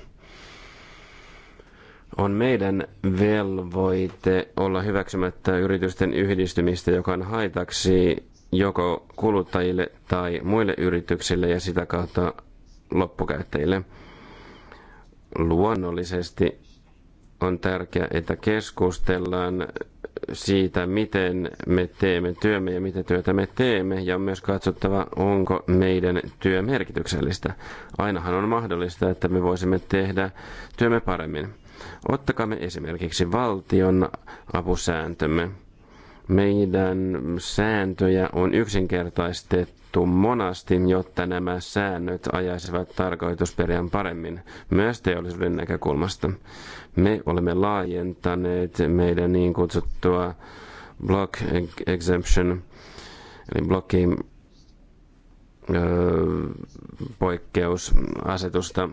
On meidän velvoite olla hyväksymättä yritysten yhdistymistä, joka on haitaksi joko kuluttajille tai muille yrityksille ja sitä kautta loppukäyttäjille. Luonnollisesti on tärkeää, että keskustellaan siitä, miten me teemme työmme ja mitä työtä me teemme, ja on myös katsottava, onko meidän työ merkityksellistä. Ainahan on mahdollista, että me voisimme tehdä työmme paremmin. Ottakaamme esimerkiksi valtion apusääntömme. Meidän sääntöjä on yksinkertaistettu todettu monasti, jotta nämä säännöt ajaisivat tarkoitusperian paremmin myös teollisuuden näkökulmasta. Me olemme laajentaneet meidän niin kutsuttua block exemption, eli blockin poikkeusasetusta.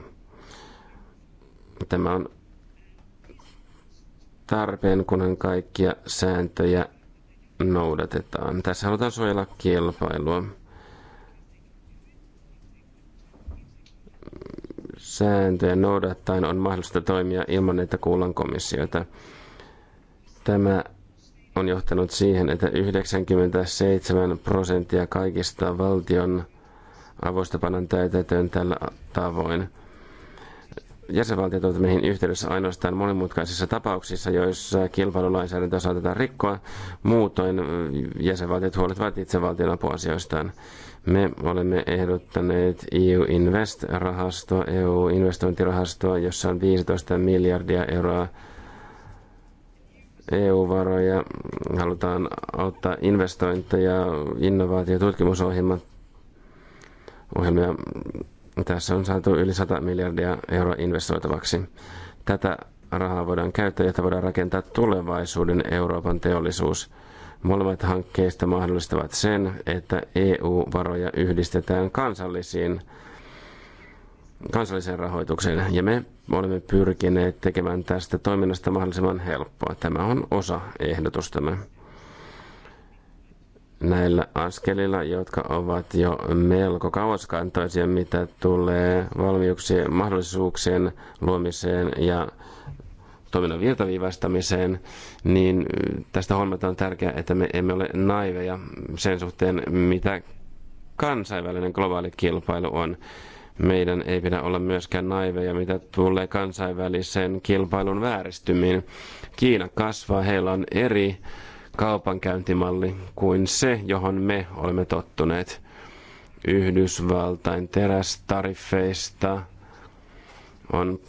Tämä on tarpeen, kunhan kaikkia sääntöjä noudatetaan. Tässä halutaan suojella kilpailua. sääntöjä noudattaen on mahdollista toimia ilman, että kuullaan Tämä on johtanut siihen, että 97 prosenttia kaikista valtion avustapanon täytetön tällä tavoin. Jäsenvaltiot ovat meihin yhteydessä ainoastaan monimutkaisissa tapauksissa, joissa kilpailulainsäädäntö saatetaan rikkoa. Muutoin jäsenvaltiot huolehtivat itse valtion apuasioistaan. Me olemme ehdottaneet EU Invest-rahastoa, EU-investointirahastoa, jossa on 15 miljardia euroa EU-varoja. Halutaan ottaa investointeja, innovaatio- ja tutkimusohjelmat ohjelmia. Tässä on saatu yli 100 miljardia euroa investoitavaksi. Tätä rahaa voidaan käyttää, jotta voidaan rakentaa tulevaisuuden Euroopan teollisuus. Molemmat hankkeista mahdollistavat sen, että EU-varoja yhdistetään kansallisiin kansalliseen rahoitukseen, ja me olemme pyrkineet tekemään tästä toiminnasta mahdollisimman helppoa. Tämä on osa ehdotustamme. Näillä askelilla, jotka ovat jo melko kauaskantoisia, mitä tulee valmiuksien, mahdollisuuksien luomiseen ja toiminnan virtaviivaistamiseen, niin tästä huolimatta on tärkeää, että me emme ole naiveja sen suhteen, mitä kansainvälinen globaali kilpailu on. Meidän ei pidä olla myöskään naiveja, mitä tulee kansainvälisen kilpailun vääristymiin. Kiina kasvaa, heillä on eri kaupankäyntimalli kuin se, johon me olemme tottuneet. Yhdysvaltain terästariffeista on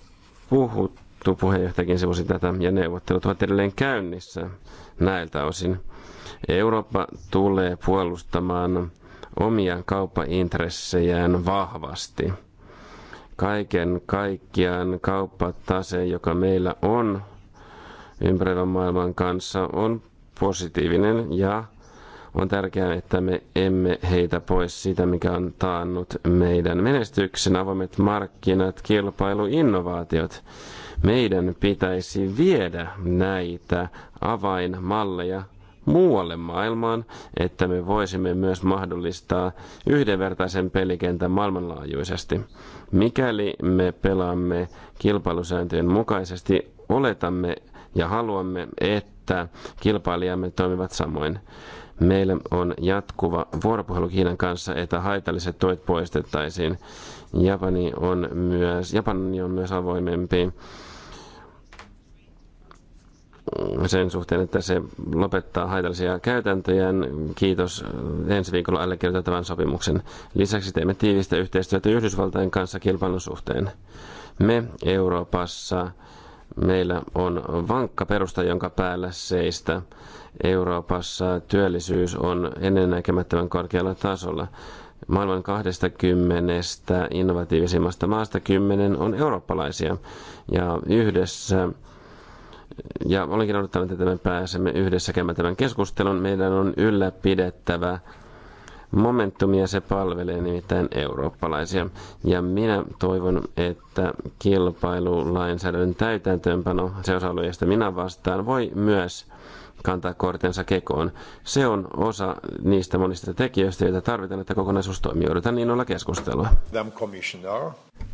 puhuttu tuo puheenjohtajakin sivusi tätä, ja neuvottelut ovat edelleen käynnissä näiltä osin. Eurooppa tulee puolustamaan omia kauppaintressejään vahvasti. Kaiken kaikkiaan kauppatase, joka meillä on ympäröivän maailman kanssa, on positiivinen ja on tärkeää, että me emme heitä pois sitä, mikä on taannut meidän menestyksen, avoimet markkinat, kilpailu, innovaatiot. Meidän pitäisi viedä näitä avainmalleja muualle maailmaan, että me voisimme myös mahdollistaa yhdenvertaisen pelikentän maailmanlaajuisesti. Mikäli me pelaamme kilpailusääntöjen mukaisesti, oletamme ja haluamme, että kilpailijamme toimivat samoin. Meillä on jatkuva vuoropuhelu Kiinan kanssa, että haitalliset tuet poistettaisiin. Japani on myös, Japani on myös avoimempi sen suhteen, että se lopettaa haitallisia käytäntöjä, Kiitos äh, ensi viikolla allekirjoitettavan sopimuksen. Lisäksi teemme tiivistä yhteistyötä Yhdysvaltain kanssa kilpailun suhteen. Me Euroopassa, meillä on vankka perusta, jonka päällä seistä. Euroopassa työllisyys on ennennäkemättömän korkealla tasolla. Maailman 20 innovatiivisimmasta maasta 10 on eurooppalaisia. Ja yhdessä ja olenkin odottanut, että me pääsemme yhdessä käymään tämän keskustelun. Meidän on ylläpidettävä momentumia, se palvelee nimittäin eurooppalaisia. Ja minä toivon, että kilpailulainsäädännön täytäntöönpano, se osa josta minä vastaan, voi myös kantaa kortensa kekoon. Se on osa niistä monista tekijöistä, joita tarvitaan, että kokonaisuus toimii. Odotan niin olla keskustelua.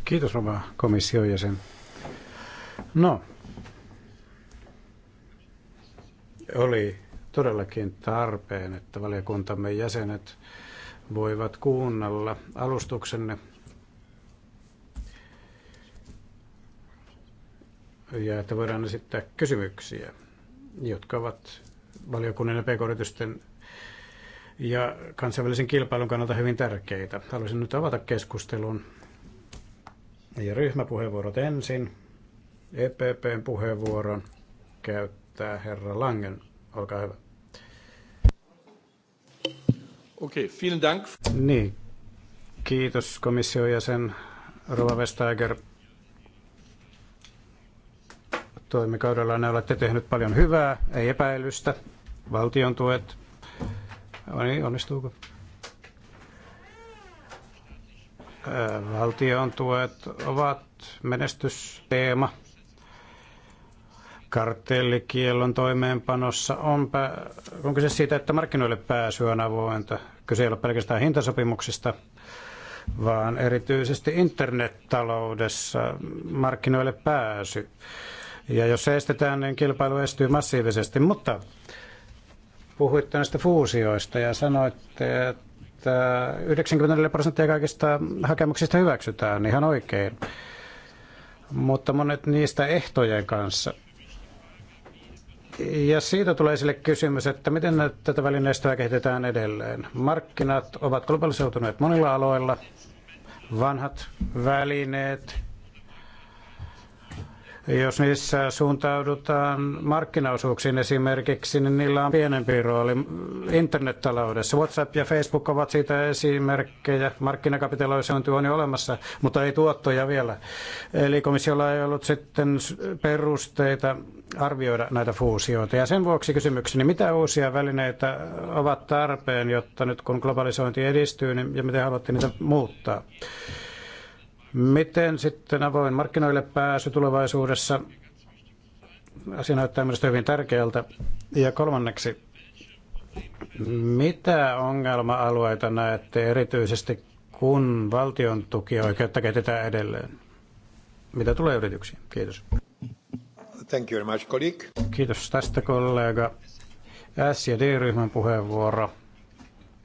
Kiitos, Roma, komission jäsen. No, oli todellakin tarpeen, että valiokuntamme jäsenet voivat kuunnella alustuksenne ja että voidaan esittää kysymyksiä, jotka ovat valiokunnan ja pk ja kansainvälisen kilpailun kannalta hyvin tärkeitä. Haluaisin nyt avata keskustelun ja ryhmäpuheenvuorot ensin. EPPn puheenvuoron käyttää esittää herra Langen. Olkaa hyvä. Okei, okay, vielen dank. Niin. Kiitos komission jäsen Rova Vestager. Toimikaudella ne olette tehnyt paljon hyvää, ei epäilystä. Valtion tuet. No niin, onnistuuko? Valtion tuet ovat menestysteema kartellikiellon toimeenpanossa on, on kyse siitä, että markkinoille pääsy on avointa. Kyse ei ole pelkästään hintasopimuksista, vaan erityisesti internettaloudessa markkinoille pääsy. Ja jos se estetään, niin kilpailu estyy massiivisesti. Mutta puhuitte näistä fuusioista ja sanoitte, että 94 prosenttia kaikista hakemuksista hyväksytään ihan oikein. Mutta monet niistä ehtojen kanssa – ja siitä tulee esille kysymys, että miten tätä välineistöä kehitetään edelleen. Markkinat ovat globalisoituneet monilla aloilla. Vanhat välineet, jos niissä suuntaudutaan markkinaosuuksiin esimerkiksi, niin niillä on pienempi rooli internettaloudessa. WhatsApp ja Facebook ovat siitä esimerkkejä. Markkinakapitalisointi on jo olemassa, mutta ei tuottoja vielä. Eli komissiolla ei ollut sitten perusteita arvioida näitä fuusioita. Ja sen vuoksi kysymykseni, mitä uusia välineitä ovat tarpeen, jotta nyt kun globalisointi edistyy, niin ja miten haluatte niitä muuttaa? Miten sitten avoin markkinoille pääsy tulevaisuudessa? Asia näyttää minusta hyvin tärkeältä. Ja kolmanneksi, mitä ongelma-alueita näette erityisesti, kun valtion tukioikeutta kehitetään edelleen? Mitä tulee yrityksiin? Kiitos. Thank you very much, colleague. Kiitos tästä kollega. S- ja D-ryhmän puheenvuoro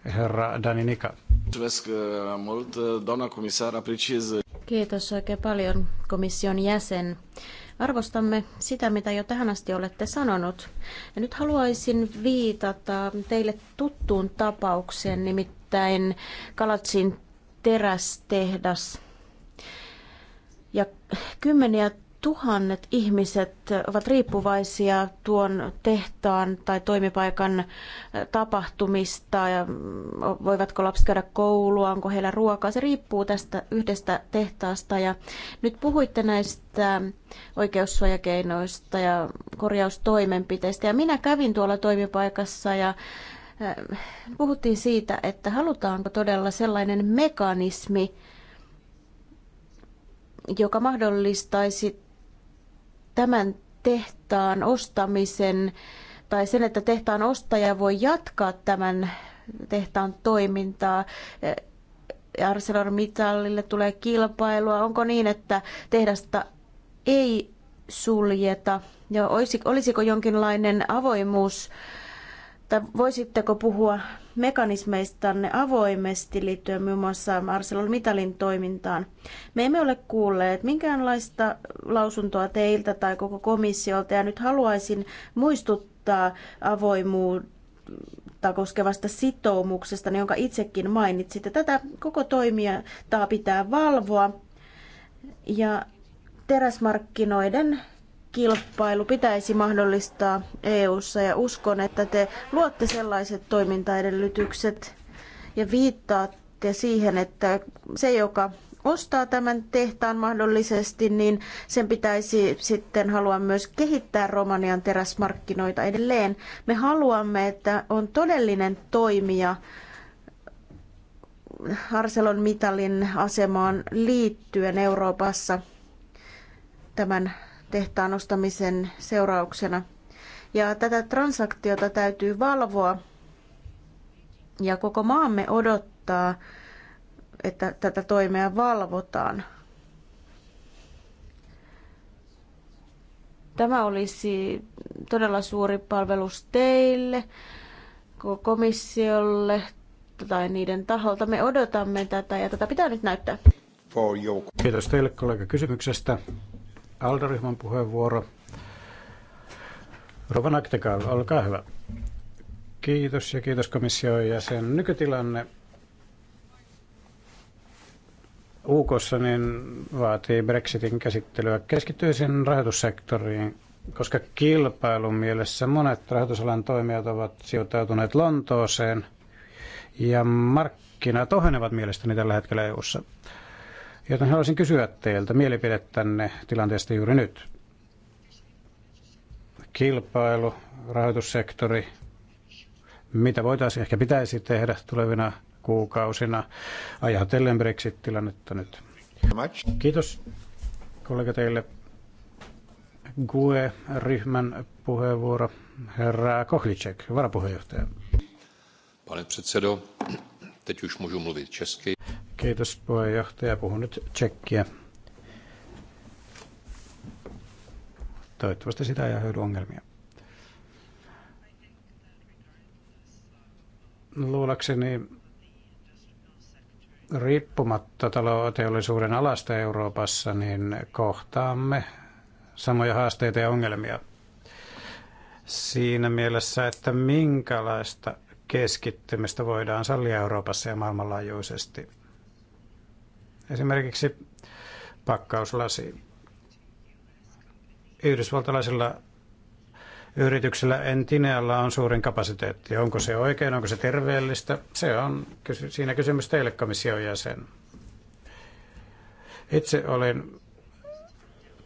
herra Dani Nika. Uh, Kiitos oikein paljon komission jäsen. Arvostamme sitä, mitä jo tähän asti olette sanonut. Ja nyt haluaisin viitata teille tuttuun tapaukseen, nimittäin Kalatsin terästehdas. Ja kymmeniä tuhannet ihmiset ovat riippuvaisia tuon tehtaan tai toimipaikan äh, tapahtumista ja mm, voivatko lapset käydä koulua, onko heillä ruokaa. Se riippuu tästä yhdestä tehtaasta ja nyt puhuitte näistä oikeussuojakeinoista ja korjaustoimenpiteistä ja minä kävin tuolla toimipaikassa ja äh, puhuttiin siitä, että halutaanko todella sellainen mekanismi, joka mahdollistaisi tämän tehtaan ostamisen tai sen, että tehtaan ostaja voi jatkaa tämän tehtaan toimintaa. ArcelorMittalille tulee kilpailua. Onko niin, että tehdasta ei suljeta? Ja olisiko jonkinlainen avoimuus että voisitteko puhua mekanismeistanne avoimesti liittyen muun muassa Arcelor Mitalin toimintaan. Me emme ole kuulleet minkäänlaista lausuntoa teiltä tai koko komissiolta ja nyt haluaisin muistuttaa avoimuutta koskevasta sitoumuksesta, jonka itsekin mainitsitte. Tätä koko toimintaa pitää valvoa ja teräsmarkkinoiden kilpailu pitäisi mahdollistaa EU:ssa ja uskon, että te luotte sellaiset toimintaedellytykset ja viittaatte siihen, että se, joka ostaa tämän tehtaan mahdollisesti, niin sen pitäisi sitten halua myös kehittää Romanian teräsmarkkinoita edelleen. Me haluamme, että on todellinen toimija Arcelon Mitalin asemaan liittyen Euroopassa tämän tehtaan ostamisen seurauksena. Ja tätä transaktiota täytyy valvoa ja koko maamme odottaa, että tätä toimea valvotaan. Tämä olisi todella suuri palvelus teille, komissiolle tai niiden taholta. Me odotamme tätä ja tätä pitää nyt näyttää. Kiitos teille kollega kysymyksestä. Alderyhmän puheenvuoro. Rovan Aktekal, olkaa hyvä. Kiitos ja kiitos komission jäsen. Nykytilanne uk niin vaatii Brexitin käsittelyä. Keskittyisin rahoitussektoriin, koska kilpailun mielessä monet rahoitusalan toimijat ovat sijoittautuneet Lontooseen ja markkinat ohenevat mielestäni tällä hetkellä EU:ssa. ssa Joten haluaisin kysyä teiltä mielipidettänne tilanteesta juuri nyt. Kilpailu, rahoitussektori, mitä voitaisiin ehkä pitäisi tehdä tulevina kuukausina ajatellen Brexit-tilannetta nyt. Kiitos kollega teille. GUE-ryhmän puheenvuoro, herra Kohlicek, varapuheenjohtaja. Pane předsedo, teď už můžu mluvit česky. Kiitos puheenjohtaja. Puhun nyt tsekkiä. Toivottavasti sitä ei aiheudu ongelmia. Luulakseni riippumatta teollisuuden alasta Euroopassa, niin kohtaamme samoja haasteita ja ongelmia siinä mielessä, että minkälaista keskittymistä voidaan sallia Euroopassa ja maailmanlaajuisesti – Esimerkiksi pakkauslasi. Yhdysvaltalaisilla yrityksellä Entinealla on suurin kapasiteetti. Onko se oikein, onko se terveellistä? Se on siinä kysymys teille komission jäsen. Itse olin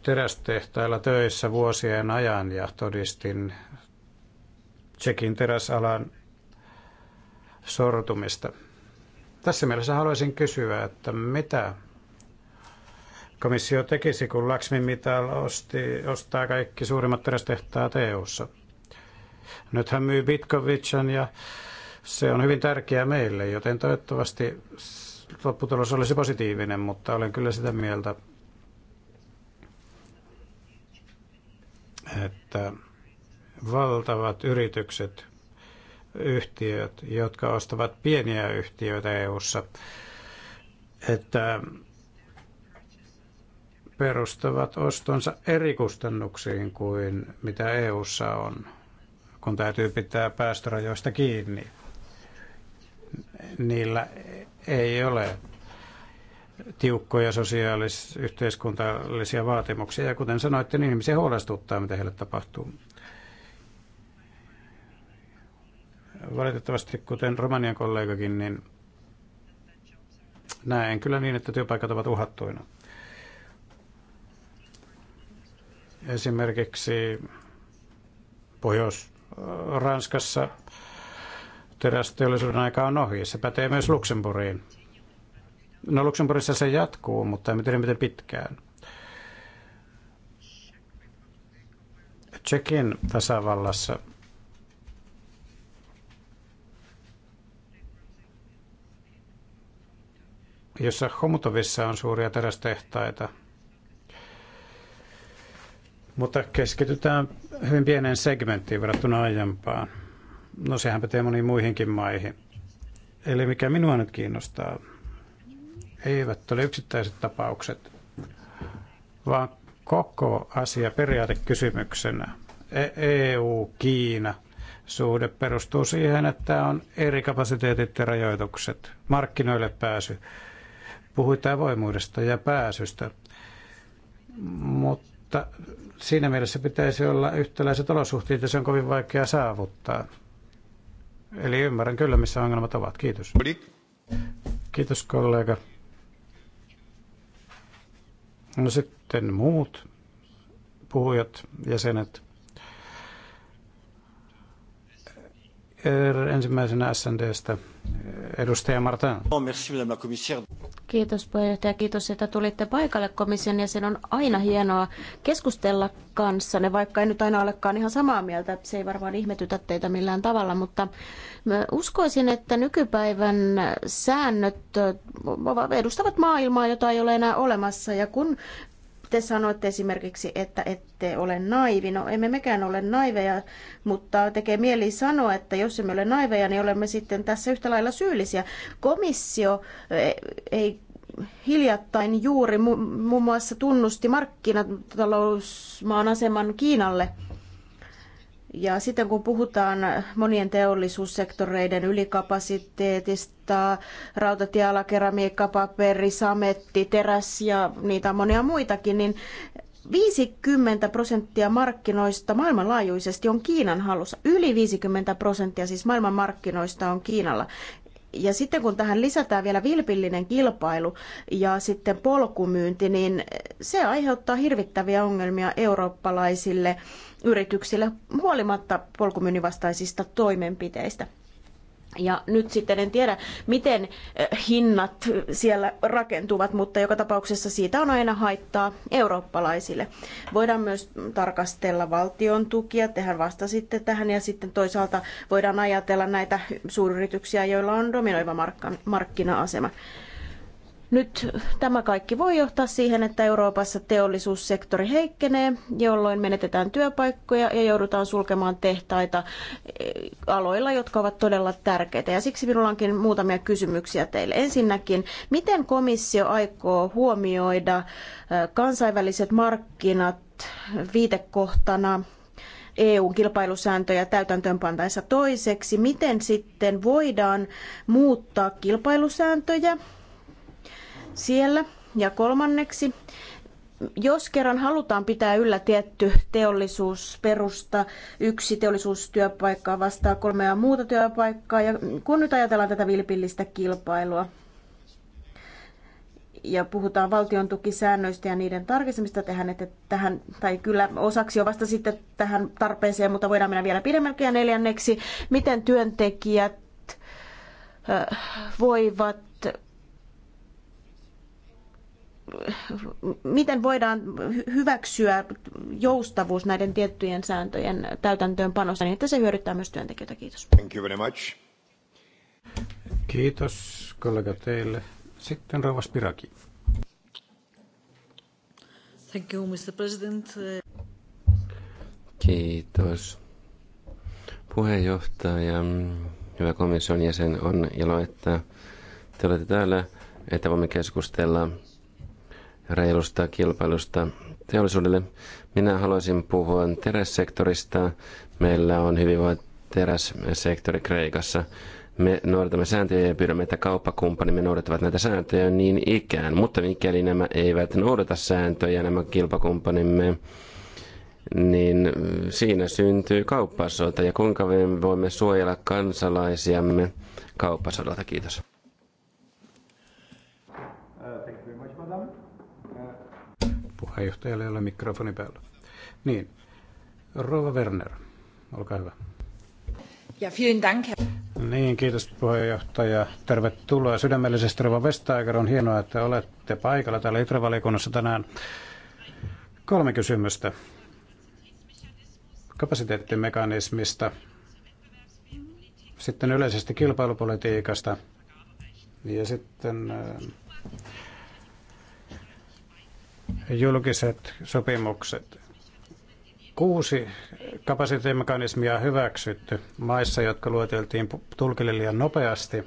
terästehtailla töissä vuosien ajan ja todistin Tsekin teräsalan sortumista. Tässä mielessä haluaisin kysyä, että mitä komissio tekisi, kun laksmin Mittal osti, ostaa kaikki suurimmat terästehtaat EU-ssa. Nyt hän myy Bitkovicin ja se on hyvin tärkeää meille, joten toivottavasti lopputulos olisi positiivinen, mutta olen kyllä sitä mieltä, että valtavat yritykset yhtiöt, jotka ostavat pieniä yhtiöitä EU:ssa, että perustavat ostonsa eri kustannuksiin kuin mitä EU:ssa on, kun täytyy pitää päästörajoista kiinni. Niillä ei ole tiukkoja sosiaalis- yhteiskuntallisia vaatimuksia. Ja kuten sanoitte, niin ihmisiä huolestuttaa, mitä heille tapahtuu. valitettavasti, kuten Romanian kollegakin, niin näen kyllä niin, että työpaikat ovat uhattuina. Esimerkiksi Pohjois-Ranskassa terästeollisuuden aika on ohi. Se pätee myös Luxemburgiin. No Luxemburgissa se jatkuu, mutta en tiedä miten pitkään. Tsekin tasavallassa jossa Homutovissa on suuria terästehtaita. Mutta keskitytään hyvin pieneen segmenttiin verrattuna aiempaan. No sehän pätee moniin muihinkin maihin. Eli mikä minua nyt kiinnostaa, eivät ole yksittäiset tapaukset, vaan koko asia periaatekysymyksenä. EU, e Kiina, suhde perustuu siihen, että on eri kapasiteetit ja rajoitukset, markkinoille pääsy, puhuit avoimuudesta ja pääsystä, mutta siinä mielessä pitäisi olla yhtäläiset olosuhteet ja se on kovin vaikea saavuttaa. Eli ymmärrän kyllä, missä ongelmat ovat. Kiitos. Kiitos kollega. No sitten muut puhujat, jäsenet. Ensimmäisenä SNDstä edustaja Martin. Oh, kiitos puheenjohtaja, kiitos, että tulitte paikalle komission ja sen on aina hienoa keskustella kanssanne, vaikka en nyt aina olekaan ihan samaa mieltä, se ei varmaan ihmetytä teitä millään tavalla, mutta uskoisin, että nykypäivän säännöt edustavat maailmaa, jota ei ole enää olemassa ja kun te sanoitte esimerkiksi, että ette ole naivi. No emme mekään ole naiveja, mutta tekee mieli sanoa, että jos emme ole naiveja, niin olemme sitten tässä yhtä lailla syyllisiä. Komissio eh, ei hiljattain juuri muun muassa tunnusti markkinatalousmaan aseman Kiinalle – ja sitten kun puhutaan monien teollisuussektoreiden ylikapasiteetista, rautatiala, keramiikka, paperi, sametti, teräs ja niitä monia muitakin, niin 50 prosenttia markkinoista maailmanlaajuisesti on Kiinan hallussa. Yli 50 prosenttia siis maailman markkinoista on Kiinalla. Ja sitten kun tähän lisätään vielä vilpillinen kilpailu ja sitten polkumyynti, niin se aiheuttaa hirvittäviä ongelmia eurooppalaisille yrityksille huolimatta polkumyynnin vastaisista toimenpiteistä. Ja nyt sitten en tiedä, miten hinnat siellä rakentuvat, mutta joka tapauksessa siitä on aina haittaa eurooppalaisille. Voidaan myös tarkastella valtion tukia, tehän vastasitte tähän, ja sitten toisaalta voidaan ajatella näitä suuryrityksiä, joilla on dominoiva markkina-asema. Nyt tämä kaikki voi johtaa siihen, että Euroopassa teollisuussektori heikkenee, jolloin menetetään työpaikkoja ja joudutaan sulkemaan tehtaita eh, aloilla, jotka ovat todella tärkeitä. Ja siksi minulla onkin muutamia kysymyksiä teille. Ensinnäkin, miten komissio aikoo huomioida eh, kansainväliset markkinat viitekohtana EU-kilpailusääntöjä täytäntöönpantaessa toiseksi, miten sitten voidaan muuttaa kilpailusääntöjä siellä. Ja kolmanneksi, jos kerran halutaan pitää yllä tietty teollisuusperusta, yksi teollisuustyöpaikka vastaa kolmea muuta työpaikkaa, ja kun nyt ajatellaan tätä vilpillistä kilpailua, ja puhutaan valtion tukisäännöistä ja niiden tarkistamista tähän, että tähän, tai kyllä osaksi jo vasta sitten tähän tarpeeseen, mutta voidaan mennä vielä pidemmälle ja neljänneksi, miten työntekijät voivat miten voidaan hyväksyä joustavuus näiden tiettyjen sääntöjen täytäntöönpanossa niin, että se hyödyttää myös työntekijöitä. Kiitos. Thank you very much. Kiitos kollega teille. Sitten rouva Spiraki. Thank you, Mr. President. Kiitos. Puheenjohtaja, hyvä komission jäsen, on ilo, että te olette täällä, että voimme keskustella reilusta kilpailusta teollisuudelle. Minä haluaisin puhua terässektorista. Meillä on hyvin terässektori Kreikassa. Me noudatamme sääntöjä ja pyydämme, että kauppakumppanimme noudattavat näitä sääntöjä niin ikään. Mutta mikäli nämä eivät noudata sääntöjä, nämä kilpakumppanimme, niin siinä syntyy kauppasota. Ja kuinka me voimme suojella kansalaisiamme kauppasodalta? Kiitos. Puheenjohtajalle ei ole mikrofoni päällä. Niin, Rova Werner, olkaa hyvä. Ja vielen dank. Niin, kiitos puheenjohtaja. Tervetuloa sydämellisesti Rova Vestager. On hienoa, että olette paikalla täällä Itravaliokunnassa tänään. Kolme kysymystä kapasiteettimekanismista, sitten yleisesti kilpailupolitiikasta ja sitten äh, julkiset sopimukset. Kuusi kapasiteettimekanismia on hyväksytty maissa, jotka lueteltiin tulkille liian nopeasti.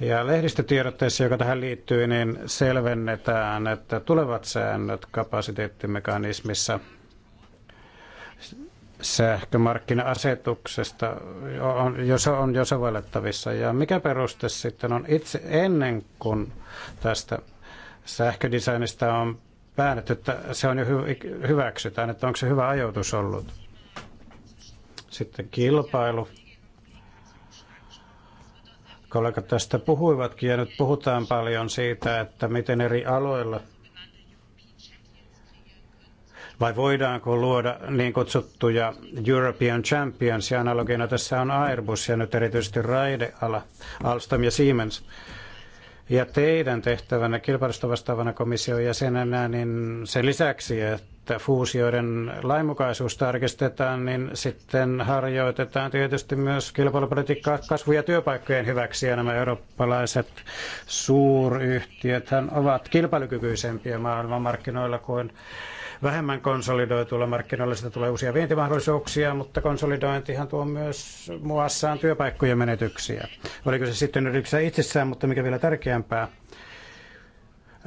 Ja lehdistötiedotteessa, joka tähän liittyy, niin selvennetään, että tulevat säännöt kapasiteettimekanismissa sähkömarkkina-asetuksesta on, jos on jo sovellettavissa. Ja mikä peruste sitten on itse ennen kuin tästä sähködesignista on päätetty, että se on jo hy- hyväksytään, että onko se hyvä ajoitus ollut. Sitten kilpailu. Kollegat tästä puhuivatkin ja nyt puhutaan paljon siitä, että miten eri aloilla vai voidaanko luoda niin kutsuttuja European Champions ja analogina tässä on Airbus ja nyt erityisesti raideala, Alstom ja Siemens ja teidän tehtävänä kilpailusta vastaavana komission jäsenenä, niin sen lisäksi, että fuusioiden lainmukaisuus tarkistetaan, niin sitten harjoitetaan tietysti myös kilpailupolitiikkaa kasvu- ja työpaikkojen hyväksi. Ja nämä eurooppalaiset suuryhtiöt ovat kilpailukykyisempiä maailmanmarkkinoilla kuin vähemmän konsolidoituilla markkinoilla sitä tulee uusia vientimahdollisuuksia, mutta konsolidointihan tuo myös muassaan työpaikkojen menetyksiä. Oliko se sitten yrityksessä itsessään, mutta mikä vielä tärkeämpää,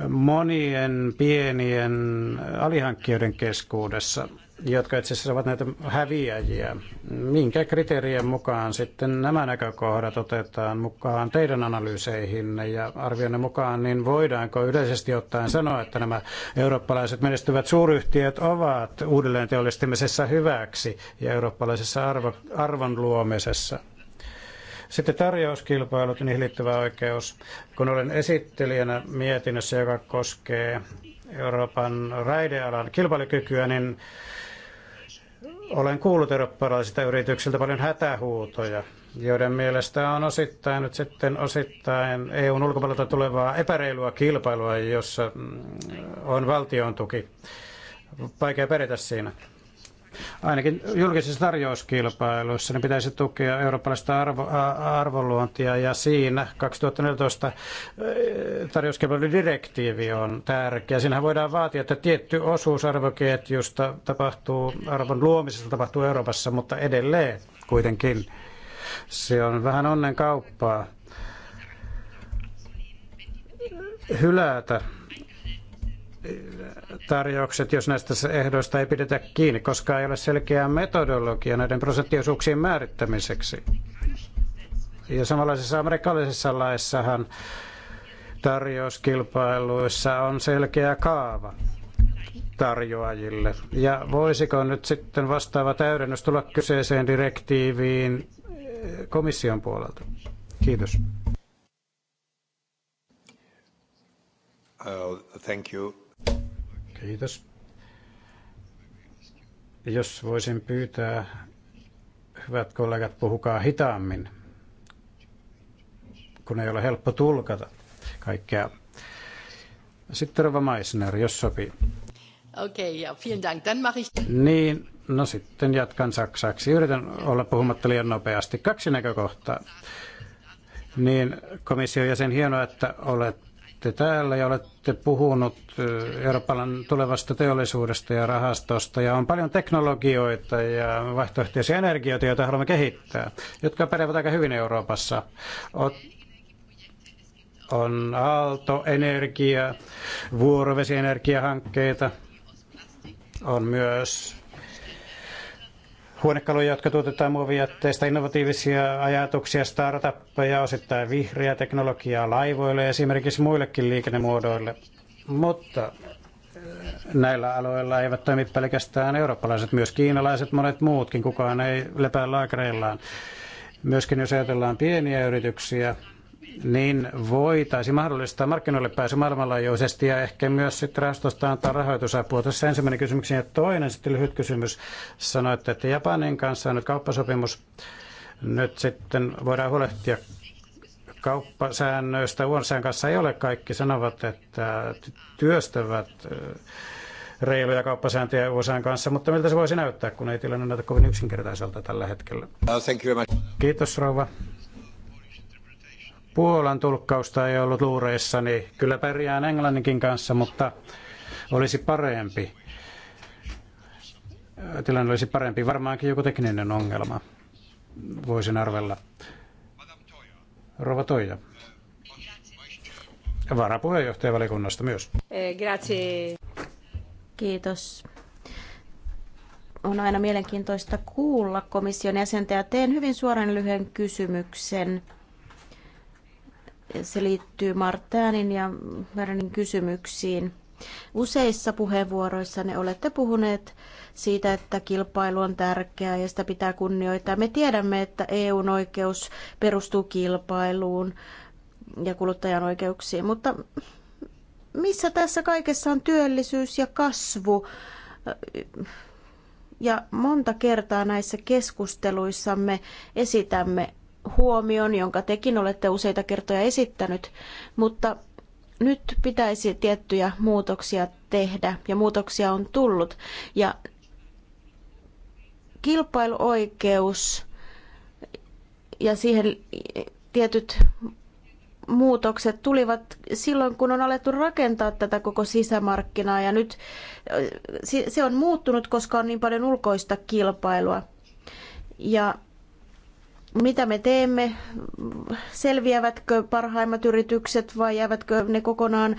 monien pienien alihankkijoiden keskuudessa jotka itse asiassa ovat näitä häviäjiä. Minkä kriteerien mukaan sitten nämä näkökohdat otetaan mukaan teidän analyyseihinne ja arvioinnin mukaan, niin voidaanko yleisesti ottaen sanoa, että nämä eurooppalaiset menestyvät suuryhtiöt ovat uudelleen teollistamisessa hyväksi ja eurooppalaisessa arvo, arvon luomisessa? Sitten tarjouskilpailut, niihin liittyvä oikeus. Kun olen esittelijänä mietinnössä, joka koskee Euroopan raidealan kilpailukykyä, niin olen kuullut eurooppalaisilta yrityksiltä paljon hätähuutoja, joiden mielestä on osittain nyt sitten osittain EUn ulkopuolelta tulevaa epäreilua kilpailua, jossa mm, on valtion tuki. Vaikea pärjätä siinä. Ainakin julkisissa tarjouskilpailuissa niin pitäisi tukea eurooppalaista arvo, arvoluontia ja siinä 2014 direktiivi on tärkeä. Siinähän voidaan vaatia, että tietty osuus arvoketjusta tapahtuu, arvon luomisesta tapahtuu Euroopassa, mutta edelleen kuitenkin se on vähän onnen kauppaa hylätä tarjoukset, jos näistä ehdoista ei pidetä kiinni, koska ei ole selkeää metodologiaa näiden prosenttiosuuksien määrittämiseksi. Ja samanlaisessa amerikkalaisessa laissahan tarjouskilpailuissa on selkeä kaava tarjoajille. Ja voisiko nyt sitten vastaava täydennys tulla kyseiseen direktiiviin eh, komission puolelta? Kiitos. Uh, thank you. Kiitos. Jos voisin pyytää, hyvät kollegat, puhukaa hitaammin, kun ei ole helppo tulkata kaikkea. Sitten Rova Meissner, jos sopii. Okei, okay, ja vielen Dank. Dann mache ich... Niin, no sitten jatkan saksaksi. Yritän olla puhumatta liian nopeasti. Kaksi näkökohtaa. Niin, komission jäsen, hienoa, että olet olette täällä ja olette puhunut Euroopan tulevasta teollisuudesta ja rahastosta ja on paljon teknologioita ja vaihtoehtoisia energioita, joita haluamme kehittää, jotka pärjäävät aika hyvin Euroopassa. On Alto-energia, vuorovesienergiahankkeita, on myös huonekaluja, jotka tuotetaan muovijätteistä, innovatiivisia ajatuksia, startuppeja, osittain vihreää teknologiaa laivoille ja esimerkiksi muillekin liikennemuodoille. Mutta eh, näillä aloilla eivät toimi pelkästään eurooppalaiset, myös kiinalaiset, monet muutkin, kukaan ei lepää laakereillaan. Myöskin jos ajatellaan pieniä yrityksiä, niin voitaisiin mahdollistaa markkinoille pääsy maailmanlaajuisesti ja ehkä myös sitten rahastosta antaa rahoitusapua. Tässä ensimmäinen kysymys ja toinen sitten lyhyt kysymys. Sanoitte, että Japanin kanssa on nyt kauppasopimus. Nyt sitten voidaan huolehtia kauppasäännöistä. UNSAn kanssa ei ole kaikki sanovat, että työstävät reiluja kauppasääntöjä USAn kanssa, mutta miltä se voisi näyttää, kun ei tilanne näytä kovin yksinkertaiselta tällä hetkellä. Uh, Kiitos rouva. Puolan tulkkausta ei ollut luureissa, niin kyllä pärjään englanninkin kanssa, mutta olisi parempi. Tilanne olisi parempi. Varmaankin joku tekninen ongelma, voisin arvella. Rova Toija. Varapuheenjohtaja valikunnasta myös. Eh, grazie. Kiitos on aina mielenkiintoista kuulla komission jäsentä ja teen hyvin suoran lyhyen kysymyksen. Se liittyy Martäänin ja Märenin kysymyksiin. Useissa puheenvuoroissa ne olette puhuneet siitä, että kilpailu on tärkeää ja sitä pitää kunnioittaa. Me tiedämme, että EUn oikeus perustuu kilpailuun ja kuluttajan oikeuksiin, mutta missä tässä kaikessa on työllisyys ja kasvu? Ja monta kertaa näissä keskusteluissamme esitämme huomion, jonka tekin olette useita kertoja esittänyt, mutta nyt pitäisi tiettyjä muutoksia tehdä ja muutoksia on tullut. Ja kilpailuoikeus ja siihen tietyt muutokset tulivat silloin, kun on alettu rakentaa tätä koko sisämarkkinaa ja nyt äh, se on muuttunut, koska on niin paljon ulkoista kilpailua. Ja mitä me teemme, selviävätkö parhaimmat yritykset vai jäävätkö ne kokonaan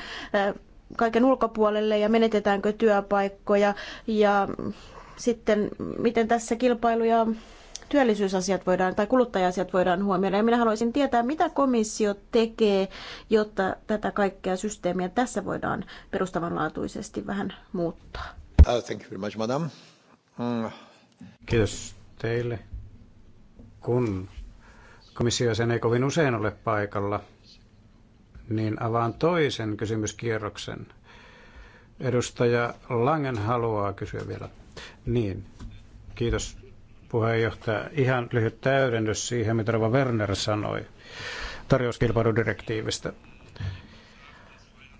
kaiken ulkopuolelle ja menetetäänkö työpaikkoja ja sitten miten tässä kilpailu ja työllisyysasiat voidaan tai kuluttaja-asiat voidaan huomioida. Ja minä haluaisin tietää, mitä komissio tekee, jotta tätä kaikkea systeemiä tässä voidaan perustavanlaatuisesti vähän muuttaa. Uh, thank you very much, madam. Mm. Kiitos teille kun komissio sen ei kovin usein ole paikalla, niin avaan toisen kysymyskierroksen. Edustaja Langen haluaa kysyä vielä. Niin, kiitos puheenjohtaja. Ihan lyhyt täydennys siihen, mitä Rova Werner sanoi tarjouskilpailudirektiivistä.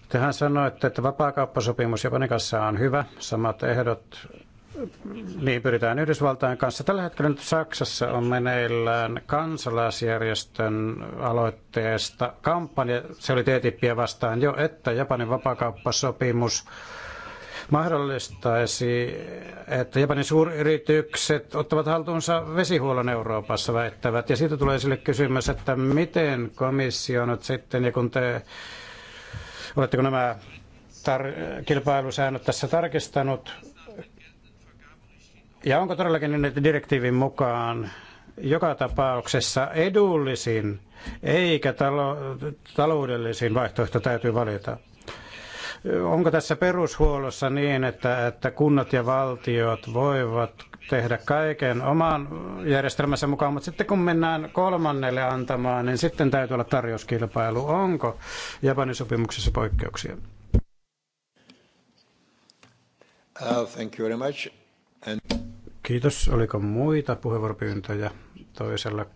Tehän sanoitte, että vapaakauppasopimus Japanin kanssa on hyvä, samat ehdot niin pyritään Yhdysvaltain kanssa. Tällä hetkellä nyt Saksassa on meneillään kansalaisjärjestön aloitteesta kampanja, se oli TTIPiä vastaan jo, että Japanin vapakauppasopimus mahdollistaisi, että Japanin suuryritykset ottavat haltuunsa vesihuollon Euroopassa, väittävät. Ja siitä tulee sille kysymys, että miten komissio nyt sitten, ja kun te oletteko nämä tar- kilpailusäännöt tässä tarkistanut, ja onko todellakin niin, että direktiivin mukaan joka tapauksessa edullisin eikä talo, taloudellisin vaihtoehto täytyy valita? Onko tässä perushuollossa niin, että, että kunnat ja valtiot voivat tehdä kaiken oman järjestelmänsä mukaan, mutta sitten kun mennään kolmannelle antamaan, niin sitten täytyy olla tarjouskilpailu. Onko Japanin sopimuksessa poikkeuksia? Uh, thank you very much. And... Kiitos. Oliko muita puheenvuoropyyntöjä? Toisella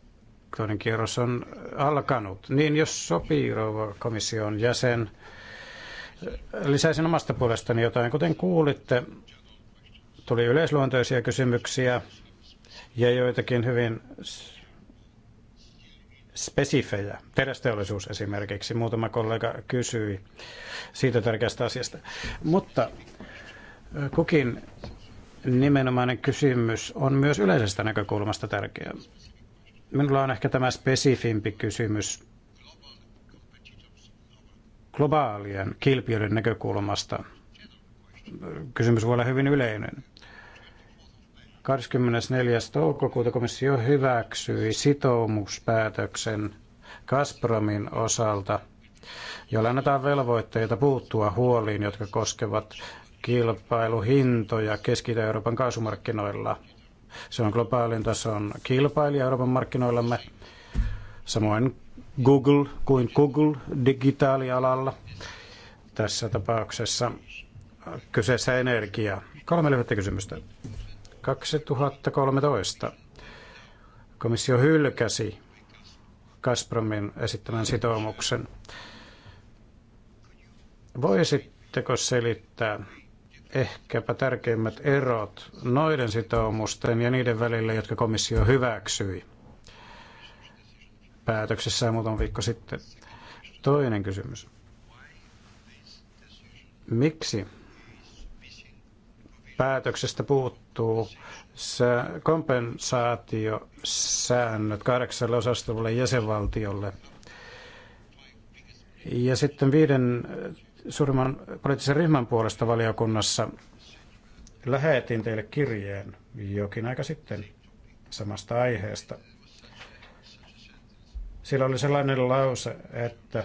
toinen kierros on alkanut. Niin, jos sopii, rouva komission jäsen, lisäisin omasta puolestani jotain. Kuten kuulitte, tuli yleisluontoisia kysymyksiä ja joitakin hyvin spesifejä. Terästeollisuus esimerkiksi, muutama kollega kysyi siitä tärkeästä asiasta. Mutta kukin nimenomainen kysymys on myös yleisestä näkökulmasta tärkeä. Minulla on ehkä tämä spesifimpi kysymys globaalien kilpijöiden näkökulmasta. Kysymys voi olla hyvin yleinen. 24. toukokuuta komissio hyväksyi sitoumuspäätöksen Gazpromin osalta, jolla annetaan velvoitteita puuttua huoliin, jotka koskevat kilpailuhintoja Keski-Euroopan kaasumarkkinoilla. Se on globaalin tason kilpailija Euroopan markkinoillamme, samoin Google kuin Google digitaalialalla. Tässä tapauksessa kyseessä energia. Kolme lyhyttä kysymystä. 2013 komissio hylkäsi Gazpromin esittämän sitoumuksen. Voisitteko selittää, ehkäpä tärkeimmät erot noiden sitoumusten ja niiden välillä, jotka komissio hyväksyi päätöksessään muutama viikko sitten. Toinen kysymys. Miksi päätöksestä puuttuu se kompensaatiosäännöt kahdeksalle osastolle jäsenvaltiolle? Ja sitten viiden suurimman poliittisen ryhmän puolesta valiokunnassa lähetin teille kirjeen jokin aika sitten samasta aiheesta. Sillä oli sellainen lause, että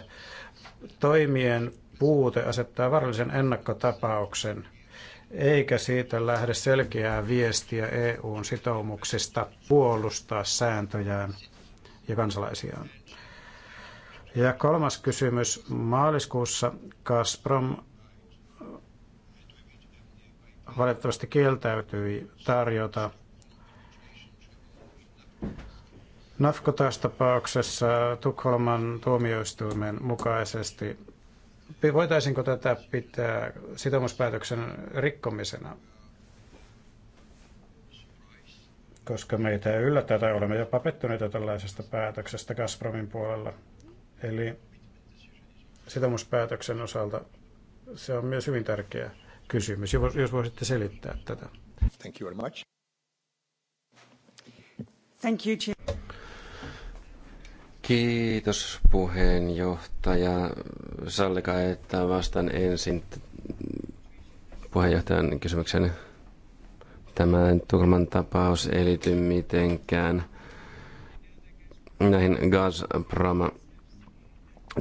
toimien puute asettaa varallisen ennakkotapauksen, eikä siitä lähde selkeää viestiä EUn sitoumuksista puolustaa sääntöjään ja kansalaisiaan. Ja kolmas kysymys. Maaliskuussa Gazprom valitettavasti kieltäytyi tarjota Nafkotas tapauksessa Tukholman tuomioistuimen mukaisesti. Voitaisinko tätä pitää sitoumuspäätöksen rikkomisena? Koska meitä ei yllätä tai olemme jopa pettyneitä tällaisesta päätöksestä Gazpromin puolella. Eli sitoumuspäätöksen osalta se on myös hyvin tärkeä kysymys, jos voisitte selittää tätä. Thank you very much. Thank you, Kiitos puheenjohtaja. Sallikaa, että vastaan ensin puheenjohtajan kysymyksen. Tämä Tukholman tapaus ei liity mitenkään näihin Gazprom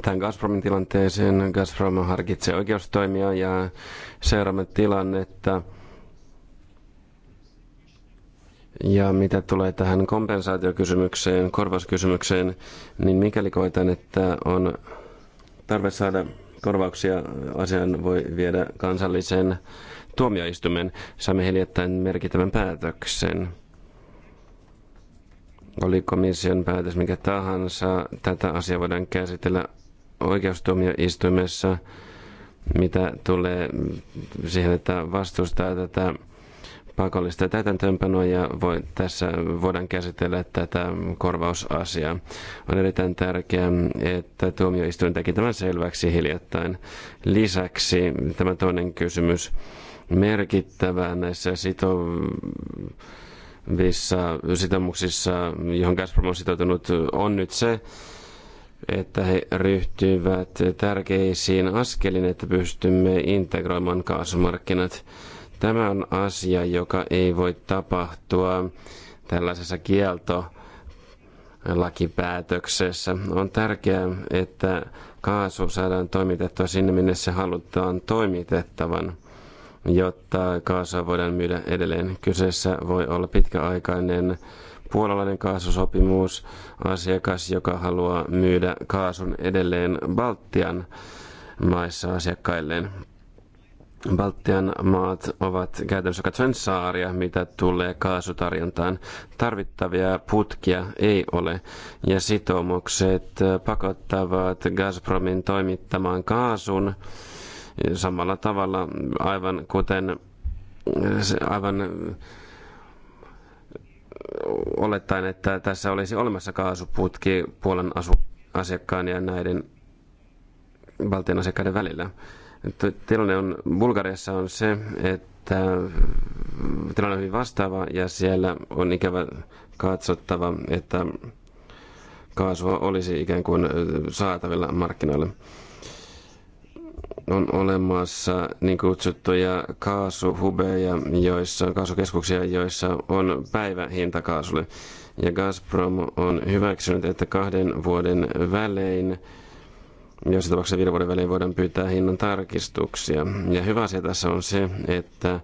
tähän Gazpromin tilanteeseen. Gazprom harkitsee oikeustoimia ja seuraamme tilannetta. Ja mitä tulee tähän kompensaatiokysymykseen, korvauskysymykseen, niin mikäli koetan, että on tarve saada korvauksia, asian voi viedä kansallisen tuomioistuimen. Saimme hiljattain merkittävän päätöksen. Oli komission päätös mikä tahansa, tätä asiaa voidaan käsitellä oikeustuomioistuimessa, mitä tulee siihen, että vastustaa tätä pakollista täytäntöönpanoa ja voi, tässä voidaan käsitellä tätä korvausasiaa. On erittäin tärkeää, että tuomioistuin teki tämän selväksi hiljattain. Lisäksi tämä toinen kysymys merkittävää näissä sitovissa sitoumuksissa, johon Gazprom on sitoutunut, on nyt se, että he ryhtyvät tärkeisiin askelin, että pystymme integroimaan kaasumarkkinat. Tämä on asia, joka ei voi tapahtua tällaisessa kieltolakipäätöksessä. On tärkeää, että kaasu saadaan toimitettua sinne, minne se halutaan toimitettavan, jotta kaasua voidaan myydä edelleen. Kyseessä voi olla pitkäaikainen puolalainen kaasusopimus, asiakas, joka haluaa myydä kaasun edelleen Baltian maissa asiakkailleen. Baltian maat ovat käytännössä katsoen saaria, mitä tulee kaasutarjontaan. Tarvittavia putkia ei ole, ja sitoumukset pakottavat Gazpromin toimittamaan kaasun samalla tavalla, aivan kuten aivan olettaen, että tässä olisi olemassa kaasuputki Puolan asu- asiakkaan ja näiden valtion asiakkaiden välillä. Tilanne on, Bulgariassa on se, että tilanne on hyvin vastaava ja siellä on ikävä katsottava, että kaasua olisi ikään kuin saatavilla markkinoilla on olemassa niin kutsuttuja kaasuhubeja, joissa, on kaasukeskuksia, joissa on päivähinta kaasulle. Ja Gazprom on hyväksynyt, että kahden vuoden välein jos tapauksessa viiden vuoden välein voidaan pyytää hinnan tarkistuksia. Ja hyvä asia tässä on se, että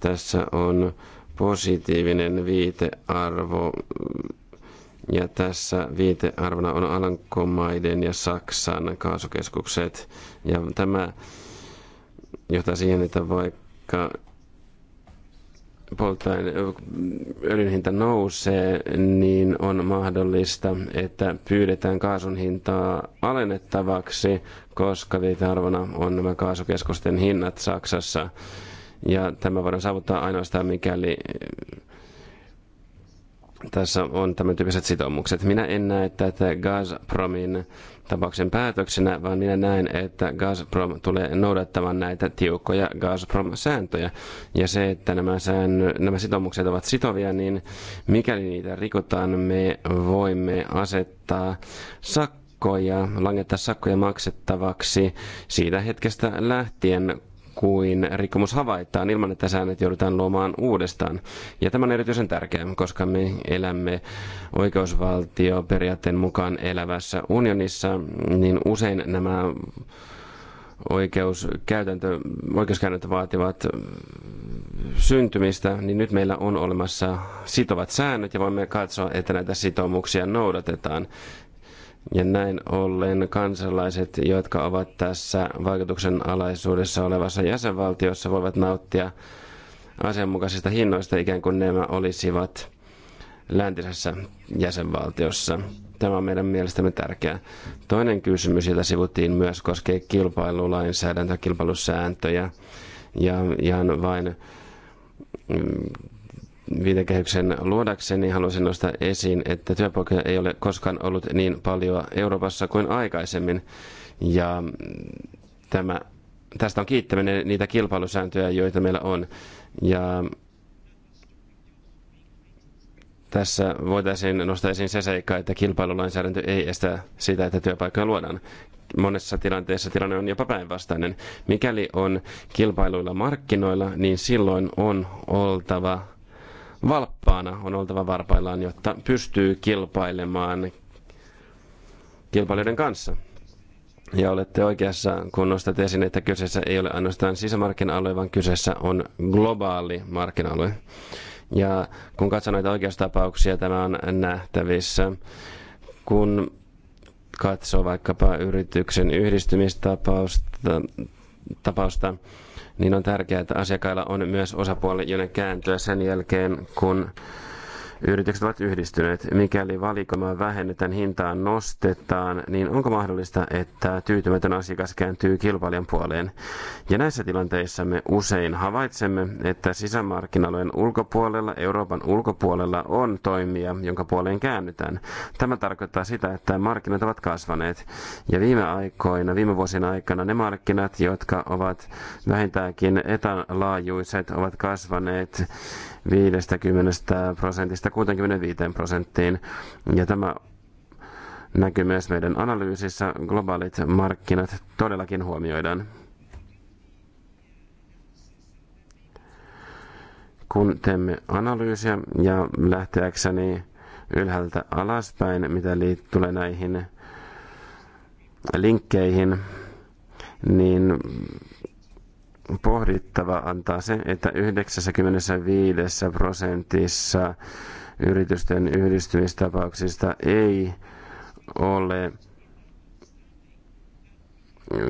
tässä on positiivinen viitearvo ja tässä viitearvona on Alankomaiden ja Saksan kaasukeskukset. Ja tämä johtaa siihen, että vaikka polttoaine, öljyn hinta nousee, niin on mahdollista, että pyydetään kaasun hintaa alennettavaksi, koska viitearvona on nämä kaasukeskusten hinnat Saksassa. Ja tämä voidaan saavuttaa ainoastaan, mikäli tässä on tämän tyyppiset sitoumukset. Minä en näe tätä Gazpromin tapauksen päätöksenä, vaan minä näen, että Gazprom tulee noudattamaan näitä tiukkoja Gazprom-sääntöjä. Ja se, että nämä, säännö, nämä sitoumukset ovat sitovia, niin mikäli niitä rikotaan, me voimme asettaa sakkoja, langettaa sakkoja maksettavaksi siitä hetkestä lähtien, kuin rikkomus havaitaan ilman, että säännöt joudutaan luomaan uudestaan. Ja tämä on erityisen tärkeää, koska me elämme oikeusvaltioperiaatteen mukaan elävässä unionissa, niin usein nämä oikeuskäytäntö, oikeuskäytäntö vaativat syntymistä, niin nyt meillä on olemassa sitovat säännöt ja voimme katsoa, että näitä sitoumuksia noudatetaan. Ja näin ollen kansalaiset, jotka ovat tässä vaikutuksen alaisuudessa olevassa jäsenvaltiossa, voivat nauttia asianmukaisista hinnoista ikään kuin nämä olisivat läntisessä jäsenvaltiossa. Tämä on meidän mielestämme tärkeää. Toinen kysymys, jota sivuttiin myös, koskee kilpailulainsäädäntöä, kilpailusääntöjä ja ihan vain mm, viitekehyksen luodakseni haluaisin nostaa esiin, että työpaikkoja ei ole koskaan ollut niin paljon Euroopassa kuin aikaisemmin. Ja tämä, tästä on kiittäminen niitä kilpailusääntöjä, joita meillä on. Ja tässä voitaisiin nostaa esiin se seikka, että kilpailulainsäädäntö ei estä sitä, että työpaikkoja luodaan. Monessa tilanteessa tilanne on jopa päinvastainen. Mikäli on kilpailuilla markkinoilla, niin silloin on oltava valppaana, on oltava varpaillaan, jotta pystyy kilpailemaan kilpailijoiden kanssa. Ja olette oikeassa, kun nostat esiin, että kyseessä ei ole ainoastaan sisämarkkina-alue, vaan kyseessä on globaali markkina-alue. Ja kun katsoo näitä oikeustapauksia, tämä on nähtävissä. Kun katsoo vaikkapa yrityksen yhdistymistapausta, tapausta, niin on tärkeää, että asiakkailla on myös osapuoli, jonne kääntyä sen jälkeen, kun yritykset ovat yhdistyneet. Mikäli valikoimaa vähennetään, hintaa nostetaan, niin onko mahdollista, että tyytymätön asiakas kääntyy kilpailijan puoleen? Ja näissä tilanteissa me usein havaitsemme, että sisämarkkinoiden ulkopuolella, Euroopan ulkopuolella on toimija, jonka puoleen käännytään. Tämä tarkoittaa sitä, että markkinat ovat kasvaneet. Ja viime aikoina, viime vuosien aikana ne markkinat, jotka ovat vähintäänkin etanlaajuiset, ovat kasvaneet 50 prosentista 65 prosenttiin. Ja tämä näkyy myös meidän analyysissä. Globaalit markkinat todellakin huomioidaan. Kun teemme analyysiä ja lähteäkseni ylhäältä alaspäin, mitä tulee näihin linkkeihin, niin pohdittava antaa se, että 95 prosentissa yritysten yhdistymistapauksista ei ole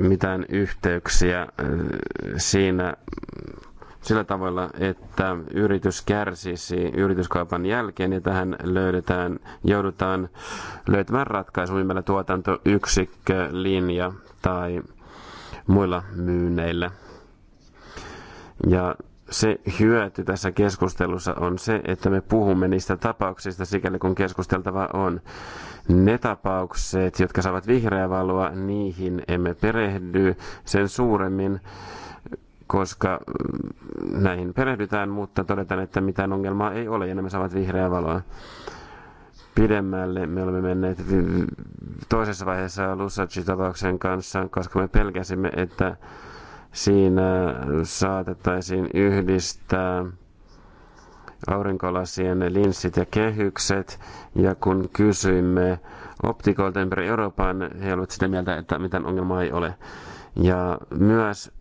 mitään yhteyksiä äh, siinä sillä tavalla, että yritys kärsisi yrityskaupan jälkeen ja tähän löydetään, joudutaan löytämään ratkaisu myymällä linja tai muilla myynneillä. Ja se hyöty tässä keskustelussa on se, että me puhumme niistä tapauksista sikäli kun keskusteltava on. Ne tapaukset, jotka saavat vihreää valoa, niihin emme perehdy sen suuremmin, koska mm, näihin perehdytään, mutta todetaan, että mitään ongelmaa ei ole ja nämä saavat vihreää valoa pidemmälle. Me olemme menneet toisessa vaiheessa Lusaci-tapauksen kanssa, koska me pelkäsimme, että Siinä saatettaisiin yhdistää aurinkolasien linssit ja kehykset. Ja kun kysyimme optikoilta ympäri Euroopan, he olivat sitä mieltä, että mitään ongelmaa ei ole. Ja myös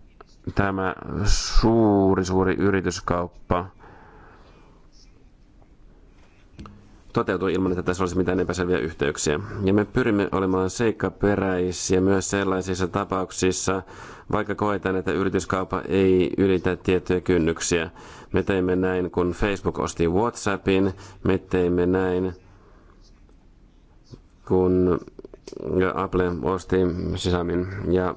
tämä suuri, suuri yrityskauppa toteutua ilman, että tässä olisi mitään epäselviä yhteyksiä. Ja me pyrimme olemaan seikkaperäisiä myös sellaisissa tapauksissa, vaikka koetaan, että yrityskauppa ei ylitä tiettyjä kynnyksiä. Me teimme näin, kun Facebook osti WhatsAppin, me teimme näin, kun Apple osti Sisamin. Ja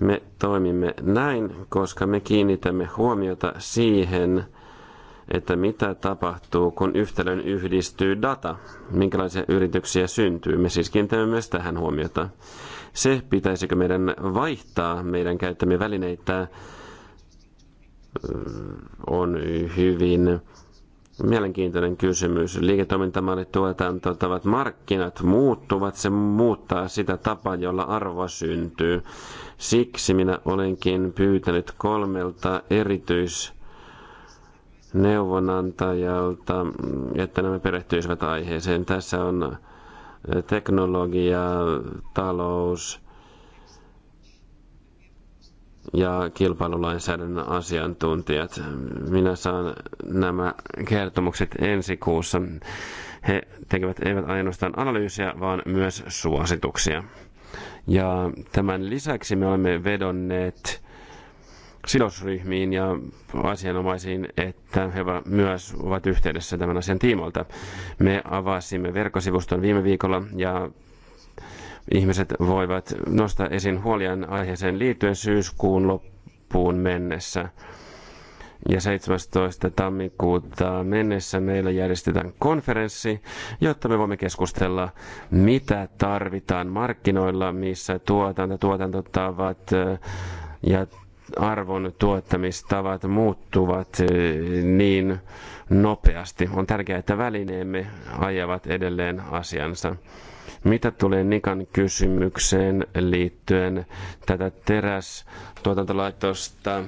me toimimme näin, koska me kiinnitämme huomiota siihen, että mitä tapahtuu, kun yhtälön yhdistyy data, minkälaisia yrityksiä syntyy. Me siis kiinnitämme myös tähän huomiota. Se, pitäisikö meidän vaihtaa meidän käyttämiä välineitä, on hyvin mielenkiintoinen kysymys. Liiketoimintamallit, tuotantotavat, markkinat muuttuvat, se muuttaa sitä tapaa, jolla arvoa syntyy. Siksi minä olenkin pyytänyt kolmelta erityis neuvonantajalta, että nämä perehtyisivät aiheeseen. Tässä on eh, teknologia, talous ja kilpailulainsäädännön asiantuntijat. Minä saan nämä kertomukset ensi kuussa. He tekevät eivät ainoastaan analyysiä, vaan myös suosituksia. Ja tämän lisäksi me olemme vedonneet sidosryhmiin ja asianomaisiin, että he myös ovat yhteydessä tämän asian tiimoilta. Me avasimme verkkosivuston viime viikolla ja ihmiset voivat nostaa esiin huolian aiheeseen liittyen syyskuun loppuun mennessä. Ja 17. tammikuuta mennessä meillä järjestetään konferenssi, jotta me voimme keskustella, mitä tarvitaan markkinoilla, missä tuotanto, tuotantotavat äh, ja arvon tuottamistavat muuttuvat eh, niin nopeasti. On tärkeää, että välineemme ajavat edelleen asiansa. Mitä tulee Nikan kysymykseen liittyen tätä terästuotantolaitosta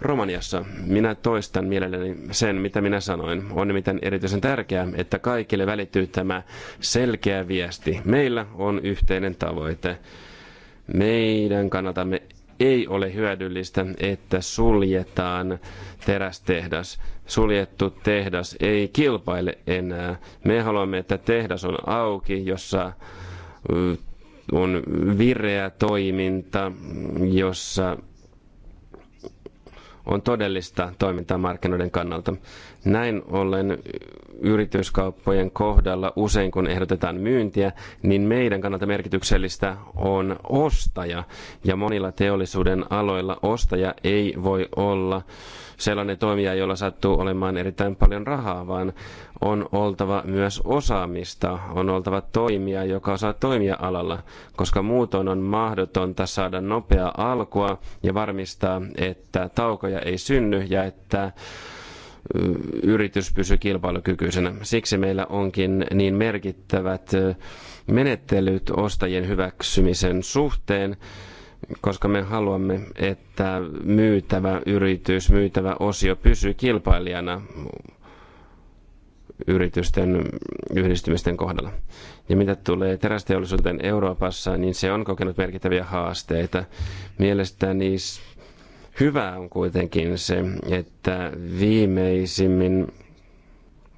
Romaniassa? Minä toistan mielelläni sen, mitä minä sanoin. On nimittäin erityisen tärkeää, että kaikille välittyy tämä selkeä viesti. Meillä on yhteinen tavoite. Meidän kannatamme ei ole hyödyllistä, että suljetaan terästehdas. Suljettu tehdas ei kilpaile enää. Me haluamme, että tehdas on auki, jossa on vireä toiminta, jossa on todellista toimintaa markkinoiden kannalta. Näin ollen yrityskauppojen kohdalla usein kun ehdotetaan myyntiä, niin meidän kannalta merkityksellistä on ostaja. Ja monilla teollisuuden aloilla ostaja ei voi olla sellainen toimija, jolla sattuu olemaan erittäin paljon rahaa, vaan on oltava myös osaamista, on oltava toimija, joka osaa toimia alalla, koska muutoin on mahdotonta saada nopeaa alkua ja varmistaa, että taukoja ei synny ja että yritys pysyy kilpailukykyisenä. Siksi meillä onkin niin merkittävät menettelyt ostajien hyväksymisen suhteen, koska me haluamme, että myytävä yritys, myytävä osio pysyy kilpailijana yritysten yhdistymisten kohdalla. Ja mitä tulee terästeollisuuteen Euroopassa, niin se on kokenut merkittäviä haasteita. Mielestäni hyvää on kuitenkin se, että viimeisimmin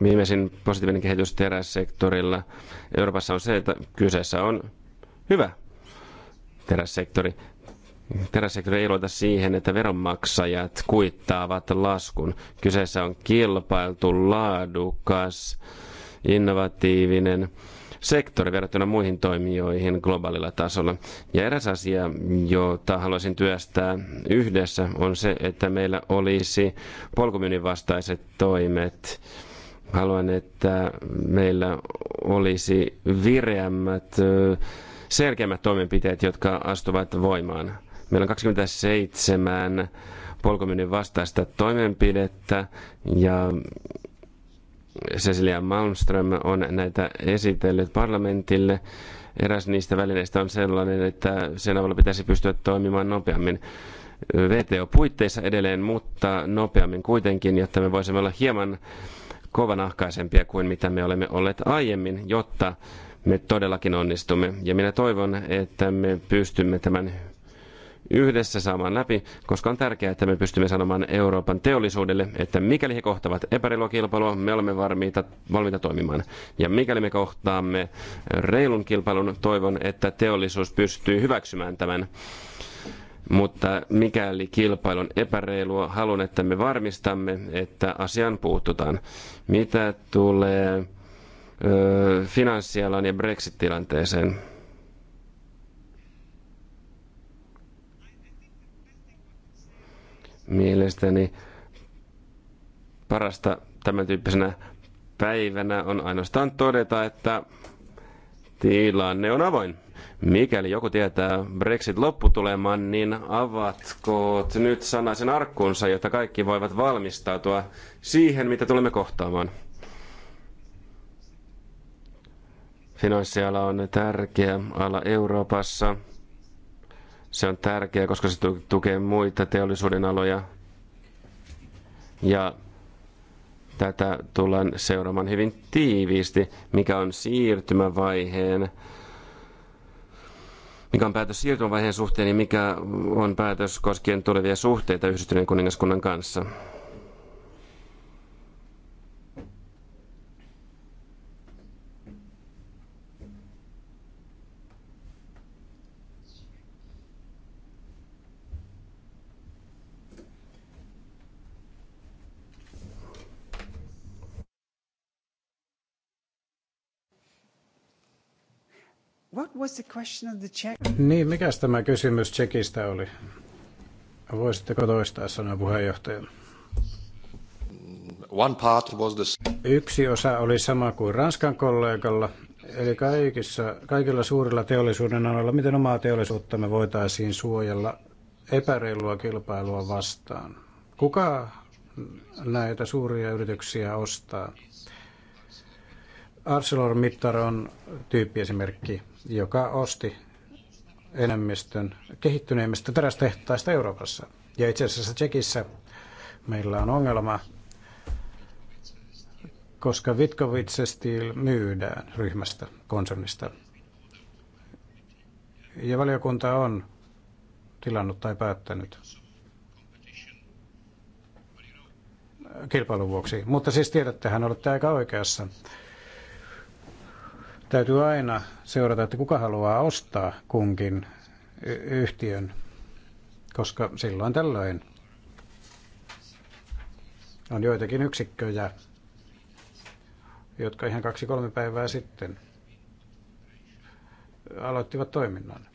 Viimeisin positiivinen kehitys terässektorilla Euroopassa on se, että kyseessä on hyvä terässektori teräsektori ei luota siihen, että veronmaksajat kuittaavat laskun. Kyseessä on kilpailtu, laadukas, innovatiivinen sektori verrattuna muihin toimijoihin globaalilla tasolla. Ja eräs asia, jota haluaisin työstää yhdessä, on se, että meillä olisi polkumyynnin vastaiset toimet. Haluan, että meillä olisi vireämmät, selkeämmät toimenpiteet, jotka astuvat voimaan Meillä on 27 polkominen vastaista toimenpidettä ja Cecilia Malmström on näitä esitellyt parlamentille. Eräs niistä välineistä on sellainen, että sen avulla pitäisi pystyä toimimaan nopeammin. VTO-puitteissa edelleen, mutta nopeammin kuitenkin, jotta me voisimme olla hieman kovanahkaisempia kuin mitä me olemme olleet aiemmin, jotta me todellakin onnistumme. Ja minä toivon, että me pystymme tämän yhdessä saamaan läpi, koska on tärkeää, että me pystymme sanomaan Euroopan teollisuudelle, että mikäli he kohtavat epäreilua kilpailua, me olemme varmiita, valmiita toimimaan. Ja mikäli me kohtaamme reilun kilpailun, toivon, että teollisuus pystyy hyväksymään tämän. Mutta mikäli kilpailu on epäreilua, haluan, että me varmistamme, että asian puututaan. Mitä tulee finanssialan ja Brexit-tilanteeseen? Mielestäni parasta tämän tyyppisenä päivänä on ainoastaan todeta, että tilanne on avoin. Mikäli joku tietää Brexit-lopputuleman, niin avatko nyt sanaisen arkkunsa, jotta kaikki voivat valmistautua siihen, mitä tulemme kohtaamaan? Finanssiala on tärkeä ala Euroopassa – se on tärkeää, koska se tukee muita teollisuuden aloja. Ja tätä tullaan seuraamaan hyvin tiiviisti, mikä on siirtymävaiheen mikä on päätös siirtymävaiheen suhteen ja mikä on päätös koskien tulevia suhteita yhdistyneen kuningaskunnan kanssa. What was the question of the Czech? Niin, mikä tämä kysymys Tsekistä oli? Voisitteko toistaa, sanoa puheenjohtaja. One part was the... Yksi osa oli sama kuin Ranskan kollegalla, eli kaikissa, kaikilla suurilla teollisuuden aloilla, miten omaa teollisuutta me voitaisiin suojella epäreilua kilpailua vastaan. Kuka näitä suuria yrityksiä ostaa? ArcelorMittar on tyyppiesimerkki joka osti enemmistön kehittyneimmistä terästehtaista Euroopassa. Ja itse asiassa Tsekissä meillä on ongelma, koska Vitkovitse Steel myydään ryhmästä, konsernista. Ja valiokunta on tilannut tai päättänyt kilpailun vuoksi. Mutta siis tiedättehän, olette aika oikeassa. Täytyy aina seurata, että kuka haluaa ostaa kunkin yhtiön, koska silloin tällöin on joitakin yksikköjä, jotka ihan kaksi-kolme päivää sitten aloittivat toiminnan.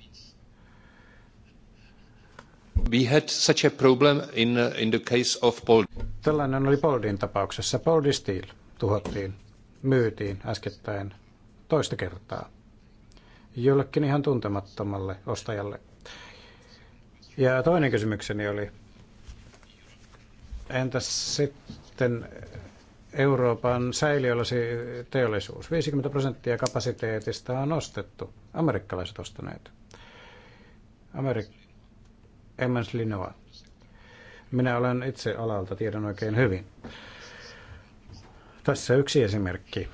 We had such a problem in, in the case of Paul. Tällainen oli Poldin tapauksessa. Poldi Steel tuhottiin, myytiin äskettäin toista kertaa jollekin ihan tuntemattomalle ostajalle. Ja toinen kysymykseni oli, entäs sitten Euroopan säiliölasi teollisuus? 50 prosenttia kapasiteetista on ostettu, amerikkalaiset ostaneet. Amerik- Emmons Linoa. Minä olen itse alalta, tiedän oikein hyvin. Tässä yksi esimerkki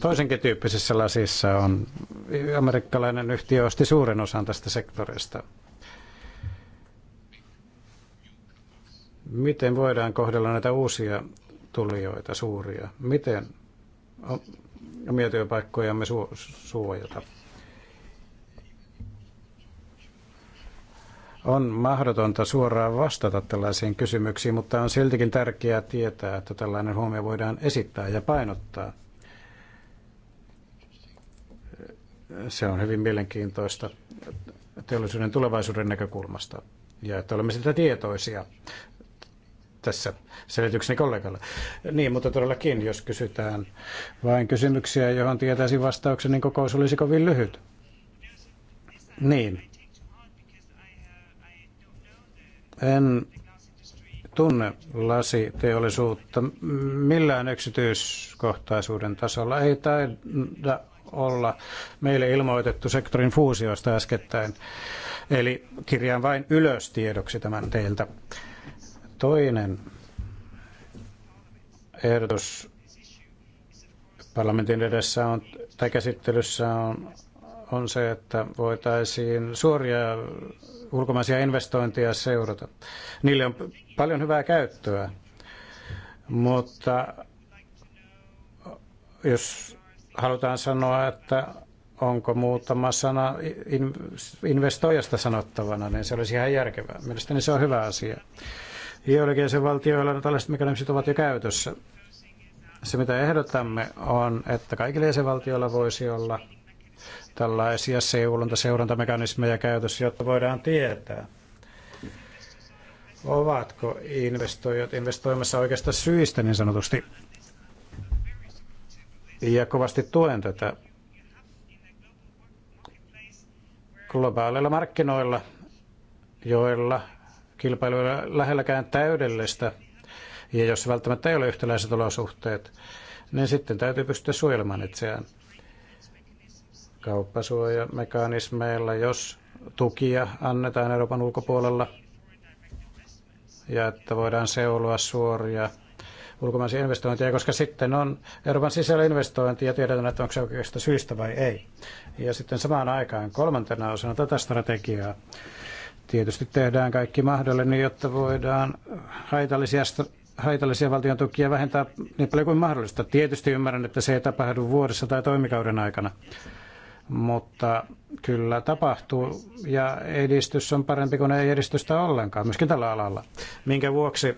toisenkin tyyppisissä lasissa on. Amerikkalainen yhtiö osti suuren osan tästä sektorista. Miten voidaan kohdella näitä uusia tulijoita, suuria? Miten omia työpaikkojamme su- suojata? On mahdotonta suoraan vastata tällaisiin kysymyksiin, mutta on siltikin tärkeää tietää, että tällainen huomio voidaan esittää ja painottaa – se on hyvin mielenkiintoista teollisuuden tulevaisuuden näkökulmasta ja että olemme sitä tietoisia tässä selitykseni kollegalle. Niin, mutta todellakin, jos kysytään vain kysymyksiä, johon tietäisin vastauksen, niin kokous olisi kovin lyhyt. Niin. En tunne lasiteollisuutta millään yksityiskohtaisuuden tasolla. Ei taida olla meille ilmoitettu sektorin fuusioista äskettäin. Eli kirjaan vain ylös tiedoksi tämän teiltä. Toinen ehdotus parlamentin edessä on, tai käsittelyssä on, on se, että voitaisiin suoria ulkomaisia investointeja seurata. Niille on paljon hyvää käyttöä, mutta jos halutaan sanoa, että onko muutama sana investoijasta sanottavana, niin se olisi ihan järkevää. Mielestäni se on hyvä asia. Joillakin se valtioilla tällaiset mekanismit ovat jo käytössä. Se, mitä ehdotamme, on, että kaikille jäsenvaltioilla voisi olla tällaisia seulonta, seurantamekanismeja käytössä, jotta voidaan tietää, ovatko investoijat investoimassa oikeasta syistä niin sanotusti ja kovasti tuen tätä. Globaaleilla markkinoilla, joilla kilpailu ei lähelläkään täydellistä, ja jos välttämättä ei ole yhtäläiset olosuhteet, niin sitten täytyy pystyä suojelemaan itseään kauppasuojamekanismeilla, jos tukia annetaan Euroopan ulkopuolella ja että voidaan seuloa suoria ulkomaisia investointeja, koska sitten on Euroopan sisällä investointi ja tiedetään, että onko se oikeasta syystä vai ei. Ja sitten samaan aikaan kolmantena osana tätä strategiaa tietysti tehdään kaikki mahdollinen, jotta voidaan haitallisia haitallisia valtion tukia vähentää niin paljon kuin mahdollista. Tietysti ymmärrän, että se ei tapahdu vuodessa tai toimikauden aikana, mutta kyllä tapahtuu ja edistys on parempi kuin ei edistystä ollenkaan, myöskin tällä alalla. Minkä vuoksi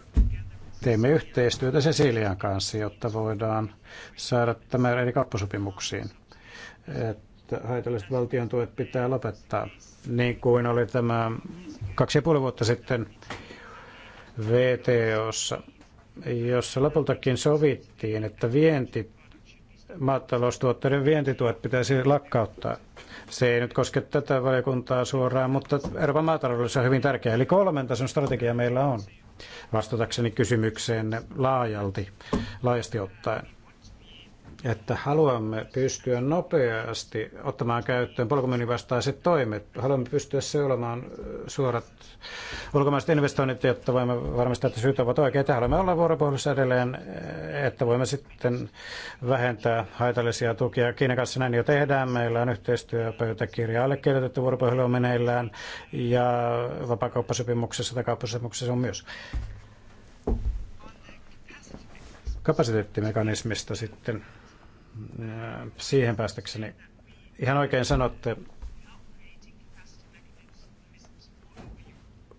Teemme yhteistyötä Cecilian kanssa, jotta voidaan saada tämä eri kauppasopimuksiin. Että haitalliset valtion tuet pitää lopettaa, niin kuin oli tämä kaksi ja puoli vuotta sitten VTOssa, jossa lopultakin sovittiin, että vienti maataloustuotteiden vientituet pitäisi lakkauttaa. Se ei nyt koske tätä valiokuntaa suoraan, mutta Euroopan maataloudessa on hyvin tärkeä. Eli kolmen tason strategia meillä on vastatakseni kysymykseen laajalti, laajasti ottaen että haluamme pystyä nopeasti ottamaan käyttöön polkumyynnin vastaiset toimet. Haluamme pystyä seuraamaan suorat ulkomaiset investoinnit, jotta voimme varmistaa, että syyt ovat oikeita. Haluamme olla vuoropuhelussa edelleen, että voimme sitten vähentää haitallisia tukia. Kiinan kanssa näin jo tehdään. Meillä on yhteistyöpöytäkirja allekirjoitettu vuoropuhelu meneillään ja vapakauppasopimuksessa tai kauppasopimuksessa on myös kapasiteettimekanismista sitten Äh, siihen päästäkseni. Ihan oikein sanotte,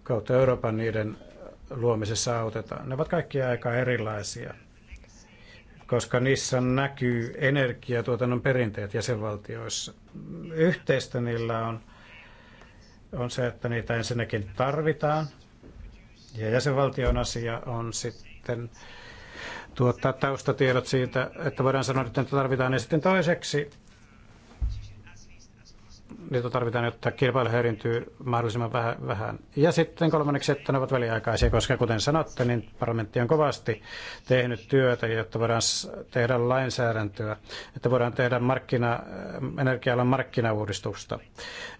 kautta Euroopan niiden luomisessa autetaan. Ne ovat kaikki aika erilaisia, koska niissä näkyy energiatuotannon perinteet jäsenvaltioissa. Yhteistä niillä on, on se, että niitä ensinnäkin tarvitaan, ja jäsenvaltion asia on sitten tuottaa taustatiedot siitä, että voidaan sanoa, että tarvitaan. Ja sitten toiseksi niitä tarvitaan, jotta kilpailu häirintyy mahdollisimman vähän. Ja sitten kolmanneksi, että ne ovat väliaikaisia, koska kuten sanotte, niin parlamentti on kovasti tehnyt työtä, jotta voidaan tehdä lainsäädäntöä, että voidaan tehdä markkina, energia-alan markkinauudistusta.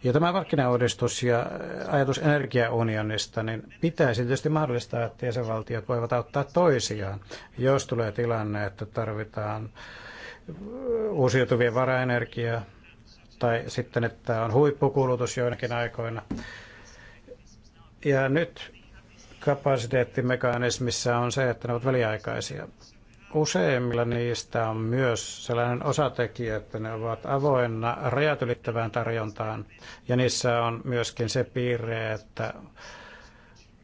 Ja tämä markkinauudistus ja ajatus energiaunionista, niin pitäisi tietysti mahdollistaa, että jäsenvaltiot voivat auttaa toisiaan, jos tulee tilanne, että tarvitaan uusiutuvia varaenergiaa, tai sitten, että on huippukulutus joinakin aikoina. Ja nyt kapasiteettimekanismissa on se, että ne ovat väliaikaisia. Useimmilla niistä on myös sellainen osatekijä, että ne ovat avoinna rajat ylittävään tarjontaan. Ja niissä on myöskin se piirre, että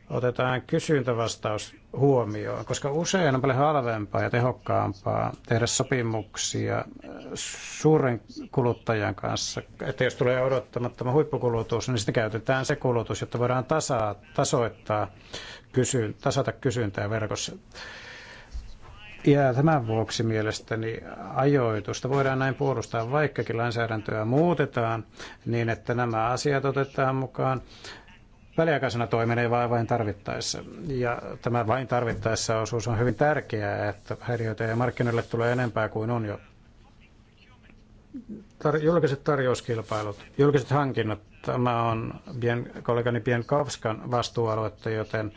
otetaan kysyntävastaus huomioon, koska usein on paljon halvempaa ja tehokkaampaa tehdä sopimuksia äh, suuren kuluttajan kanssa. Että jos tulee odottamattoman huippukulutus, niin sitten käytetään se kulutus, jotta voidaan tasaa, tasoittaa, kysyn, tasata kysyntää verkossa. Ja tämän vuoksi mielestäni ajoitusta voidaan näin puolustaa, vaikkakin lainsäädäntöä muutetaan niin, että nämä asiat otetaan mukaan väliaikaisena toimena vaan vain tarvittaessa. Ja tämä vain tarvittaessa osuus on hyvin tärkeää, että häiriöitä ja markkinoille tulee enempää kuin on jo. Tar- julkiset tarjouskilpailut, julkiset hankinnat, tämä on bien, kollegani Pienkovskan vastuualuetta, joten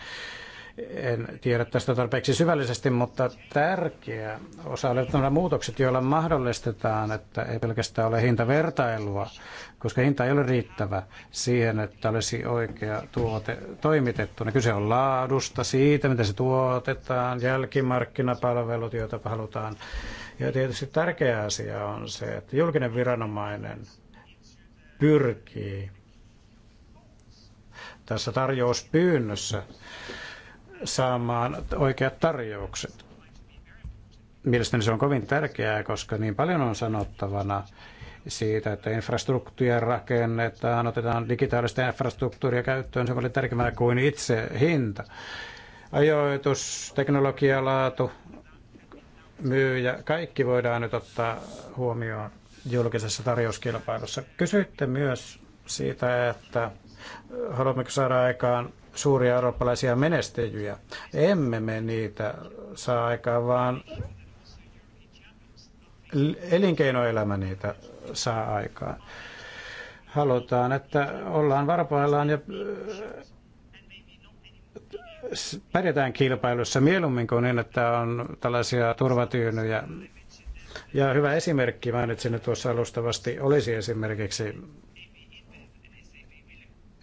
en tiedä tästä tarpeeksi syvällisesti, mutta tärkeä osa oli nämä muutokset, joilla mahdollistetaan, että ei pelkästään ole hintavertailua, koska hinta ei ole riittävä siihen, että olisi oikea tuote toimitettuna. Kyse on laadusta, siitä, miten se tuotetaan, jälkimarkkinapalvelut, joita halutaan. Ja tietysti tärkeä asia on se, että julkinen viranomainen pyrkii tässä tarjouspyynnössä saamaan oikeat tarjoukset. Mielestäni se on kovin tärkeää, koska niin paljon on sanottavana siitä, että infrastruktuuria rakennetaan, otetaan digitaalista infrastruktuuria käyttöön, se on paljon tärkeämpää kuin itse hinta. Ajoitus, teknologia, laatu, myyjä, kaikki voidaan nyt ottaa huomioon julkisessa tarjouskilpailussa. Kysyitte myös siitä, että haluammeko saada aikaan suuria eurooppalaisia menestyjiä. Emme me niitä saa aikaan, vaan elinkeinoelämä niitä saa aikaan. Halutaan, että ollaan varpaillaan ja äh, pärjätään kilpailussa mieluummin kuin niin, että on tällaisia turvatyynyjä. Ja hyvä esimerkki mainitsin tuossa alustavasti olisi esimerkiksi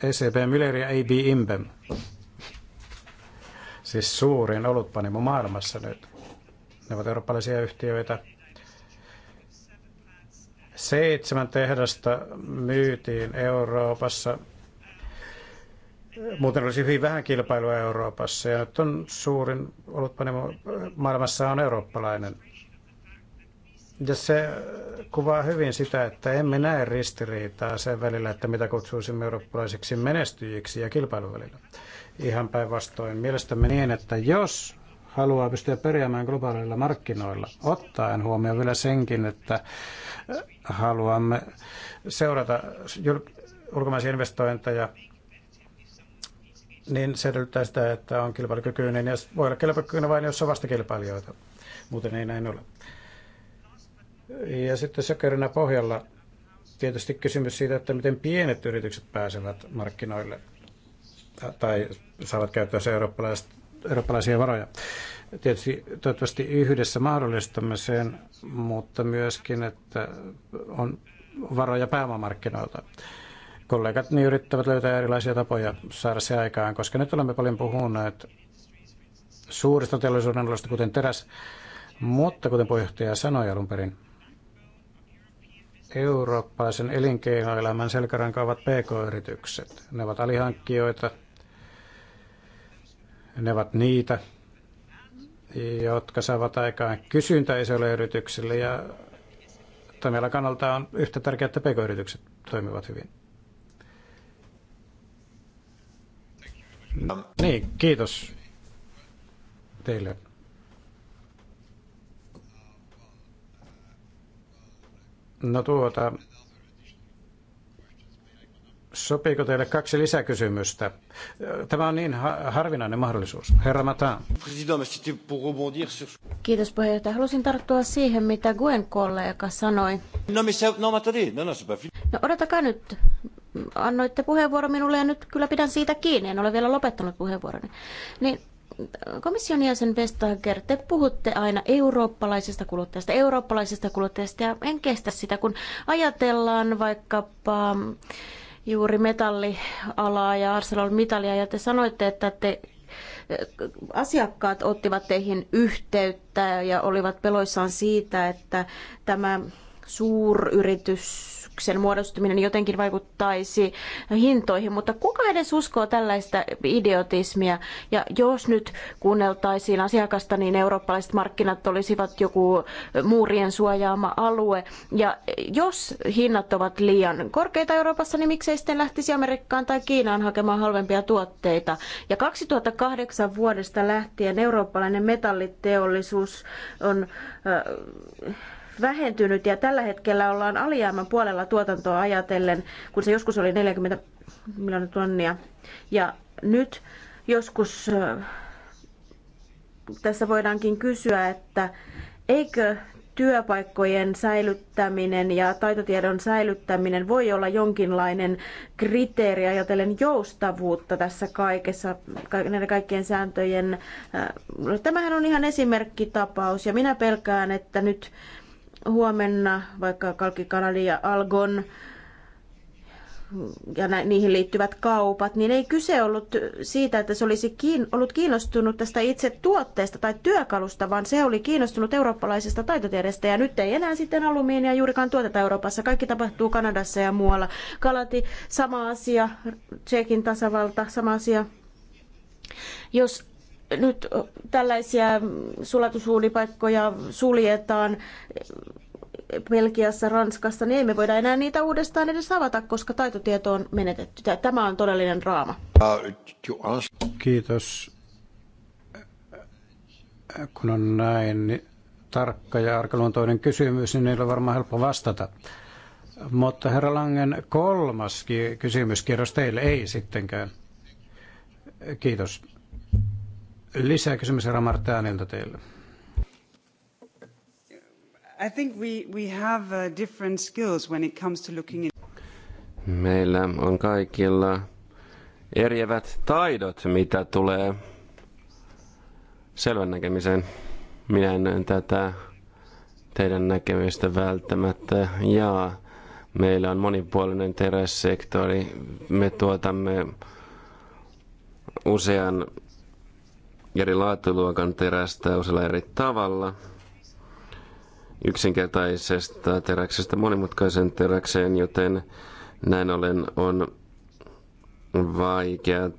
ECB Müller ja AB Imbem. Siis suurin olutpanimo maailmassa nyt. Ne ovat eurooppalaisia yhtiöitä. Seitsemän tehdasta myytiin Euroopassa. Muuten olisi hyvin vähän kilpailua Euroopassa ja nyt on suurin olutpanimo maailmassa on eurooppalainen. Ja se kuvaa hyvin sitä, että emme näe ristiriitaa sen välillä, että mitä kutsuisimme eurooppalaisiksi menestyjiksi ja kilpailuvälillä. Ihan päinvastoin. Mielestämme niin, että jos haluaa pystyä pärjäämään globaaleilla markkinoilla, ottaen huomioon vielä senkin, että haluamme seurata ulkomaisia investointeja, niin se edellyttää sitä, että on kilpailukykyinen ja voi olla kilpailukykyinen vain, jos on vastakilpailijoita. Muuten ei näin ole. Ja sitten sokerina pohjalla tietysti kysymys siitä, että miten pienet yritykset pääsevät markkinoille tai saavat käyttöönsä eurooppalaisia varoja. Tietysti toivottavasti yhdessä mahdollistamme sen, mutta myöskin, että on varoja pääomamarkkinoilta. Kollegat niin yrittävät löytää erilaisia tapoja saada se aikaan, koska nyt olemme paljon puhuneet suurista teollisuuden aloista, kuten teräs, mutta kuten puheenjohtaja sanoi alun perin, Eurooppalaisen elinkeinoelämän selkäranka ovat pk-yritykset. Ne ovat alihankkijoita, ne ovat niitä, jotka saavat aikaan kysyntä isoille yrityksille ja toimialan kannalta on yhtä tärkeää, että pk-yritykset toimivat hyvin. Niin, kiitos teille. No tuota, sopiiko teille kaksi lisäkysymystä? Tämä on niin harvinainen mahdollisuus. Herra Mata. Kiitos puheenjohtaja. Halusin tarttua siihen, mitä Guen kollega sanoi. No, missä, no, no odotakaa nyt. Annoitte puheenvuoron minulle ja nyt kyllä pidän siitä kiinni. En ole vielä lopettanut puheenvuoroni. Niin Komission jäsen Vestager, te puhutte aina eurooppalaisesta kuluttajasta, eurooppalaisesta kuluttajasta ja en kestä sitä, kun ajatellaan vaikkapa mm, juuri metallialaa ja ArcelorMittalia ja te sanoitte, että te eh, asiakkaat ottivat teihin yhteyttä ja olivat peloissaan siitä, että tämä suuryritys kehityksen muodostuminen jotenkin vaikuttaisi hintoihin, mutta kuka edes uskoo tällaista idiotismia? Ja jos nyt kuunneltaisiin asiakasta, niin eurooppalaiset markkinat olisivat joku muurien suojaama alue. Ja jos hinnat ovat liian korkeita Euroopassa, niin miksei sitten lähtisi Amerikkaan tai Kiinaan hakemaan halvempia tuotteita? Ja 2008 vuodesta lähtien eurooppalainen metalliteollisuus on äh, vähentynyt ja tällä hetkellä ollaan alijäämän puolella tuotantoa ajatellen, kun se joskus oli 40 miljoonaa tonnia. Ja nyt joskus äh, tässä voidaankin kysyä, että eikö työpaikkojen säilyttäminen ja taitotiedon säilyttäminen voi olla jonkinlainen kriteeri ajatellen joustavuutta tässä kaikessa, näiden kaikkien sääntöjen. Äh, no, tämähän on ihan esimerkkitapaus ja minä pelkään, että nyt huomenna vaikka kalkkikanali ja Algon ja niihin liittyvät kaupat, niin ei kyse ollut siitä, että se olisi kiin, ollut kiinnostunut tästä itse tuotteesta tai työkalusta, vaan se oli kiinnostunut eurooppalaisesta taitotiedestä. Ja nyt ei enää sitten alumiinia juurikaan tuoteta Euroopassa. Kaikki tapahtuu Kanadassa ja muualla. Kalati, sama asia. Tsekin tasavalta, sama asia. Jos nyt tällaisia sulatusuunipaikkoja suljetaan Belgiassa, Ranskassa, niin emme voida enää niitä uudestaan edes avata, koska taitotieto on menetetty. Tämä on todellinen raama. Kiitos. Kun on näin tarkka ja arkaluontoinen kysymys, niin niillä on varmaan helppo vastata. Mutta herra Langen, kolmas kysymyskierros teille ei sittenkään. Kiitos. Lisäkysymys Ramartanilta teille. I think we, we have uh, different skills when it comes to looking in. Meillä on kaikilla eriävät taidot, mitä tulee selvän näkemiseen. Minä en tätä teidän näkemystä välttämättä jaa. Meillä on monipuolinen terässektori. Me tuotamme usean eri laatuluokan terästä usealla eri tavalla. Yksinkertaisesta teräksestä monimutkaisen teräkseen, joten näin ollen on vaikea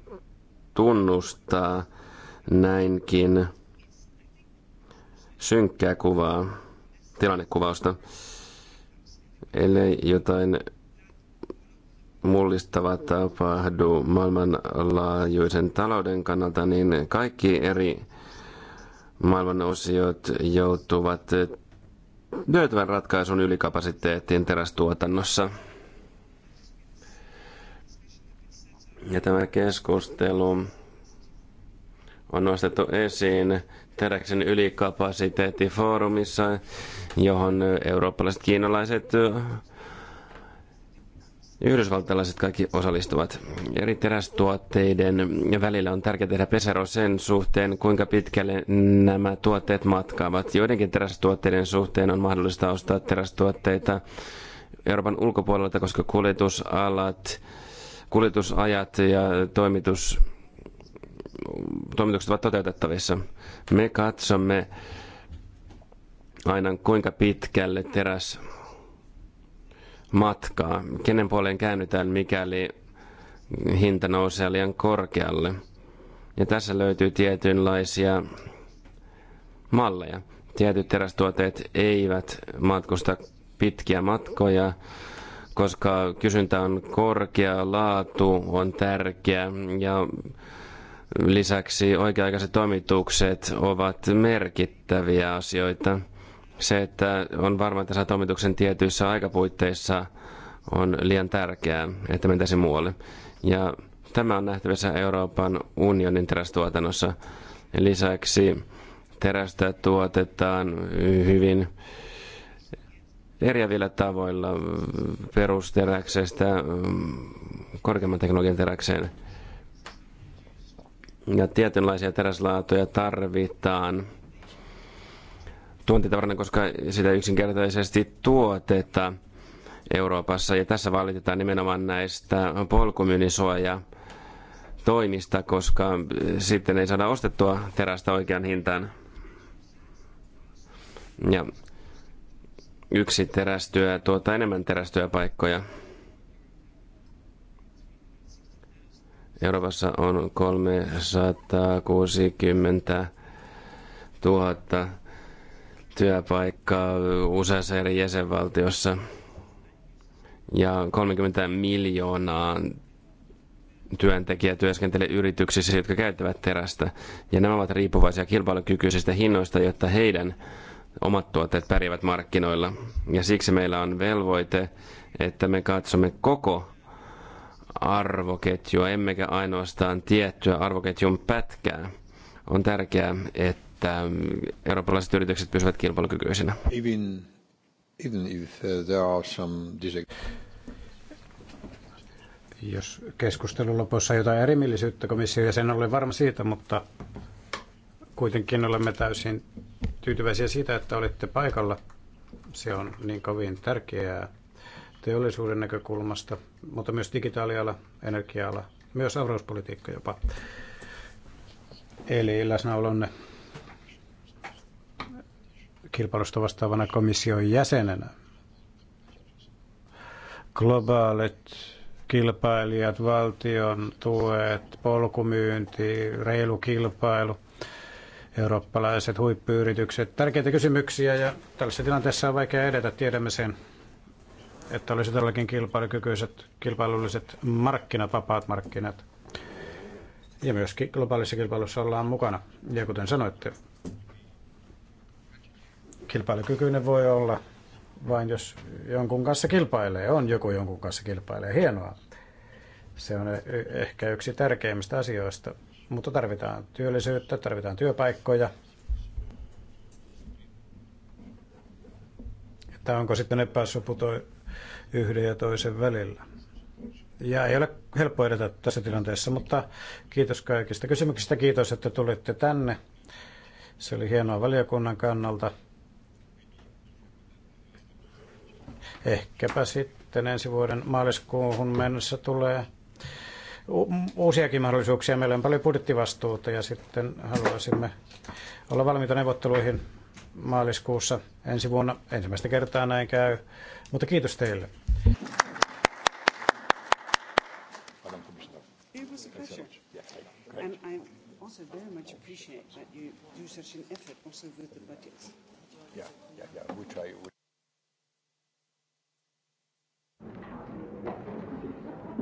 tunnustaa näinkin synkkää kuvaa, tilannekuvausta, ellei jotain mullistava äh, tapahdu maailmanlaajuisen talouden kannalta, niin kaikki eri maailman osiot joutuvat äh, löytävän ratkaisun ylikapasiteettiin terästuotannossa. Ja tämä keskustelu on nostettu esiin teräksen ylikapasiteettifoorumissa, johon eurooppalaiset kiinalaiset äh, Yhdysvaltalaiset kaikki osallistuvat. Eri terästuotteiden välillä on tärkeää tehdä pesero sen suhteen, kuinka pitkälle nämä tuotteet matkaavat. Joidenkin terästuotteiden suhteen on mahdollista ostaa terästuotteita Euroopan ulkopuolelta, koska kuljetusalat, kuljetusajat ja toimitus, toimitukset ovat toteutettavissa. Me katsomme aina kuinka pitkälle teräs matkaa? Kenen puoleen käännytään, mikäli hinta nousee liian korkealle? Ja tässä löytyy tietynlaisia malleja. Tietyt terästuotteet eivät matkusta pitkiä matkoja, koska kysyntä on korkea, laatu on tärkeä ja lisäksi oikea-aikaiset toimitukset ovat merkittäviä asioita – se, että on varma, että saa toimituksen tietyissä aikapuitteissa, on liian tärkeää, että mentäisi muualle. Ja tämä on nähtävissä Euroopan unionin terästuotannossa. Lisäksi terästä tuotetaan hyvin eriävillä tavoilla perusteräksestä korkeamman teknologian teräkseen. Ja tietynlaisia teräslaatuja tarvitaan tuontitavarana, koska sitä yksinkertaisesti tuoteta Euroopassa. Ja tässä valitetaan nimenomaan näistä polkumyynnin toimista, koska sitten ei saada ostettua terästä oikean hintaan. Ja yksi terästyö tuota enemmän terästyöpaikkoja. Euroopassa on 360 000 työpaikkaa useassa eri jäsenvaltiossa ja 30 miljoonaa työntekijä työskentelee yrityksissä, jotka käyttävät terästä. Ja nämä ovat riippuvaisia kilpailukykyisistä hinnoista, jotta heidän omat tuotteet pärjäävät markkinoilla. Ja siksi meillä on velvoite, että me katsomme koko arvoketjua, emmekä ainoastaan tiettyä arvoketjun pätkää. On tärkeää, että että mm, eurooppalaiset yritykset pysyvät kilpailukykyisinä. Even, even if uh, there are some jos keskustelun lopussa jotain erimielisyyttä komissio ja sen olen varma siitä, mutta kuitenkin olemme täysin tyytyväisiä siitä, että olitte paikalla. Se on niin kovin tärkeää teollisuuden näkökulmasta, mutta myös digitaaliala, energiaala, myös avrauspolitiikka jopa. Eli läsnäolonne kilpailusta vastaavana komission jäsenenä. Globaalit kilpailijat, valtion tuet, polkumyynti, reilu kilpailu, eurooppalaiset huippuyritykset. Tärkeitä kysymyksiä ja tällaisessa tilanteessa on vaikea edetä, tiedämme sen, että olisi todellakin kilpailukykyiset, kilpailulliset markkinat, vapaat markkinat. Ja myöskin globaalissa kilpailussa ollaan mukana. Ja kuten sanoitte, kilpailukykyinen voi olla vain jos jonkun kanssa kilpailee, on joku jonkun kanssa kilpailee. Hienoa. Se on e- e- ehkä yksi tärkeimmistä asioista, mutta tarvitaan työllisyyttä, tarvitaan työpaikkoja. Että onko sitten epäsopu yhden ja toisen välillä. Ja ei ole helppo edetä tässä tilanteessa, mutta kiitos kaikista kysymyksistä. Kiitos, että tulitte tänne. Se oli hienoa valiokunnan kannalta. Ehkäpä sitten ensi vuoden maaliskuuhun mennessä tulee uusiakin mahdollisuuksia. Meillä on paljon budjettivastuuta ja sitten haluaisimme olla valmiita neuvotteluihin maaliskuussa ensi vuonna. Ensimmäistä kertaa näin käy, mutta kiitos teille. also very much appreciate that you do such an effort also with the budget